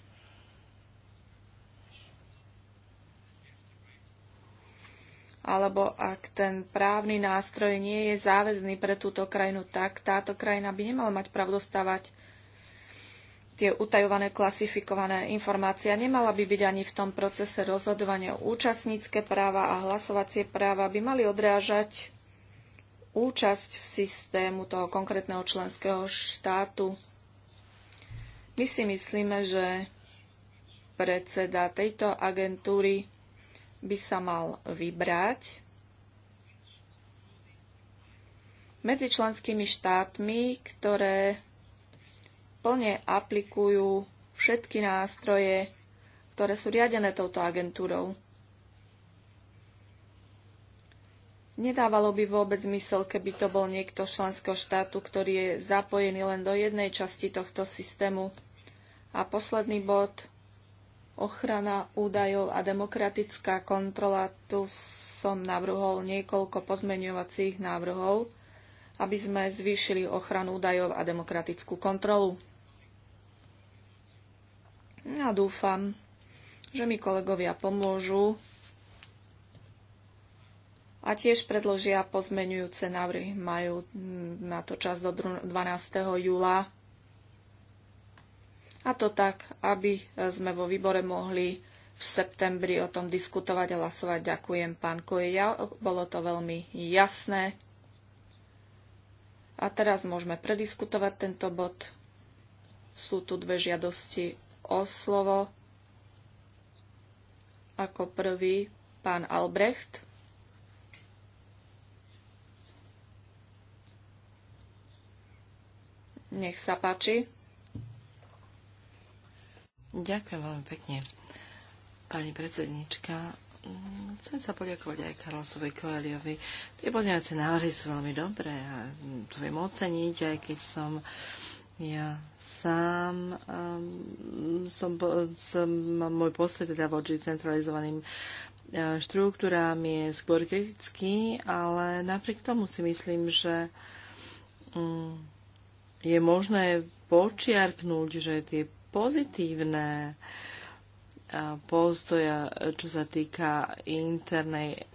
alebo ak ten právny nástroj nie je záväzný pre túto krajinu, tak táto krajina by nemala mať pravdostávať dostávať tie utajované, klasifikované informácie. Nemala by byť ani v tom procese rozhodovania. Účastnícke práva a hlasovacie práva by mali odrážať účasť v systému toho konkrétneho členského štátu. My si myslíme, že predseda tejto agentúry by sa mal vybrať medzi členskými štátmi, ktoré plne aplikujú všetky nástroje, ktoré sú riadené touto agentúrou. Nedávalo by vôbec zmysel, keby to bol niekto členského štátu, ktorý je zapojený len do jednej časti tohto systému. A posledný bod – ochrana údajov a demokratická kontrola. Tu som navrhol niekoľko pozmeňovacích návrhov, aby sme zvýšili ochranu údajov a demokratickú kontrolu. Ja dúfam, že mi kolegovia pomôžu a tiež predložia pozmenujúce návrhy. Majú na to čas do 12. júla. A to tak, aby sme vo výbore mohli v septembri o tom diskutovať a hlasovať. Ďakujem, pán Ja, Bolo to veľmi jasné. A teraz môžeme prediskutovať tento bod. Sú tu dve žiadosti o slovo ako prvý pán Albrecht. Nech sa páči. Ďakujem veľmi pekne. Pani predsednička, chcem sa poďakovať aj Karlosovi Koeliovi. Tie pozňovacie návrhy sú veľmi dobré a to viem oceniť, aj keď som ja sám um, som, som, môj postoj teda voči centralizovaným eh, štruktúram je skôr kritický, ale napriek tomu si myslím, že um, je možné počiarknúť, že tie pozitívne eh, postoja, eh, čo sa týka internej,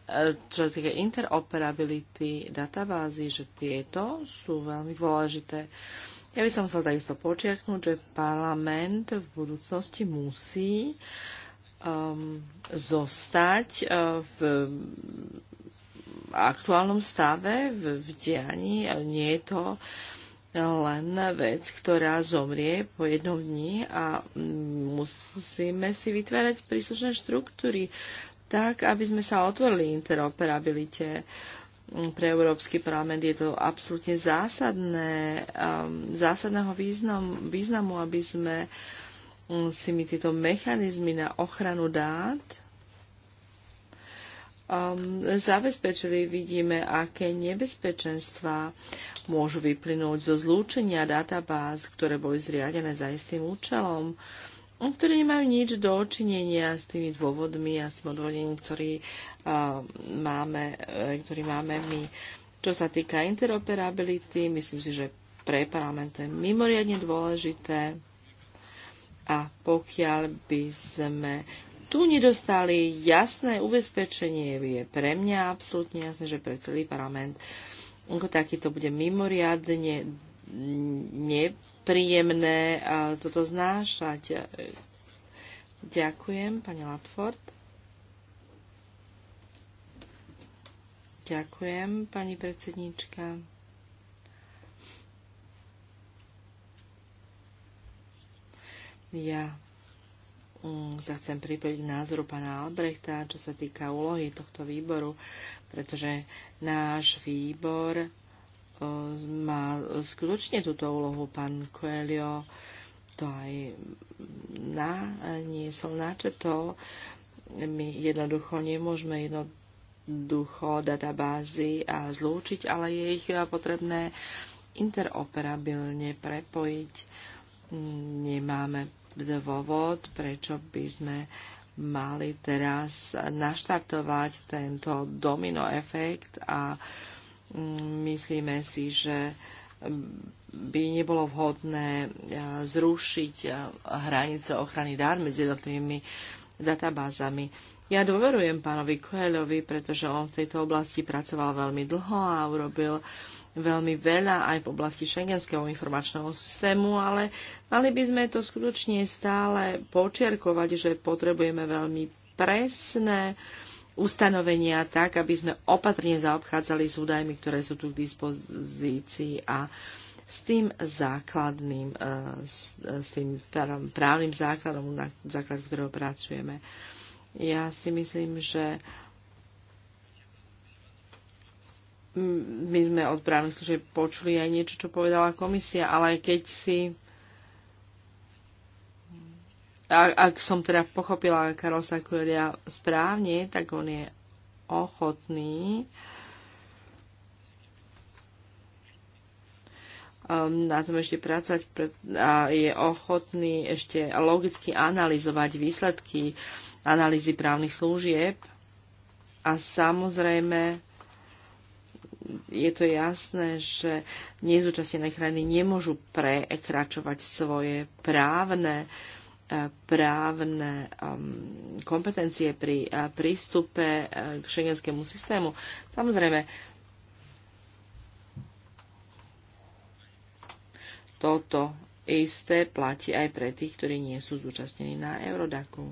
čo sa týka interoperability databázy, že tieto sú veľmi dôležité. Ja by som chcel takisto počiarknúť, že parlament v budúcnosti musí um, zostať uh, v aktuálnom stave, v, v dianí. Nie je to len vec, ktorá zomrie po jednom dni a musíme si vytvárať príslušné štruktúry tak, aby sme sa otvorili interoperabilite uh, pre Európsky parlament je to absolútne zásadné, um, zásadného významu, významu, aby sme um, si my tieto mechanizmy na ochranu dát um, zabezpečili. Vidíme, aké nebezpečenstva môžu vyplynúť zo zlúčenia databáz, ktoré boli zriadené za istým účelom. Um, ktoré nemajú nič do očinenia s tými dôvodmi a s tým odvodením, ktorý, uh, máme, uh, ktorý máme my. Čo sa týka interoperability, myslím si, že pre parlament to je mimoriadne dôležité a pokiaľ by sme tu nedostali jasné ubezpečenie, je pre mňa absolútne jasné, že pre celý parlament ako taký to bude mimoriadne ne, príjemné toto znášať. Ďakujem, pani Latford. Ďakujem, pani predsednička. Ja mm, sa chcem pripojiť názoru pána Albrechta, čo sa týka úlohy tohto výboru, pretože náš výbor má skutočne túto úlohu pán Coelho to aj na, nie som načetol. My jednoducho nemôžeme jednoducho databázy a zlúčiť, ale je ich eh, potrebné interoperabilne prepojiť. Nemáme dôvod, prečo by sme mali teraz naštartovať tento domino efekt a uh, Myslíme si, že by nebolo vhodné eh, zrušiť eh, hranice ochrany dát medzi jednotlivými databázami. Ja dôverujem pánovi Koelovi, pretože on v tejto oblasti pracoval veľmi dlho a urobil veľmi veľa aj v oblasti šengenského informačného systému, ale mali by sme to skutočne stále počiarkovať, že potrebujeme veľmi presné uh, ustanovenia tak, aby sme opatrne zaobchádzali s údajmi, ktoré sú tu k dispozícii a s tým základným, e, e, s tým právnym základom, na základ ktorého pracujeme. Ja si myslím, že my sme od právnych služieb počuli aj niečo, čo povedala komisia, ale keď si ak, ak som teda pochopila Karolsa Kurelia správne, tak on je ochotný um, na tom ešte pracovať pred, a je ochotný ešte logicky analyzovať výsledky analýzy právnych služieb a samozrejme je to jasné, že nezúčastnené krajiny nemôžu prekračovať svoje právne uh, právne um, kompetencie pri uh, prístupe uh, k šengenskému systému. Samozrejme, toto isté platí aj pre tých, ktorí nie sú zúčastnení na Eurodaku.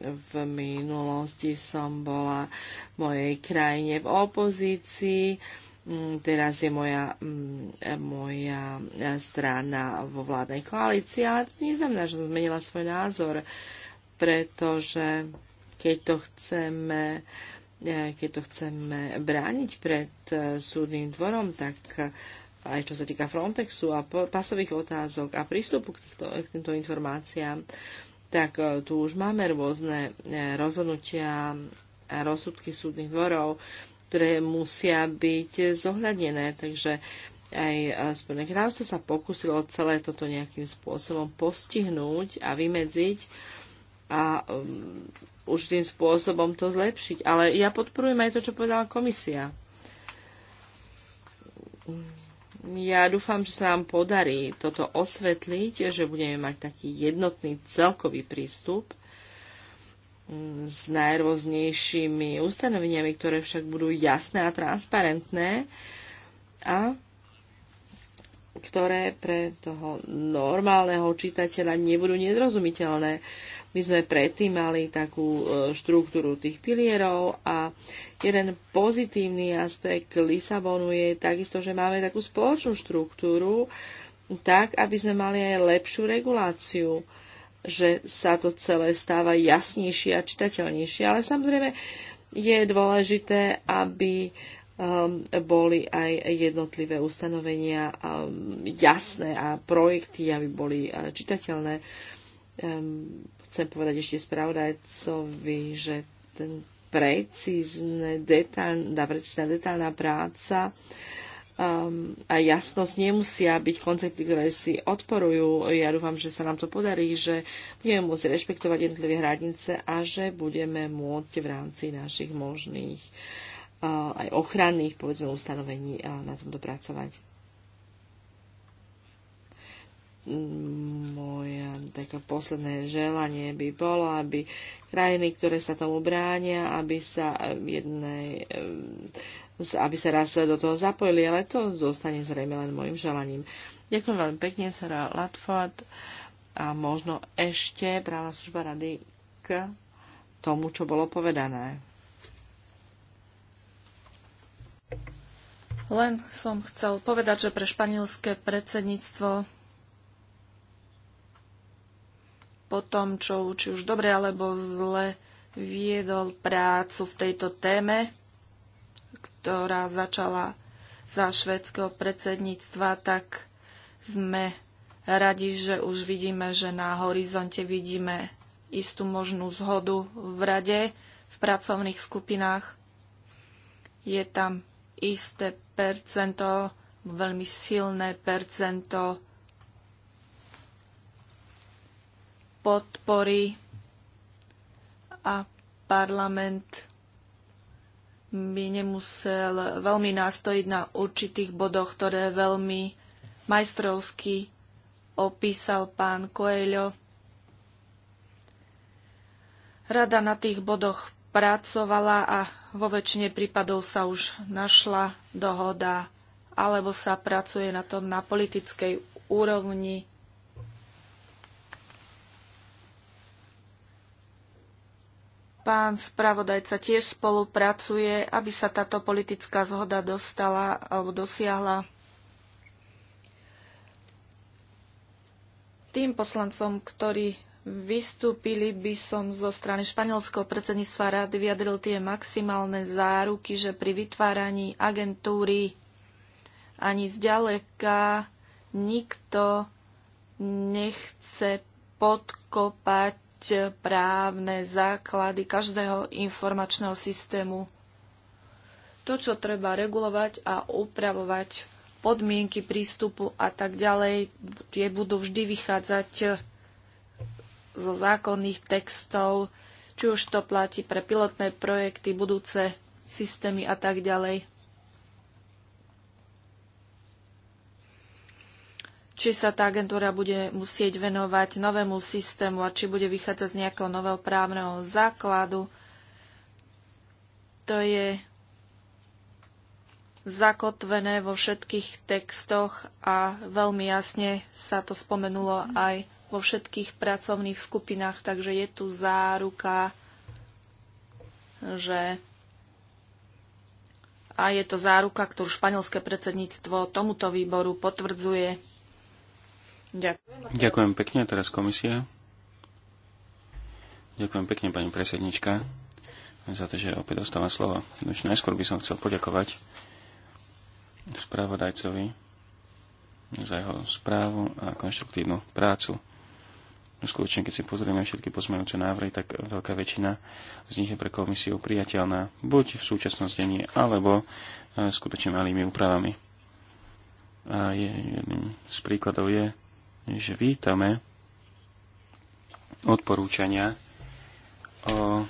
V minulosti som bola v mojej krajine v opozícii Mm, teraz je moja, mm, moja strana vo vládnej koalícii, ale to neznamená, že som zmenila svoj názor, pretože keď to chceme eh, keď to chceme brániť pred eh, súdnym dvorom, tak eh, aj čo sa týka Frontexu a pasových otázok a prístupu k, týchto, k týmto informáciám, tak tu už máme rôzne rozhodnutia a rozsudky súdnych dvorov, ktoré musia byť zohľadnené. Takže aj Spodné kráľovstvo sa pokusilo celé toto nejakým spôsobom postihnúť a vymedziť a um, už tým spôsobom to zlepšiť. Ale ja podporujem aj to, čo povedala komisia. Ja dúfam, že sa nám podarí toto osvetliť, že budeme mať taký jednotný celkový prístup s najrôznejšími ustanoveniami, ktoré však budú jasné a transparentné a ktoré pre toho normálneho čitateľa nebudú nezrozumiteľné. My sme predtým mali takú e, štruktúru tých pilierov a jeden pozitívny aspekt Lisabonu je takisto, že máme takú spoločnú štruktúru, tak aby sme mali aj lepšiu reguláciu že sa to celé stáva jasnejšie a čitateľnejšie. Ale samozrejme je dôležité, aby um, boli aj jednotlivé ustanovenia um, jasné a projekty, aby boli uh, čitateľné. Um, chcem povedať ešte spravodajcovi, že ten precízne, detálna, precízna detálna práca uh, um, a jasnosť nemusia byť koncepty, ktoré si odporujú. Ja dúfam, že sa nám to podarí, že budeme môcť rešpektovať jednotlivé hranice a že budeme môcť v rámci našich možných uh, aj ochranných, povedzme, ustanovení uh, na tom dopracovať. Moje také posledné želanie by bolo, aby krajiny, ktoré sa tomu bránia, aby sa uh, jednej um, aby sa raz do toho zapojili, ale to zostane zrejme len môjim želaním. Ďakujem veľmi pekne, Sara Latford. A možno ešte právna služba rady k tomu, čo bolo povedané. Len som chcel povedať, že pre španielské predsedníctvo po tom, čo či už dobre alebo zle viedol prácu v tejto téme, ktorá začala za švedského predsedníctva, tak sme radi, že už vidíme, že na horizonte vidíme istú možnú zhodu v rade, v pracovných skupinách. Je tam isté percento, veľmi silné percento podpory a parlament by nemusel veľmi nastojiť na určitých bodoch, ktoré veľmi majstrovsky opísal pán Coelho. Rada na tých bodoch pracovala a vo väčšine prípadov sa už našla dohoda, alebo sa pracuje na tom na politickej úrovni. Pán spravodajca tiež spolupracuje, aby sa táto politická zhoda dostala alebo dosiahla. Tým poslancom, ktorí vystúpili, by som zo strany španielského predsedníctva rady vyjadril tie maximálne záruky, že pri vytváraní agentúry ani zďaleka nikto nechce podkopať právne základy každého informačného systému. To, čo treba regulovať a upravovať, podmienky prístupu a tak ďalej, tie budú vždy vychádzať zo zákonných textov, či už to platí pre pilotné projekty, budúce systémy a tak ďalej. či sa tá agentúra bude musieť venovať novému systému a či bude vychádzať z nejakého nového právneho základu. To je zakotvené vo všetkých textoch a veľmi jasne sa to spomenulo aj vo všetkých pracovných skupinách, takže je tu záruka, že a je to záruka, ktorú španielské predsedníctvo tomuto výboru potvrdzuje. Ďakujem. pekne, teraz komisia. Ďakujem pekne, pani predsednička, za to, že opäť dostáva slovo. Už najskôr by som chcel poďakovať spravodajcovi za jeho správu a konštruktívnu prácu. No skutočne, keď si pozrieme všetky pozmenujúce návrhy, tak veľká väčšina z nich je pre komisiu priateľná buď v súčasnom znení, alebo e, skutočne malými úpravami. A je, jedným z príkladov je, že vítame odporúčania o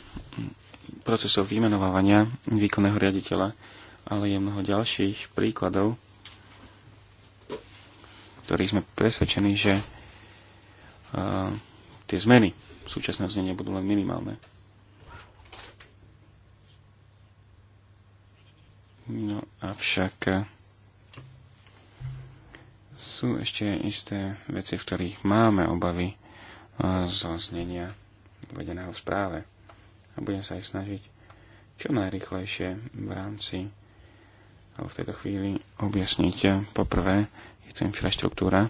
procesoch vymenovávania výkonného riaditeľa, ale je mnoho ďalších príkladov, ktorých sme presvedčení, že uh, tie zmeny v súčasnom znení budú len minimálne. No avšak sú ešte isté veci, v ktorých máme obavy e, zo znenia uvedeného v správe. A budem sa aj snažiť čo najrychlejšie v rámci v tejto chvíli objasniť. Poprvé, je to infraštruktúra.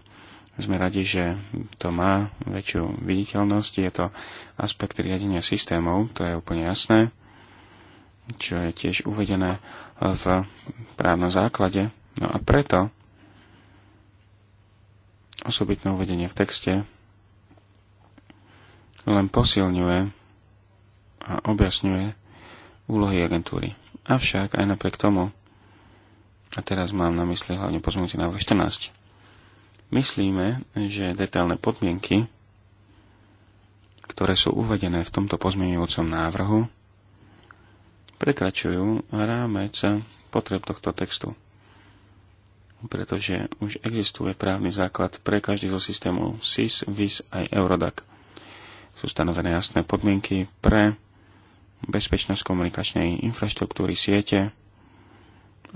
Sme radi, že to má väčšiu viditeľnosť. Je to aspekt riadenia systémov, to je úplne jasné, čo je tiež uvedené v právnom základe. No a preto osobitné uvedenie v texte len posilňuje a objasňuje úlohy agentúry. Avšak aj napriek tomu, a teraz mám na mysli hlavne pozmúci na 14, myslíme, že detailné podmienky, ktoré sú uvedené v tomto pozmeňujúcom návrhu, prekračujú rámec potreb tohto textu pretože už existuje právny základ pre každý zo systémov SIS, VIS aj Eurodac. Sú stanovené jasné podmienky pre bezpečnosť komunikačnej infraštruktúry siete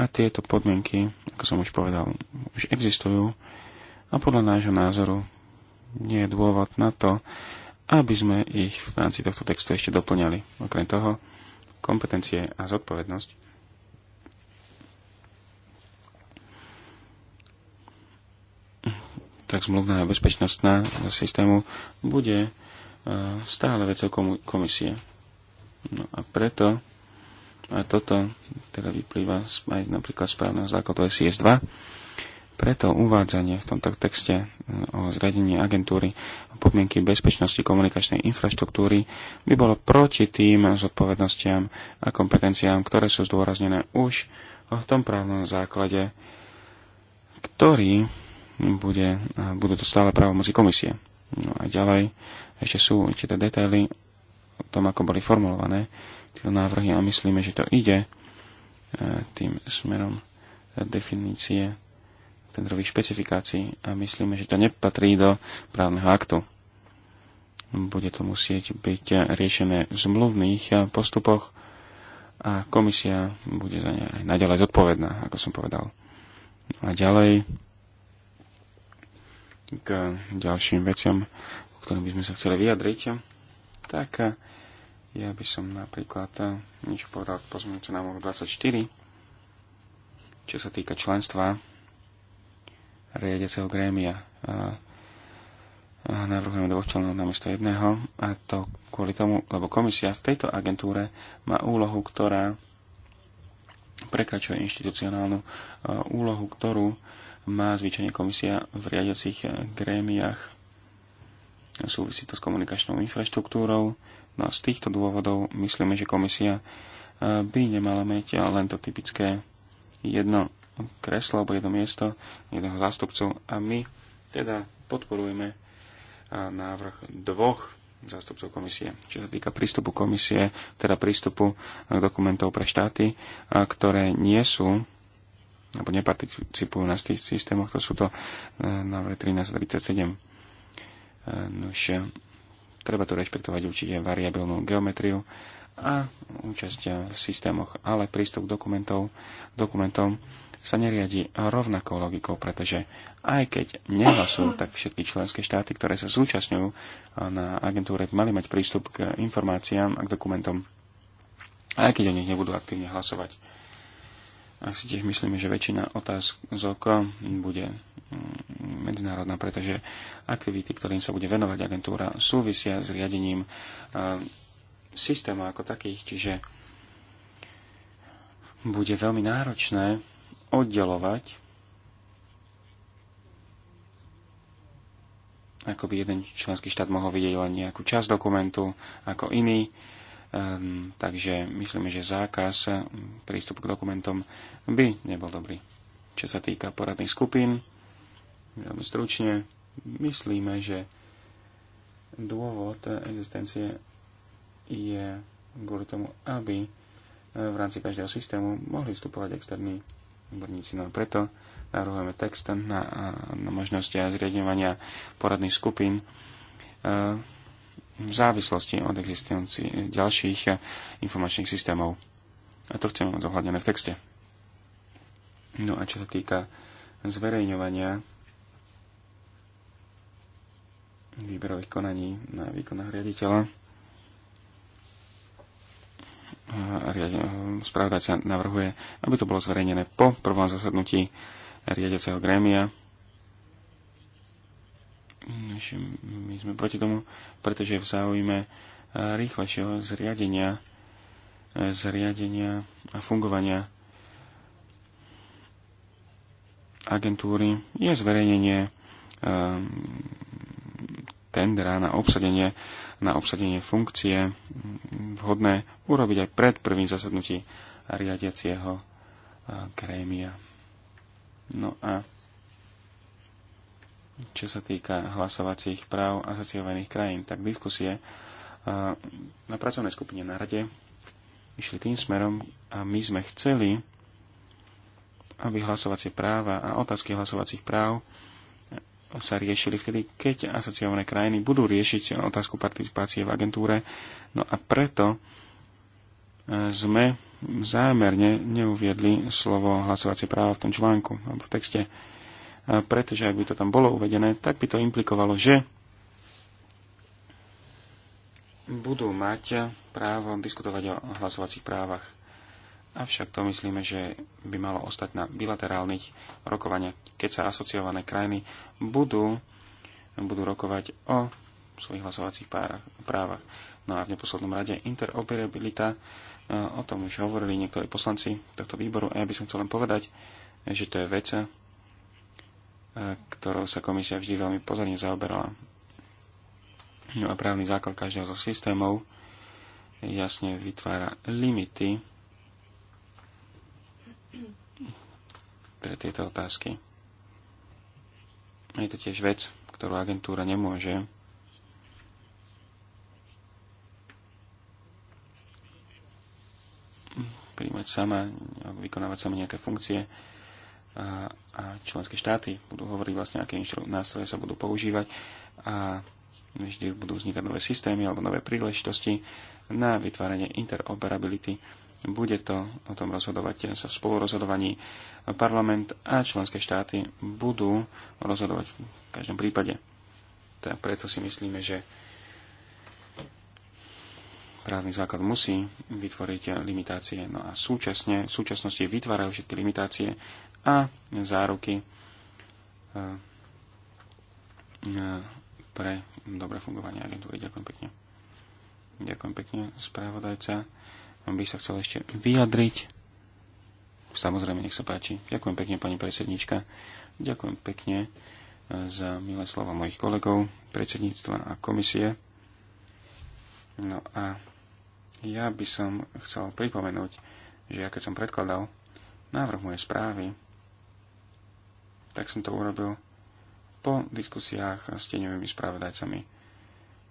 a tieto podmienky, ako som už povedal, už existujú a podľa nášho názoru nie je dôvod na to, aby sme ich v rámci tohto textu ešte doplňali. Okrem toho, kompetencie a zodpovednosť tak zmluvná bezpečnostná systému bude e, stále vecou komisie. No a preto a toto teda vyplýva aj napríklad správneho základu SIS-2. Preto uvádzanie v tomto texte e, o zradení agentúry a podmienky bezpečnosti komunikačnej infraštruktúry by bolo proti tým zodpovednostiam a kompetenciám, ktoré sú zdôraznené už v tom právnom základe, ktorý bude, budú to stále právomoci komisie. No a ďalej ešte sú určité detaily o tom, ako boli formulované tieto návrhy a myslíme, že to ide e, tým smerom definície tendrových špecifikácií a myslíme, že to nepatrí do právneho aktu. Bude to musieť byť riešené v zmluvných postupoch a komisia bude za ne aj naďalej zodpovedná, ako som povedal. No a ďalej k ďalším veciam, o ktorých by sme sa chceli vyjadriť, tak eh, ja by som napríklad eh, niečo povedal k pozmeňujúcu na 24, čo sa týka členstva riadiaceho grémia. Eh, navrhujeme dvoch členov namiesto jedného a to kvôli tomu, lebo komisia v tejto agentúre má úlohu, ktorá prekračuje inštitucionálnu úlohu, ktorú má zvyčajne komisia v riadiacich eh, grémiach. Súvisí to s komunikačnou infraštruktúrou. No a z týchto dôvodov myslíme, že komisia eh, by nemala mať len to typické jedno kreslo alebo jedno miesto jedného zástupcu a my teda podporujeme eh, návrh dvoch zástupcov komisie. Čo sa týka prístupu komisie, teda prístupu k dokumentov pre štáty, ktoré nie sú alebo neparticipujú na tých systémoch, to sú to e, návrhy 1337. E, Nož, treba tu rešpektovať určite variabilnú geometriu a účasť v systémoch, ale prístup k dokumentov, dokumentom sa neriadi rovnakou logikou, pretože aj keď nehlasujú, tak všetky členské štáty, ktoré sa zúčastňujú na agentúre, mali mať prístup k informáciám a k dokumentom, aj keď o nich nebudú aktívne hlasovať ak si tiež myslíme, že väčšina otázok bude mm, medzinárodná, pretože aktivity, ktorým sa bude venovať agentúra, súvisia s riadením e, systému ako takých, čiže bude veľmi náročné oddelovať ako by jeden členský štát mohol vidieť len nejakú časť dokumentu ako iný Ehm, takže myslíme, že zákaz prístupu k dokumentom by nebol dobrý. Čo sa týka poradných skupín, veľmi stručne, myslíme, že dôvod existencie je kvôli tomu, aby v rámci každého systému mohli vstupovať externí odborníci. No preto navrhujeme text na, na možnosti zriadňovania poradných skupín ehm, v závislosti od existencii ďalších informačných systémov. A to chceme zohľadnené v texte. No a čo sa týka zverejňovania výberových konaní na výkonách riaditeľa, spravodajca navrhuje, aby to bolo zverejnené po prvom zasadnutí riadiaceho grémia než my sme proti tomu, pretože v záujme e, rýchlejšieho zriadenia, e, zriadenia a fungovania agentúry je zverejnenie e, tendera na obsadenie, na obsadenie funkcie vhodné urobiť aj pred prvým zasadnutím riadiacieho krémia. No a čo sa týka hlasovacích práv asociovaných krajín, tak diskusie eh, na pracovnej skupine na rade išli tým smerom a my sme chceli, aby hlasovacie práva a otázky hlasovacích práv sa riešili vtedy, keď asociované krajiny budú riešiť otázku participácie v agentúre. No a preto eh, sme zámerne neuviedli slovo hlasovacie práva v tom článku alebo v texte pretože ak by to tam bolo uvedené, tak by to implikovalo, že budú mať právo diskutovať o hlasovacích právach. Avšak to myslíme, že by malo ostať na bilaterálnych rokovaniach, keď sa asociované krajiny budú, budú rokovať o svojich hlasovacích párach, právach. No a v neposlednom rade interoperabilita, e, o tom už hovorili niektorí poslanci tohto výboru a ja by som chcel len povedať, že to je vec, ktorou sa komisia vždy veľmi pozorne zaoberala. No a právny základ každého zo systémov jasne vytvára limity pre tieto otázky. Je to tiež vec, ktorú agentúra nemôže príjmať sama, vykonávať sama nejaké funkcie, a, a členské štáty budú hovoriť vlastne, aké nástroje sa budú používať a vždy budú vznikať nové systémy alebo nové príležitosti na vytváranie interoperability. Bude to o tom rozhodovať sa v spolurozhodovaní. Parlament a členské štáty budú rozhodovať v každom prípade. Tak preto si myslíme, že právny základ musí vytvoriť limitácie. No a súčasne, v súčasnosti vytvárajú všetky limitácie a záruky e, e, pre dobré fungovanie agentúry. Ďakujem pekne. Ďakujem pekne, správodajca. By sa chcel ešte vyjadriť. Samozrejme, nech sa páči. Ďakujem pekne, pani predsednička. Ďakujem pekne e, za milé slova mojich kolegov, predsedníctva a komisie. No a ja by som chcel pripomenúť, že ja keď som predkladal návrh mojej správy, tak som to urobil po diskusiách s tieňovými spravodajcami.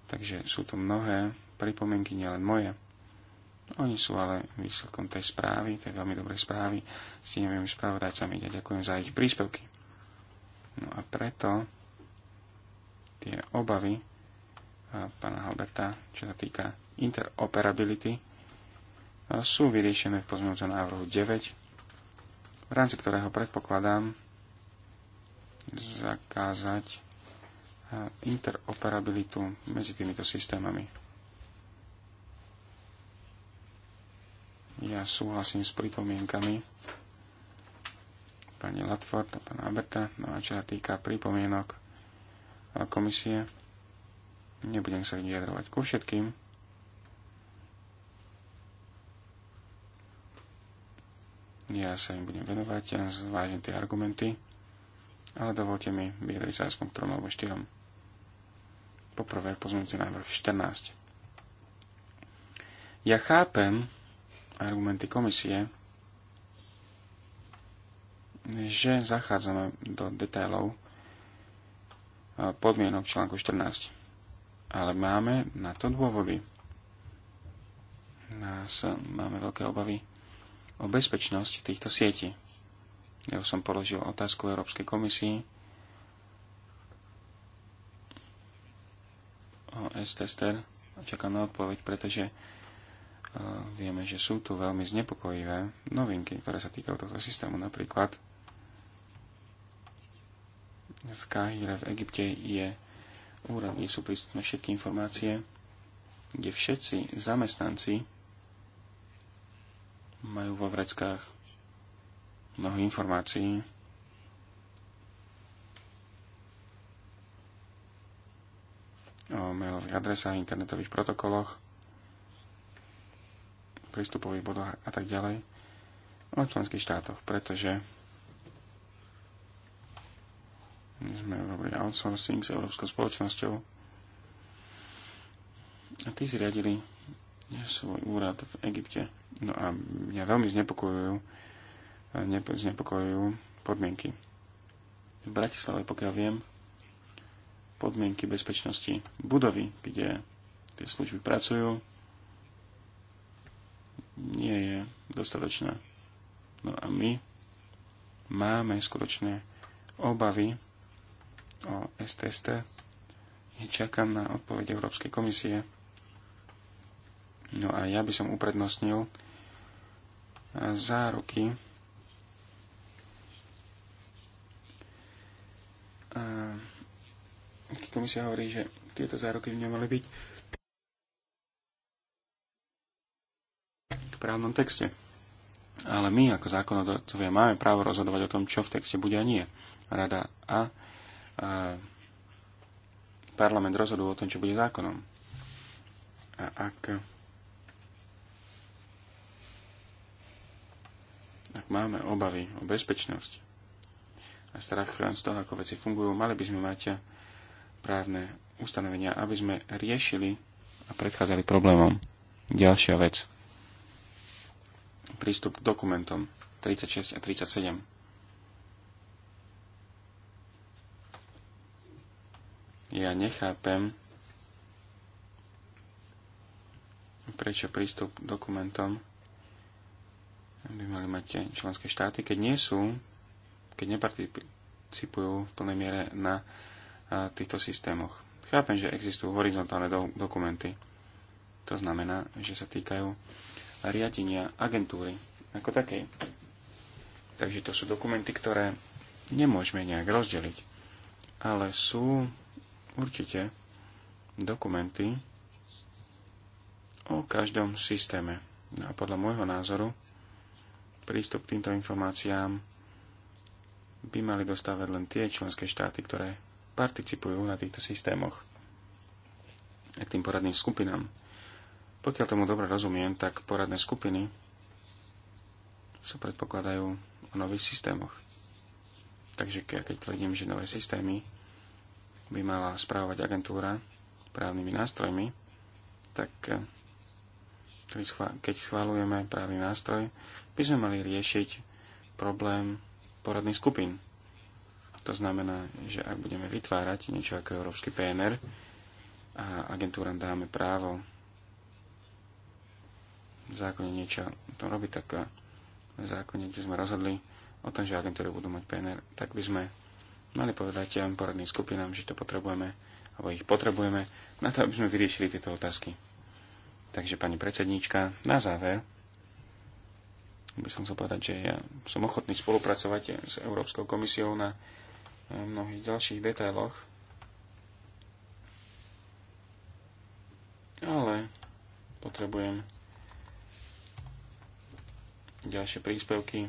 Takže sú tu mnohé pripomienky, nielen moje. Oni sú ale výsledkom tej správy, tej veľmi dobrej správy s tieňovými spravodajcami. Ja ďakujem za ich príspevky. No a preto tie obavy pána Halberta, čo sa týka interoperability, sú vyriešené v pozmeňujúcom návrhu 9, v rámci ktorého predpokladám, zakázať eh, interoperabilitu medzi týmito systémami. Ja súhlasím s pripomienkami pani Latford a pána Alberta, no a čo sa týka pripomienok eh, komisie, nebudem sa vyjadrovať ku všetkým. Ja sa im budem venovať a eh, zvážim tie argumenty ale dovolte mi vyjadriť sa aspoň k trom alebo štyrom. Poprvé, pozmeňujúci návrh 14. Ja chápem argumenty komisie, že zachádzame do detailov eh, podmienok článku 14. Ale máme na to dôvody. Nás eh, máme veľké obavy o bezpečnosť týchto sietí. Ja som položil otázku Európskej komisii o S-tester a čakám na odpoveď, pretože e, vieme, že sú tu veľmi znepokojivé novinky, ktoré sa týkajú tohto systému. Napríklad v Káhire v Egypte je úrad, kde sú prístupné všetky informácie, kde všetci zamestnanci majú vo vreckách mnoho informácií. o mailových adresách, internetových protokoloch, prístupových bodoch a tak ďalej o členských štátoch, pretože sme robili outsourcing s Európskou spoločnosťou a tí zriadili svoj úrad v Egypte. No a mňa veľmi znepokojujú znepokojujú podmienky. V Bratislave, pokiaľ viem, podmienky bezpečnosti budovy, kde tie služby pracujú, nie je dostatočná. No a my máme skutočné obavy o STST. Ja čakám na odpoveď Európskej komisie. No a ja by som uprednostnil záruky A komisia hovorí, že tieto záruky by nemali byť v právnom texte. Ale my ako zákonodavcovia máme právo rozhodovať o tom, čo v texte bude a nie. Rada a, uh, parlament rozhodujú o tom, čo bude zákonom. A ak, ak máme obavy o bezpečnosť a strach z toho, ako veci fungujú, mali by sme mať právne ustanovenia, aby sme riešili a predchádzali problémom. Ďalšia vec. Prístup k dokumentom 36 a 37. Ja nechápem, prečo prístup k dokumentom by mali mať členské štáty, keď nie sú keď neparticipujú v plnej miere na týchto systémoch. Chápem, že existujú horizontálne do- dokumenty. To znamená, že sa týkajú riadenia agentúry ako takej. Takže to sú dokumenty, ktoré nemôžeme nejak rozdeliť. Ale sú určite dokumenty o každom systéme. No a podľa môjho názoru prístup k týmto informáciám by mali dostávať len tie členské štáty, ktoré participujú na týchto systémoch a k tým poradným skupinám. Pokiaľ tomu dobre rozumiem, tak poradné skupiny sa predpokladajú o nových systémoch. Takže keď tvrdím, že nové systémy by mala správovať agentúra právnymi nástrojmi, tak eh, keď schválujeme právny nástroj, by sme mali riešiť problém poradných skupín. To znamená, že ak budeme vytvárať niečo ako Európsky PNR a agentúram dáme právo v zákone niečo to robiť, tak eh, v zákone, kde sme rozhodli o tom, že agentúry budú mať PNR, tak by sme mali povedať aj poradným skupinám, že to potrebujeme, alebo ich potrebujeme, na to, aby sme vyriešili tieto otázky. Takže, pani predsedníčka, na záver by som chcel povedať, že ja som ochotný spolupracovať s Európskou komisiou na eh, mnohých ďalších detailoch, ale potrebujem ďalšie príspevky,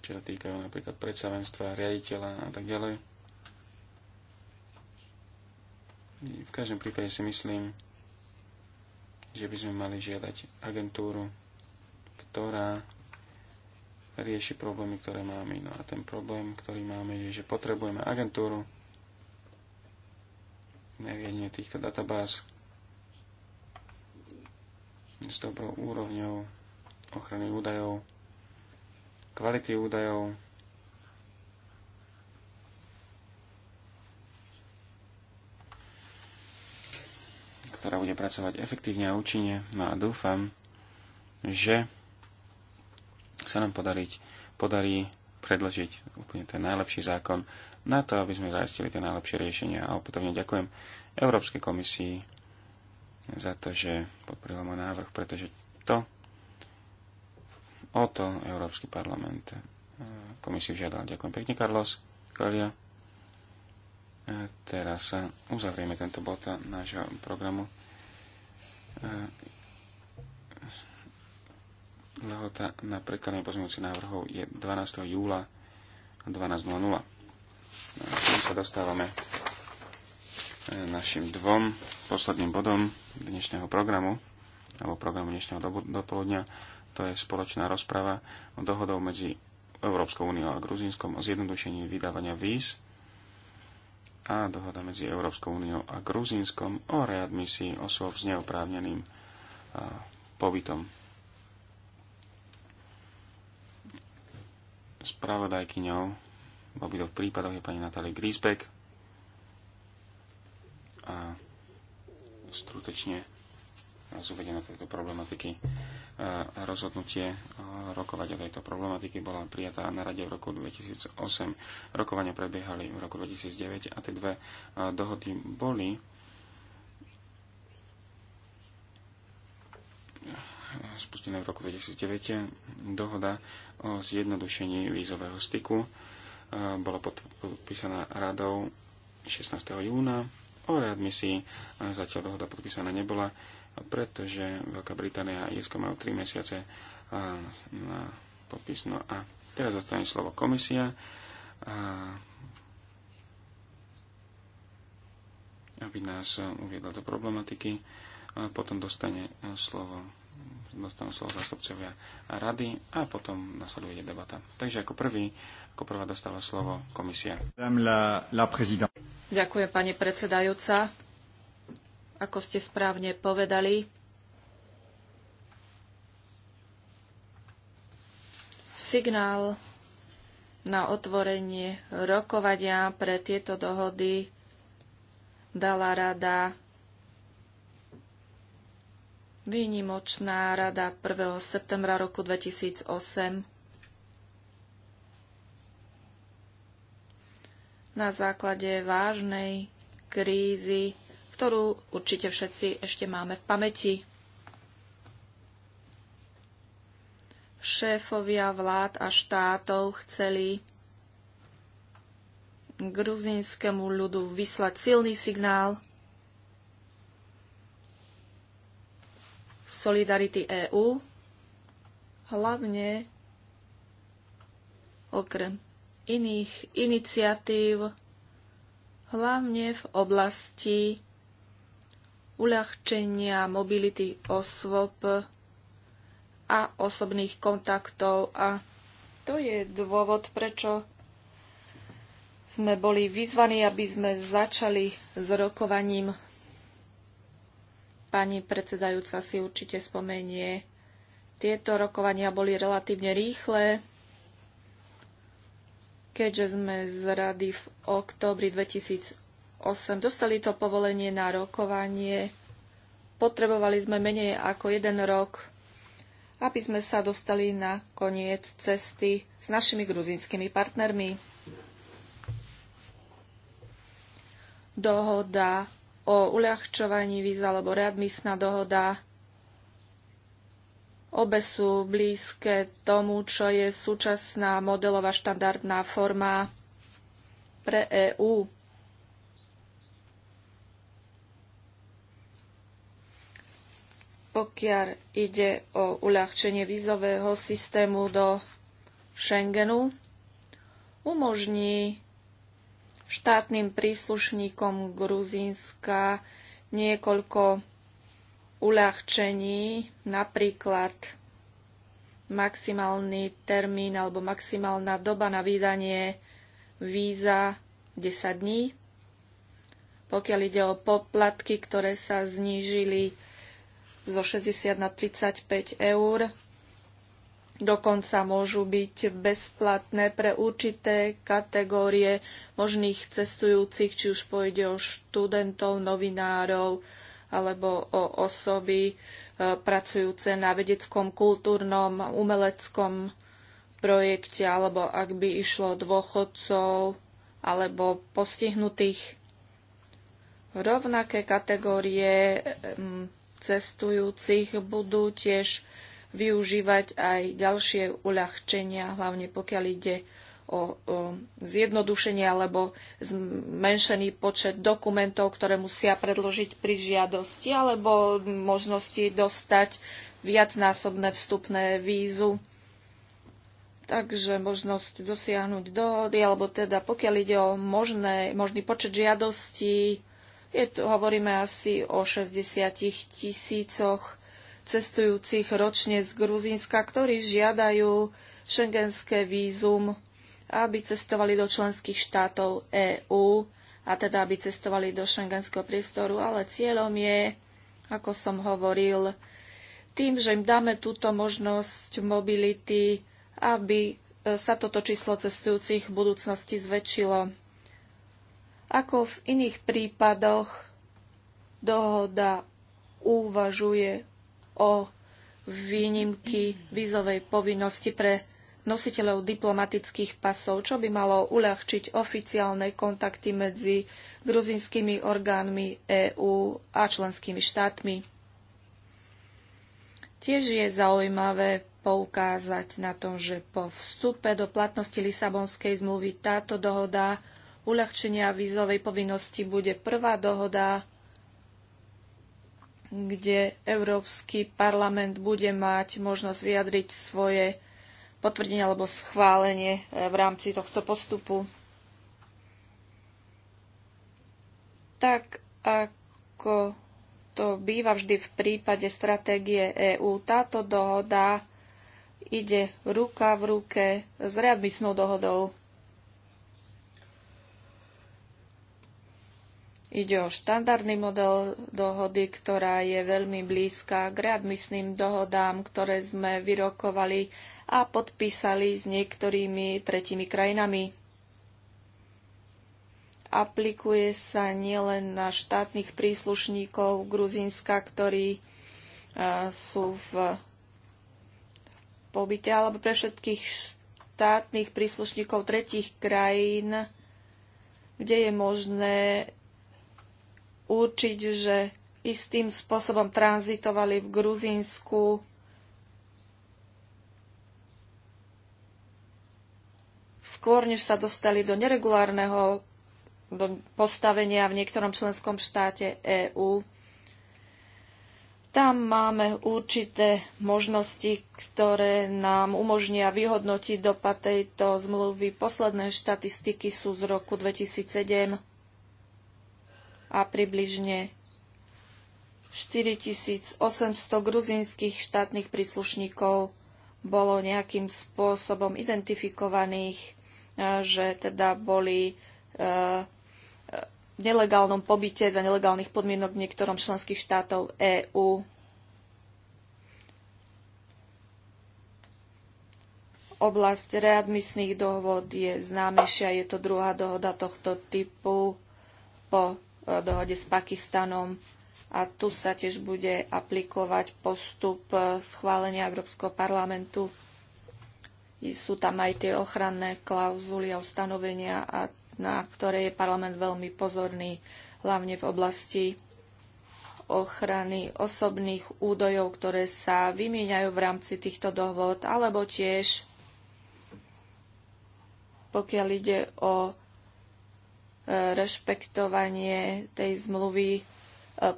čo sa týkajú napríklad predstavenstva, riaditeľa a tak ďalej. V každom prípade si myslím, že by sme mali žiadať agentúru ktorá rieši problémy, ktoré máme. No a ten problém, ktorý máme, je, že potrebujeme agentúru na riadenie týchto databáz s dobrou úrovňou ochrany údajov, kvality údajov, ktorá bude pracovať efektívne a účinne. No a dúfam, že sa nám podariť, podarí predložiť úplne ten najlepší zákon na to, aby sme zaistili tie najlepšie riešenia. A opätovne ďakujem Európskej komisii za to, že podporila môj návrh, pretože to o to Európsky parlament e, komisiu žiadal. Ďakujem pekne, Carlos. Kolia. Teraz uzavrieme tento bod nášho programu. E, Lehota na predkladanie pozmeňujúcich návrhov je 12. júla 12.00. No tým sa dostávame e, našim dvom posledným bodom dnešného programu, alebo programu dnešného dopoludňa. To je spoločná rozprava o dohodov medzi Európskou úniou a Gruzínskom o zjednodušení vydávania víz a dohoda medzi Európskou úniou a Gruzínskom o readmisii osôb s neoprávneným e, pobytom Spravodajkyňou v obidvoch prípadoch je pani Natália Grisbeck a skutočne z uvedené tejto problematiky eh, rozhodnutie eh, rokovať o tejto problematiky bola prijatá na rade v roku 2008. Rokovania prebiehali v roku 2009 a tie dve eh, dohody boli spustené v roku 2009, dohoda o zjednodušení vízového styku e, bola podpísaná radou 16. júna. O readmisii zatiaľ dohoda podpísaná nebola, pretože Veľká Británia a Irsko majú 3 mesiace e, na podpis. No a teraz zostane slovo komisia. aby nás uviedla do problematiky. potom dostane slovo dostanú slovo zástupcovia rady a potom nasleduje debata. Takže ako prvý, ako prvá dostáva slovo komisia. Ďakujem, pani predsedajúca. Ako ste správne povedali, signál na otvorenie rokovania pre tieto dohody dala rada Výnimočná rada 1. septembra roku 2008 na základe vážnej krízy, ktorú určite všetci ešte máme v pamäti. Šéfovia vlád a štátov chceli gruzínskému ľudu vyslať silný signál, Solidarity EÚ, hlavne okrem iných iniciatív, hlavne v oblasti uľahčenia mobility osôb a osobných kontaktov. A to je dôvod, prečo sme boli vyzvaní, aby sme začali s rokovaním Pani predsedajúca si určite spomenie, tieto rokovania boli relatívne rýchle, keďže sme z rady v oktobri 2008 dostali to povolenie na rokovanie. Potrebovali sme menej ako jeden rok, aby sme sa dostali na koniec cesty s našimi gruzinskými partnermi. Dohoda o uľahčovaní víz alebo readmisná dohoda. Obe sú blízke tomu, čo je súčasná modelová štandardná forma pre EÚ. Pokiaľ ide o uľahčenie vízového systému do Schengenu, umožní štátnym príslušníkom Gruzínska niekoľko uľahčení, napríklad maximálny termín alebo maximálna doba na vydanie víza 10 dní. Pokiaľ ide o poplatky, ktoré sa znížili zo 60 na 35 eur, dokonca môžu byť bezplatné pre určité kategórie možných cestujúcich, či už pôjde o študentov, novinárov alebo o osoby e, pracujúce na vedeckom, kultúrnom, umeleckom projekte, alebo ak by išlo dôchodcov alebo postihnutých. Rovnaké kategórie e, cestujúcich budú tiež využívať aj ďalšie uľahčenia, hlavne pokiaľ ide o, o zjednodušenie alebo zmenšený počet dokumentov, ktoré musia predložiť pri žiadosti alebo možnosti dostať viacnásobné vstupné vízu. Takže možnosť dosiahnuť dohody, alebo teda pokiaľ ide o možné, možný počet žiadostí, je tu, hovoríme asi o 60 tisícoch cestujúcich ročne z Gruzínska, ktorí žiadajú šengenské vízum, aby cestovali do členských štátov EÚ a teda aby cestovali do šengenského priestoru, ale cieľom je, ako som hovoril, tým, že im dáme túto možnosť mobility, aby e, sa toto číslo cestujúcich v budúcnosti zväčšilo. Ako v iných prípadoch, dohoda uvažuje o výnimky vízovej povinnosti pre nositeľov diplomatických pasov, čo by malo uľahčiť oficiálne kontakty medzi gruzinskými orgánmi EÚ a členskými štátmi. Tiež je zaujímavé poukázať na to, že po vstupe do platnosti Lisabonskej zmluvy táto dohoda uľahčenia vízovej povinnosti bude prvá dohoda kde Európsky parlament bude mať možnosť vyjadriť svoje potvrdenie alebo schválenie eh, v rámci tohto postupu. Tak ako to býva vždy v prípade stratégie EÚ, táto dohoda ide ruka v ruke s readmisnou dohodou Ide o štandardný model dohody, ktorá je veľmi blízka k readmisným dohodám, ktoré sme vyrokovali a podpísali s niektorými tretimi krajinami. Aplikuje sa nielen na štátnych príslušníkov Gruzínska, ktorí e, sú v pobyte, alebo pre všetkých štátnych príslušníkov tretich krajín, kde je možné určiť, že istým spôsobom tranzitovali v Gruzínsku skôr, než sa dostali do neregulárneho do postavenia v niektorom členskom štáte EÚ. Tam máme určité možnosti, ktoré nám umožnia vyhodnotiť dopad tejto zmluvy. Posledné štatistiky sú z roku 2007 a približne 4800 gruzínskych štátnych príslušníkov bolo nejakým spôsobom identifikovaných, e, že teda boli e, v nelegálnom pobyte za nelegálnych podmienok v niektorom členských štátov EÚ. Oblasť readmisných dohod je známejšia, je to druhá dohoda tohto typu po dohode s Pakistanom a tu sa tiež bude aplikovať postup e, schválenia Európskeho parlamentu. Sú tam aj tie ochranné klauzuly a ustanovenia, a na ktoré je parlament veľmi pozorný, hlavne v oblasti ochrany osobných údajov, ktoré sa vymieňajú v rámci týchto dohôd, alebo tiež pokiaľ ide o rešpektovanie tej zmluvy e,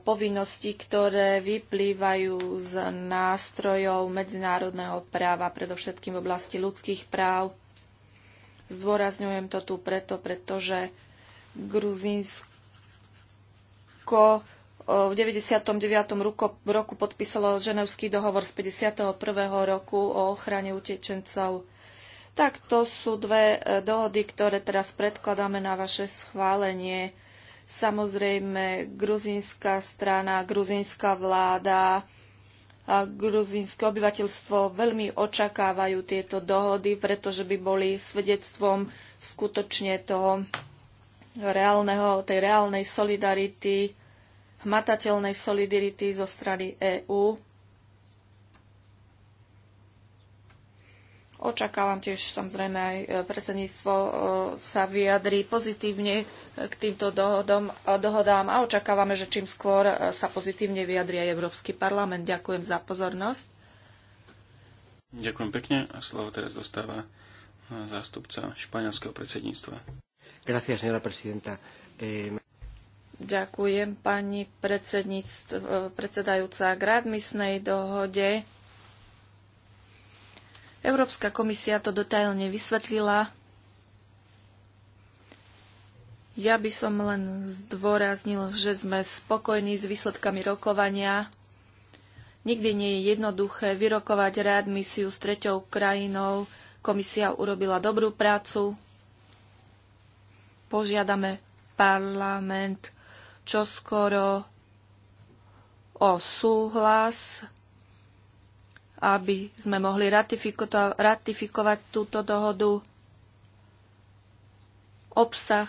povinnosti, ktoré vyplývajú z nástrojov medzinárodného práva, predovšetkým v oblasti ľudských práv. Zdôrazňujem to tu preto, pretože Gruzínsko e, v 99. roku podpísalo Ženevský dohovor z 51. roku o ochrane utečencov tak to sú dve e, dohody, ktoré teraz predkladáme na vaše schválenie. Samozrejme, gruzínska strana, gruzínska vláda a gruzínske obyvateľstvo veľmi očakávajú tieto dohody, pretože by boli svedectvom skutočne toho reálneho, tej reálnej solidarity, hmatateľnej solidarity zo strany EÚ Očakávam tiež samozrejme aj e, predsedníctvo e, sa vyjadrí pozitívne e, k týmto dohodom, dohodám a očakávame, že čím skôr sa pozitívne vyjadrí aj Európsky parlament. Ďakujem za pozornosť. Ďakujem pekne a slovo teraz dostáva zástupca španielského predsedníctva. Gracias, señora presidenta. Eh... Ďakujem pani predsedajúca k radmisnej dohode Európska komisia to detailne vysvetlila. Ja by som len zdôraznil, že sme spokojní s výsledkami rokovania. Nikdy nie je jednoduché vyrokovať readmisiu s treťou krajinou. Komisia urobila dobrú prácu. Požiadame parlament čoskoro o súhlas aby sme mohli ratifiko- ratifikovať túto dohodu. Obsah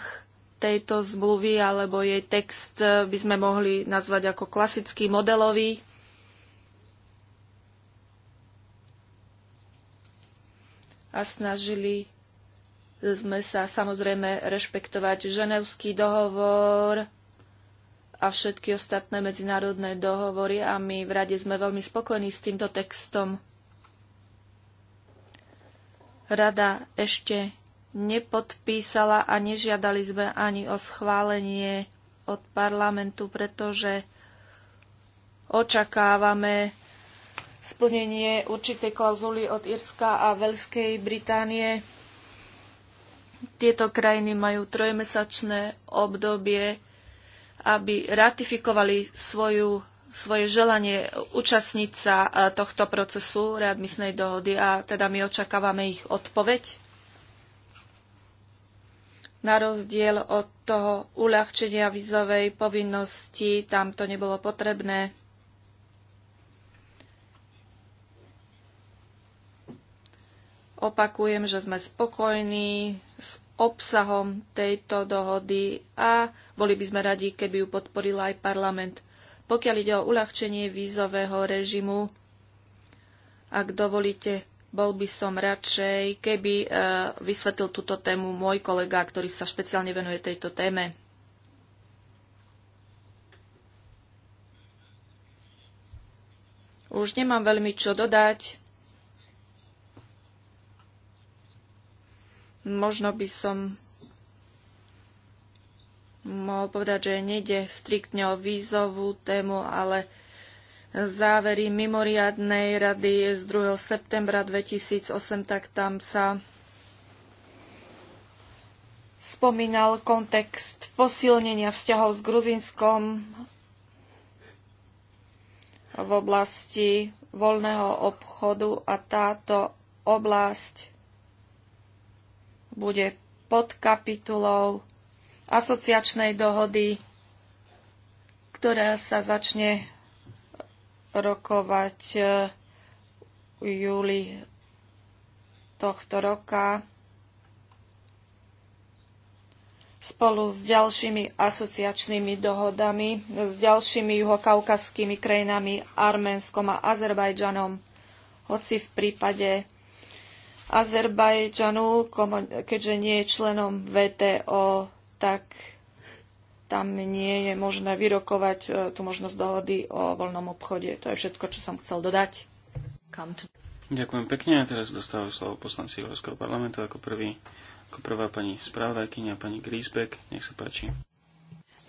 tejto zmluvy alebo jej text by sme mohli nazvať ako klasický modelový. A snažili sme sa samozrejme rešpektovať ženevský dohovor, a všetky ostatné medzinárodné dohovory a my v rade sme veľmi spokojní s týmto textom. Rada ešte nepodpísala a nežiadali sme ani o schválenie od parlamentu, pretože očakávame splnenie určitej klauzuly od Irska a Veľskej Británie. Tieto krajiny majú trojmesačné obdobie aby ratifikovali svoju, svoje želanie účastniť sa e, tohto procesu readmisnej dohody a teda my očakávame ich odpoveď. Na rozdiel od toho uľahčenia vizovej povinnosti, tam to nebolo potrebné. Opakujem, že sme spokojní s obsahom tejto dohody a boli by sme radi, keby ju podporil aj parlament. Pokiaľ ide o uľahčenie vízového režimu, ak dovolíte, bol by som radšej, keby e, vysvetlil túto tému môj kolega, ktorý sa špeciálne venuje tejto téme. Už nemám veľmi čo dodať. Možno by som mohol povedať, že nejde striktne o vízovú tému, ale závery mimoriadnej rady z 2. septembra 2008, tak tam sa spomínal kontext posilnenia vzťahov s Gruzinskom v oblasti voľného obchodu a táto oblasť bude pod kapitulou asociačnej dohody, ktorá sa začne rokovať e, v júli tohto roka spolu s ďalšími asociačnými dohodami, s ďalšími juhokaukaskými krajinami Arménskom a Azerbajdžanom. Hoci v prípade Azerbajdžanu, keďže nie je členom VTO, tak tam nie je možné vyrokovať e, tú možnosť dohody o voľnom obchode. To je všetko, čo som chcel dodať. Ďakujem pekne a teraz dostávajú slovo poslanci Európskeho parlamentu ako prvý. Ako prvá pani správdajkynia, pani Griesbeck, nech sa páči.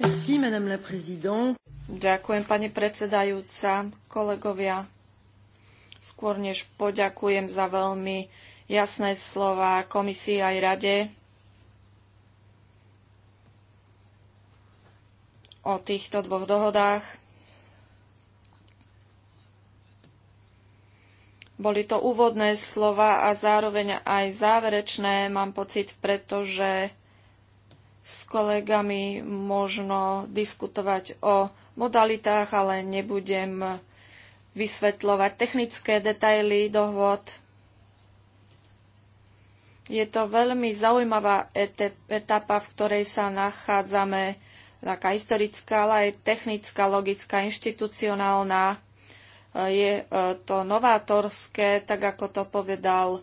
Merci, madame la présidente. Ďakujem, pani predsedajúca, kolegovia. Skôr než poďakujem za veľmi jasné slova komisii aj rade, o týchto dvoch dohodách. Boli to úvodné slova a zároveň aj záverečné, mám pocit, pretože s kolegami možno diskutovať o modalitách, ale nebudem vysvetľovať technické detaily dohod. Je to veľmi zaujímavá etapa, v ktorej sa nachádzame taká historická, ale aj technická, logická, inštitucionálna. E, je e, to novátorské, tak ako to povedal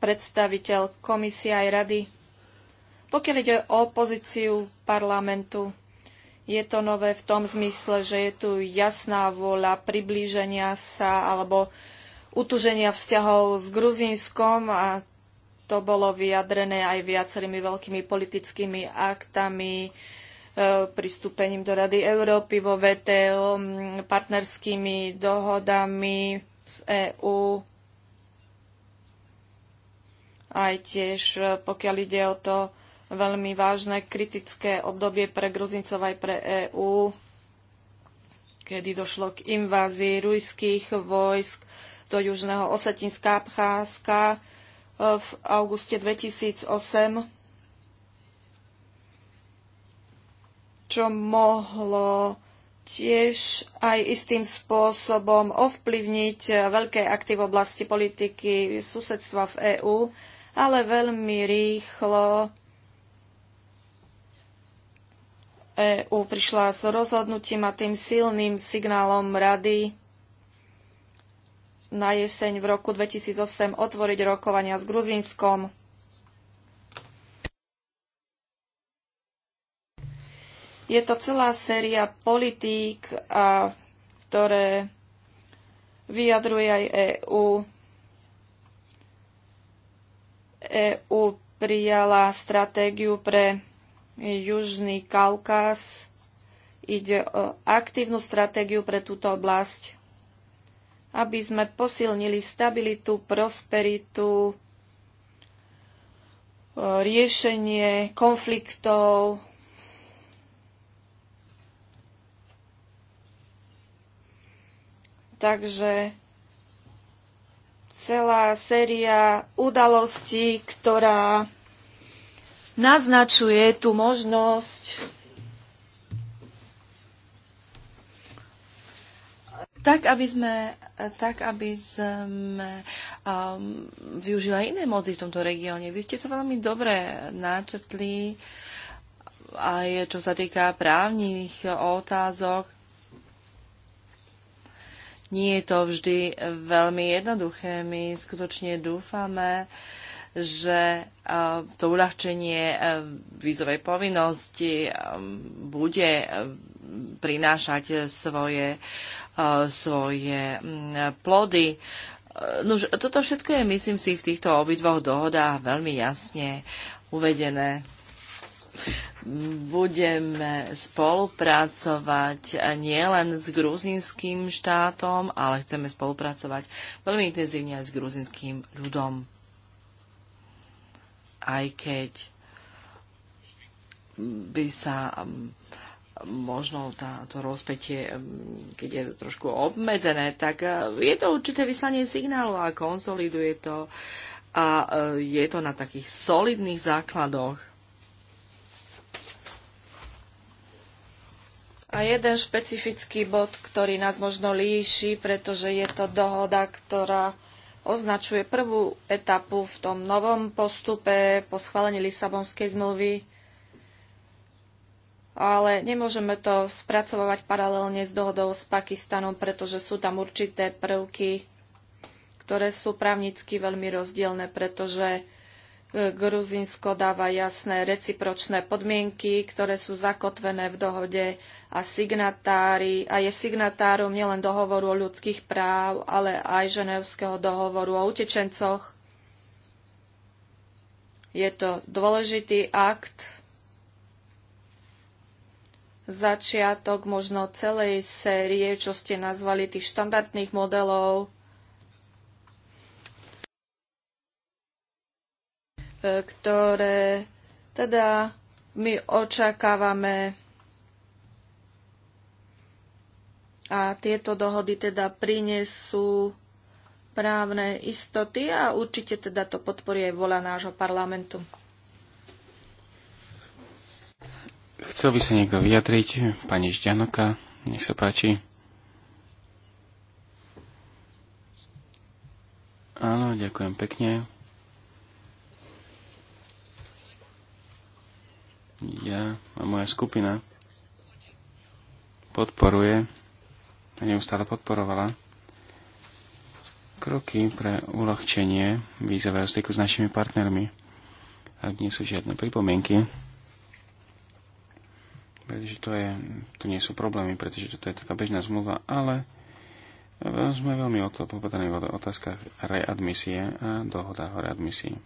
predstaviteľ komisie aj rady. Pokiaľ ide o opozíciu parlamentu, je to nové v tom zmysle, že je tu jasná vôľa priblíženia sa alebo utuženia vzťahov s Gruzínskom a to bolo vyjadrené aj viacerými veľkými politickými aktami, pristúpením do Rady Európy vo VTO, partnerskými dohodami z EÚ, aj tiež e, pokiaľ ide o to veľmi vážne kritické obdobie pre Gruzincov aj pre EÚ, kedy došlo k invázii rujských vojsk do Južného Osetinská Abcházska e, v auguste 2008 čo mohlo tiež aj istým spôsobom ovplyvniť veľké akty v oblasti politiky susedstva v EÚ, ale veľmi rýchlo EÚ prišla s rozhodnutím a tým silným signálom rady na jeseň v roku 2008 otvoriť rokovania s Gruzínskom. Je to celá séria politík, a, ktoré vyjadruje aj EÚ. EÚ prijala stratégiu pre Južný Kaukaz. Ide o aktívnu stratégiu pre túto oblasť, aby sme posilnili stabilitu, prosperitu, e, riešenie konfliktov, Takže celá séria udalostí, ktorá naznačuje tú možnosť tak, aby sme, tak, aby sme um, využili iné moci v tomto regióne. Vy ste to veľmi dobre načrtli aj čo sa týka právnych otázok. Nie je to vždy veľmi jednoduché. My skutočne dúfame, že to uľahčenie vízovej povinnosti bude prinášať svoje, svoje plody. Nož, toto všetko je, myslím si, v týchto obidvoch dohodách veľmi jasne uvedené. Budeme spolupracovať nielen s gruzinským štátom, ale chceme spolupracovať veľmi intenzívne aj s gruzinským ľudom. Aj keď by sa um, možno tá, to rozpetie, um, keď je trošku obmedzené, tak uh, je to určité vyslanie signálu a konsoliduje to a uh, je to na takých solidných základoch. A jeden špecifický bod, ktorý nás možno líši, pretože je to dohoda, ktorá označuje prvú etapu v tom novom postupe po schválení Lisabonskej zmluvy, ale nemôžeme to spracovávať paralelne s dohodou s Pakistanom, pretože sú tam určité prvky, ktoré sú právnicky veľmi rozdielne, pretože Gruzinsko dáva jasné recipročné podmienky, ktoré sú zakotvené v dohode a signatári a je signatárom nielen dohovoru o ľudských práv, ale aj ženevského dohovoru o utečencoch. Je to dôležitý akt, začiatok možno celej série, čo ste nazvali tých štandardných modelov E, ktoré teda my očakávame a tieto dohody teda prinesú právne istoty a určite teda to podporí aj vola nášho parlamentu. Chcel by sa niekto vyjadriť? Pani Žďanoka, nech sa páči. Áno, ďakujem pekne. ja a moja skupina podporuje a neustále podporovala kroky pre uľahčenie vízového styku s našimi partnermi. Ak nie sú žiadne pripomienky, pretože to, je, to nie sú problémy, pretože toto je taká bežná zmluva, ale sme veľmi o to popadaní v otázkach readmisie a dohodách o readmisii.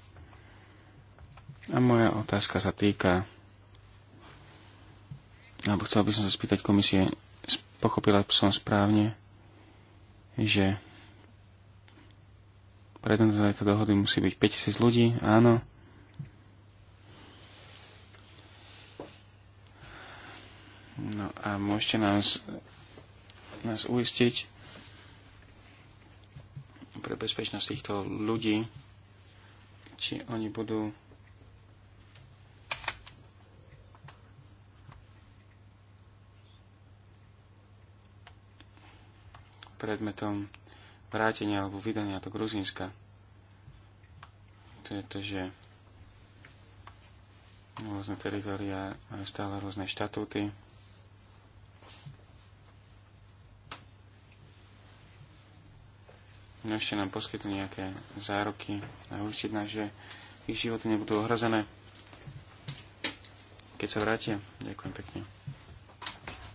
A moja otázka sa týka alebo chcel by som sa spýtať komisie, pochopila som správne, že pre tento tejto dohody musí byť 5000 ľudí, áno. No a môžete nás, nás uistiť pre bezpečnosť týchto ľudí, či oni budú predmetom vrátenia alebo vydania do Gruzínska. Pretože rôzne teritoria majú stále rôzne štatúty. No ešte nám poskytnú nejaké zároky a určiť nás, že ich životy nebudú ohrozené, keď sa vrátia. Ďakujem pekne.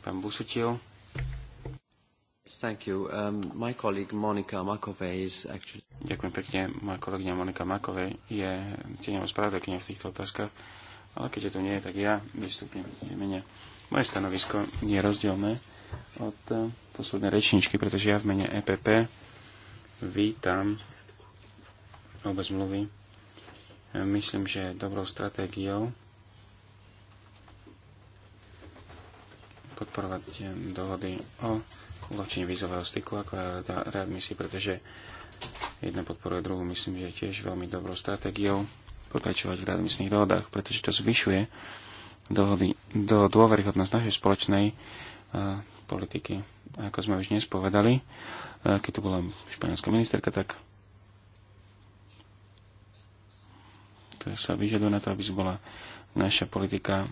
Pán Busutil. Thank you. Um, my colleague Monika Makovej is actually... Ďakujem pekne. Moja kolegyňa Monika Makovej je tieňová spravodajkynia v týchto otázkach, ale keďže tu nie je, tak ja vystúpim v mene. Moje stanovisko je rozdielne od eh, poslednej rečničky, pretože ja v mene EPP vítam obe zmluvy. Myslím, že dobrou stratégiou podporovať eh, dohody o uľahčenie vízového styku ako readmisii, pretože jedna podporuje druhú, myslím, že je tiež veľmi dobrou stratégiou pokračovať v readmisných dohodách, pretože to zvyšuje dohody, do dôveryhodnosť našej spoločnej uh, politiky. A ako sme už dnes povedali, uh, keď tu bola španielská ministerka, tak to sa vyžaduje na to, aby bola naša politika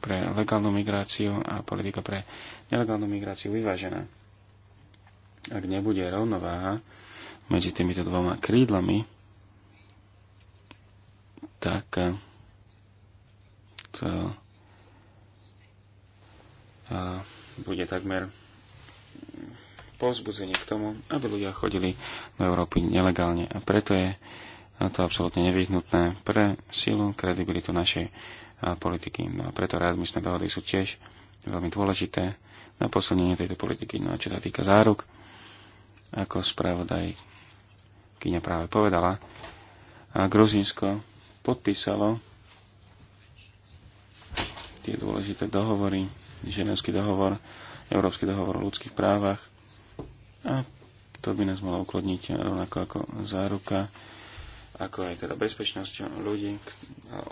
pre legálnu migráciu a politika pre nelegálnu migráciu vyvážená. Ak nebude rovnováha medzi týmito dvoma krídlami, tak eh, to eh, bude takmer povzbudzenie k tomu, aby ľudia chodili do Európy nelegálne. A preto je to absolútne nevyhnutné pre silu, kredibilitu našej politiky. No a preto readmisné dohody sú tiež veľmi dôležité na posilnenie tejto politiky. No a čo sa týka záruk, ako spravodaj Kyňa práve povedala, a Gruzinsko podpísalo tie dôležité dohovory, Ženevský dohovor, Európsky dohovor o ľudských právach a to by nás malo uklodniť rovnako ako záruka, ako aj teda bezpečnosť ľudí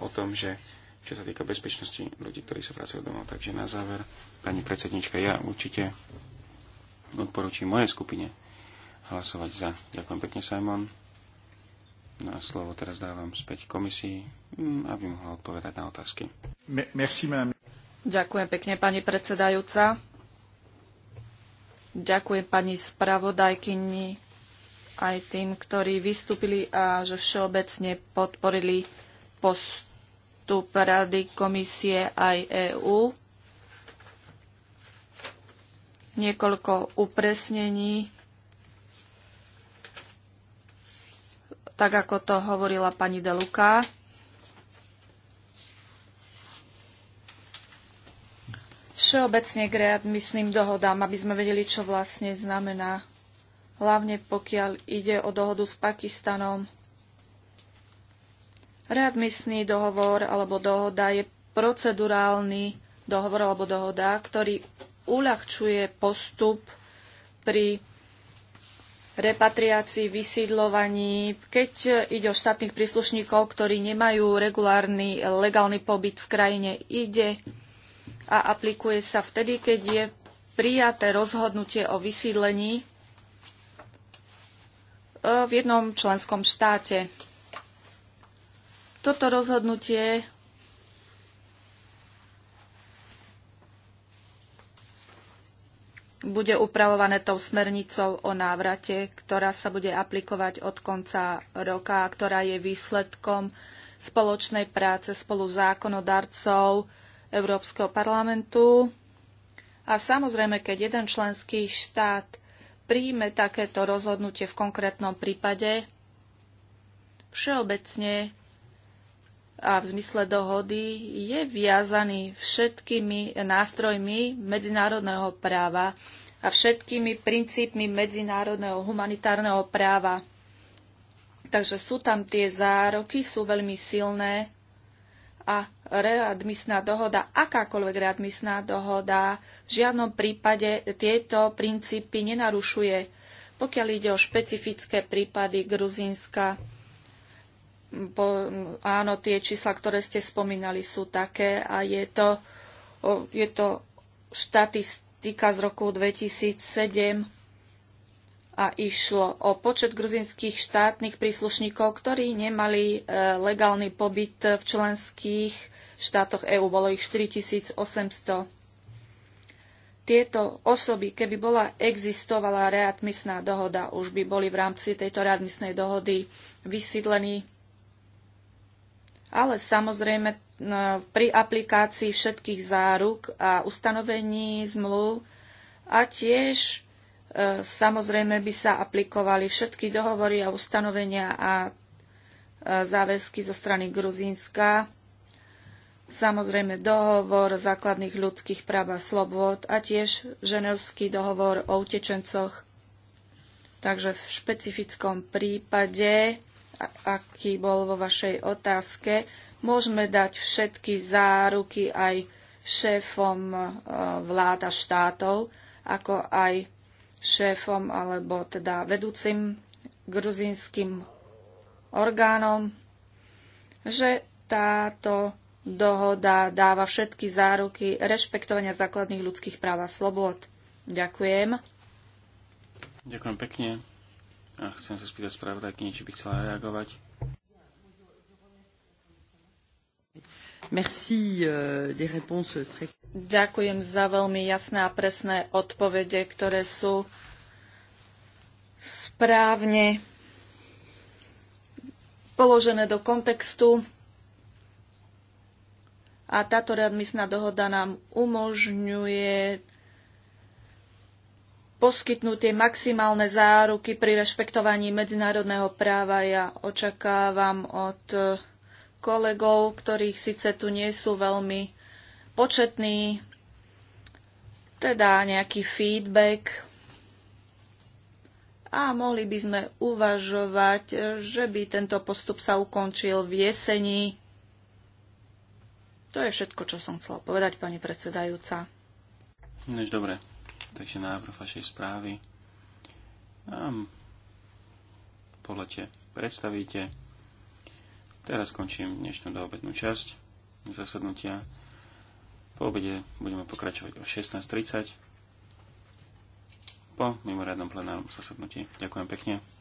o tom, že čo sa týka bezpečnosti ľudí, ktorí sa vracajú domov. Takže na záver, pani predsednička, ja určite odporúčam mojej skupine hlasovať za. Ďakujem pekne, Simon. No a slovo teraz dávam späť komisii, mm, aby mohla odpovedať na otázky. Merci, Ďakujem pekne, pani predsedajúca. Ďakujem pani spravodajkyni aj tým, ktorí vystúpili a že všeobecne podporili post postup Rady, Komisie aj EÚ. Niekoľko upresnení, tak ako to hovorila pani Deluka. Všeobecne k readmisným dohodám, aby sme vedeli, čo vlastne znamená, hlavne pokiaľ ide o dohodu s Pakistanom Readmisný dohovor alebo dohoda je procedurálny dohovor alebo dohoda, ktorý uľahčuje postup pri repatriácii, vysídlovaní, keď ide o štátnych príslušníkov, ktorí nemajú regulárny legálny pobyt v krajine, ide a aplikuje sa vtedy, keď je prijaté rozhodnutie o vysídlení e, v jednom členskom štáte. Toto rozhodnutie bude upravované tou smernicou o návrate, ktorá sa bude aplikovať od konca roka a ktorá je výsledkom spoločnej práce spolu zákonodarcov Európskeho parlamentu. A samozrejme, keď jeden členský štát príjme takéto rozhodnutie v konkrétnom prípade, všeobecne a v zmysle dohody je viazaný všetkými nástrojmi medzinárodného práva a všetkými princípmi medzinárodného humanitárneho práva. Takže sú tam tie zároky, sú veľmi silné a readmisná dohoda, akákoľvek readmisná dohoda, v žiadnom prípade tieto princípy nenarušuje, pokiaľ ide o špecifické prípady Gruzínska bo, áno, tie čísla, ktoré ste spomínali, sú také a je to, je to štatistika z roku 2007 a išlo o počet gruzinských štátnych príslušníkov, ktorí nemali e, legálny pobyt v členských štátoch EÚ. Bolo ich 4800. Tieto osoby, keby bola existovala readmisná dohoda, už by boli v rámci tejto readmisnej dohody vysídlení ale samozrejme no, pri aplikácii všetkých záruk a ustanovení zmluv a tiež e, samozrejme by sa aplikovali všetky dohovory a ustanovenia a e, záväzky zo strany Gruzínska, samozrejme dohovor základných ľudských práv a slobod a tiež ženevský dohovor o utečencoch. Takže v špecifickom prípade aký bol vo vašej otázke. Môžeme dať všetky záruky aj šéfom e, vlád a štátov, ako aj šéfom alebo teda vedúcim gruzínskym orgánom, že táto dohoda dáva všetky záruky rešpektovania základných ľudských práv a slobod. Ďakujem. Ďakujem pekne. A chcem sa spýtať spravodajkyne, či by chcela reagovať. Merci, uh, des réponses très... Ďakujem za veľmi jasné a presné odpovede, ktoré sú správne položené do kontextu. A táto readmisná dohoda nám umožňuje poskytnú maximálne záruky pri rešpektovaní medzinárodného práva. Ja očakávam od e, kolegov, ktorých síce tu nie sú veľmi početní, teda nejaký feedback a mohli by sme uvažovať, e, že by tento postup sa ukončil v jeseni. To je všetko, čo som chcela povedať, pani predsedajúca. Než no dobre, Takže návrh vašej správy nám podlete predstavíte. Teraz končím dnešnú doobednú časť zasadnutia. Po obede budeme pokračovať o 16.30 po mimoriadnom plenárnom zasadnutí. Ďakujem pekne.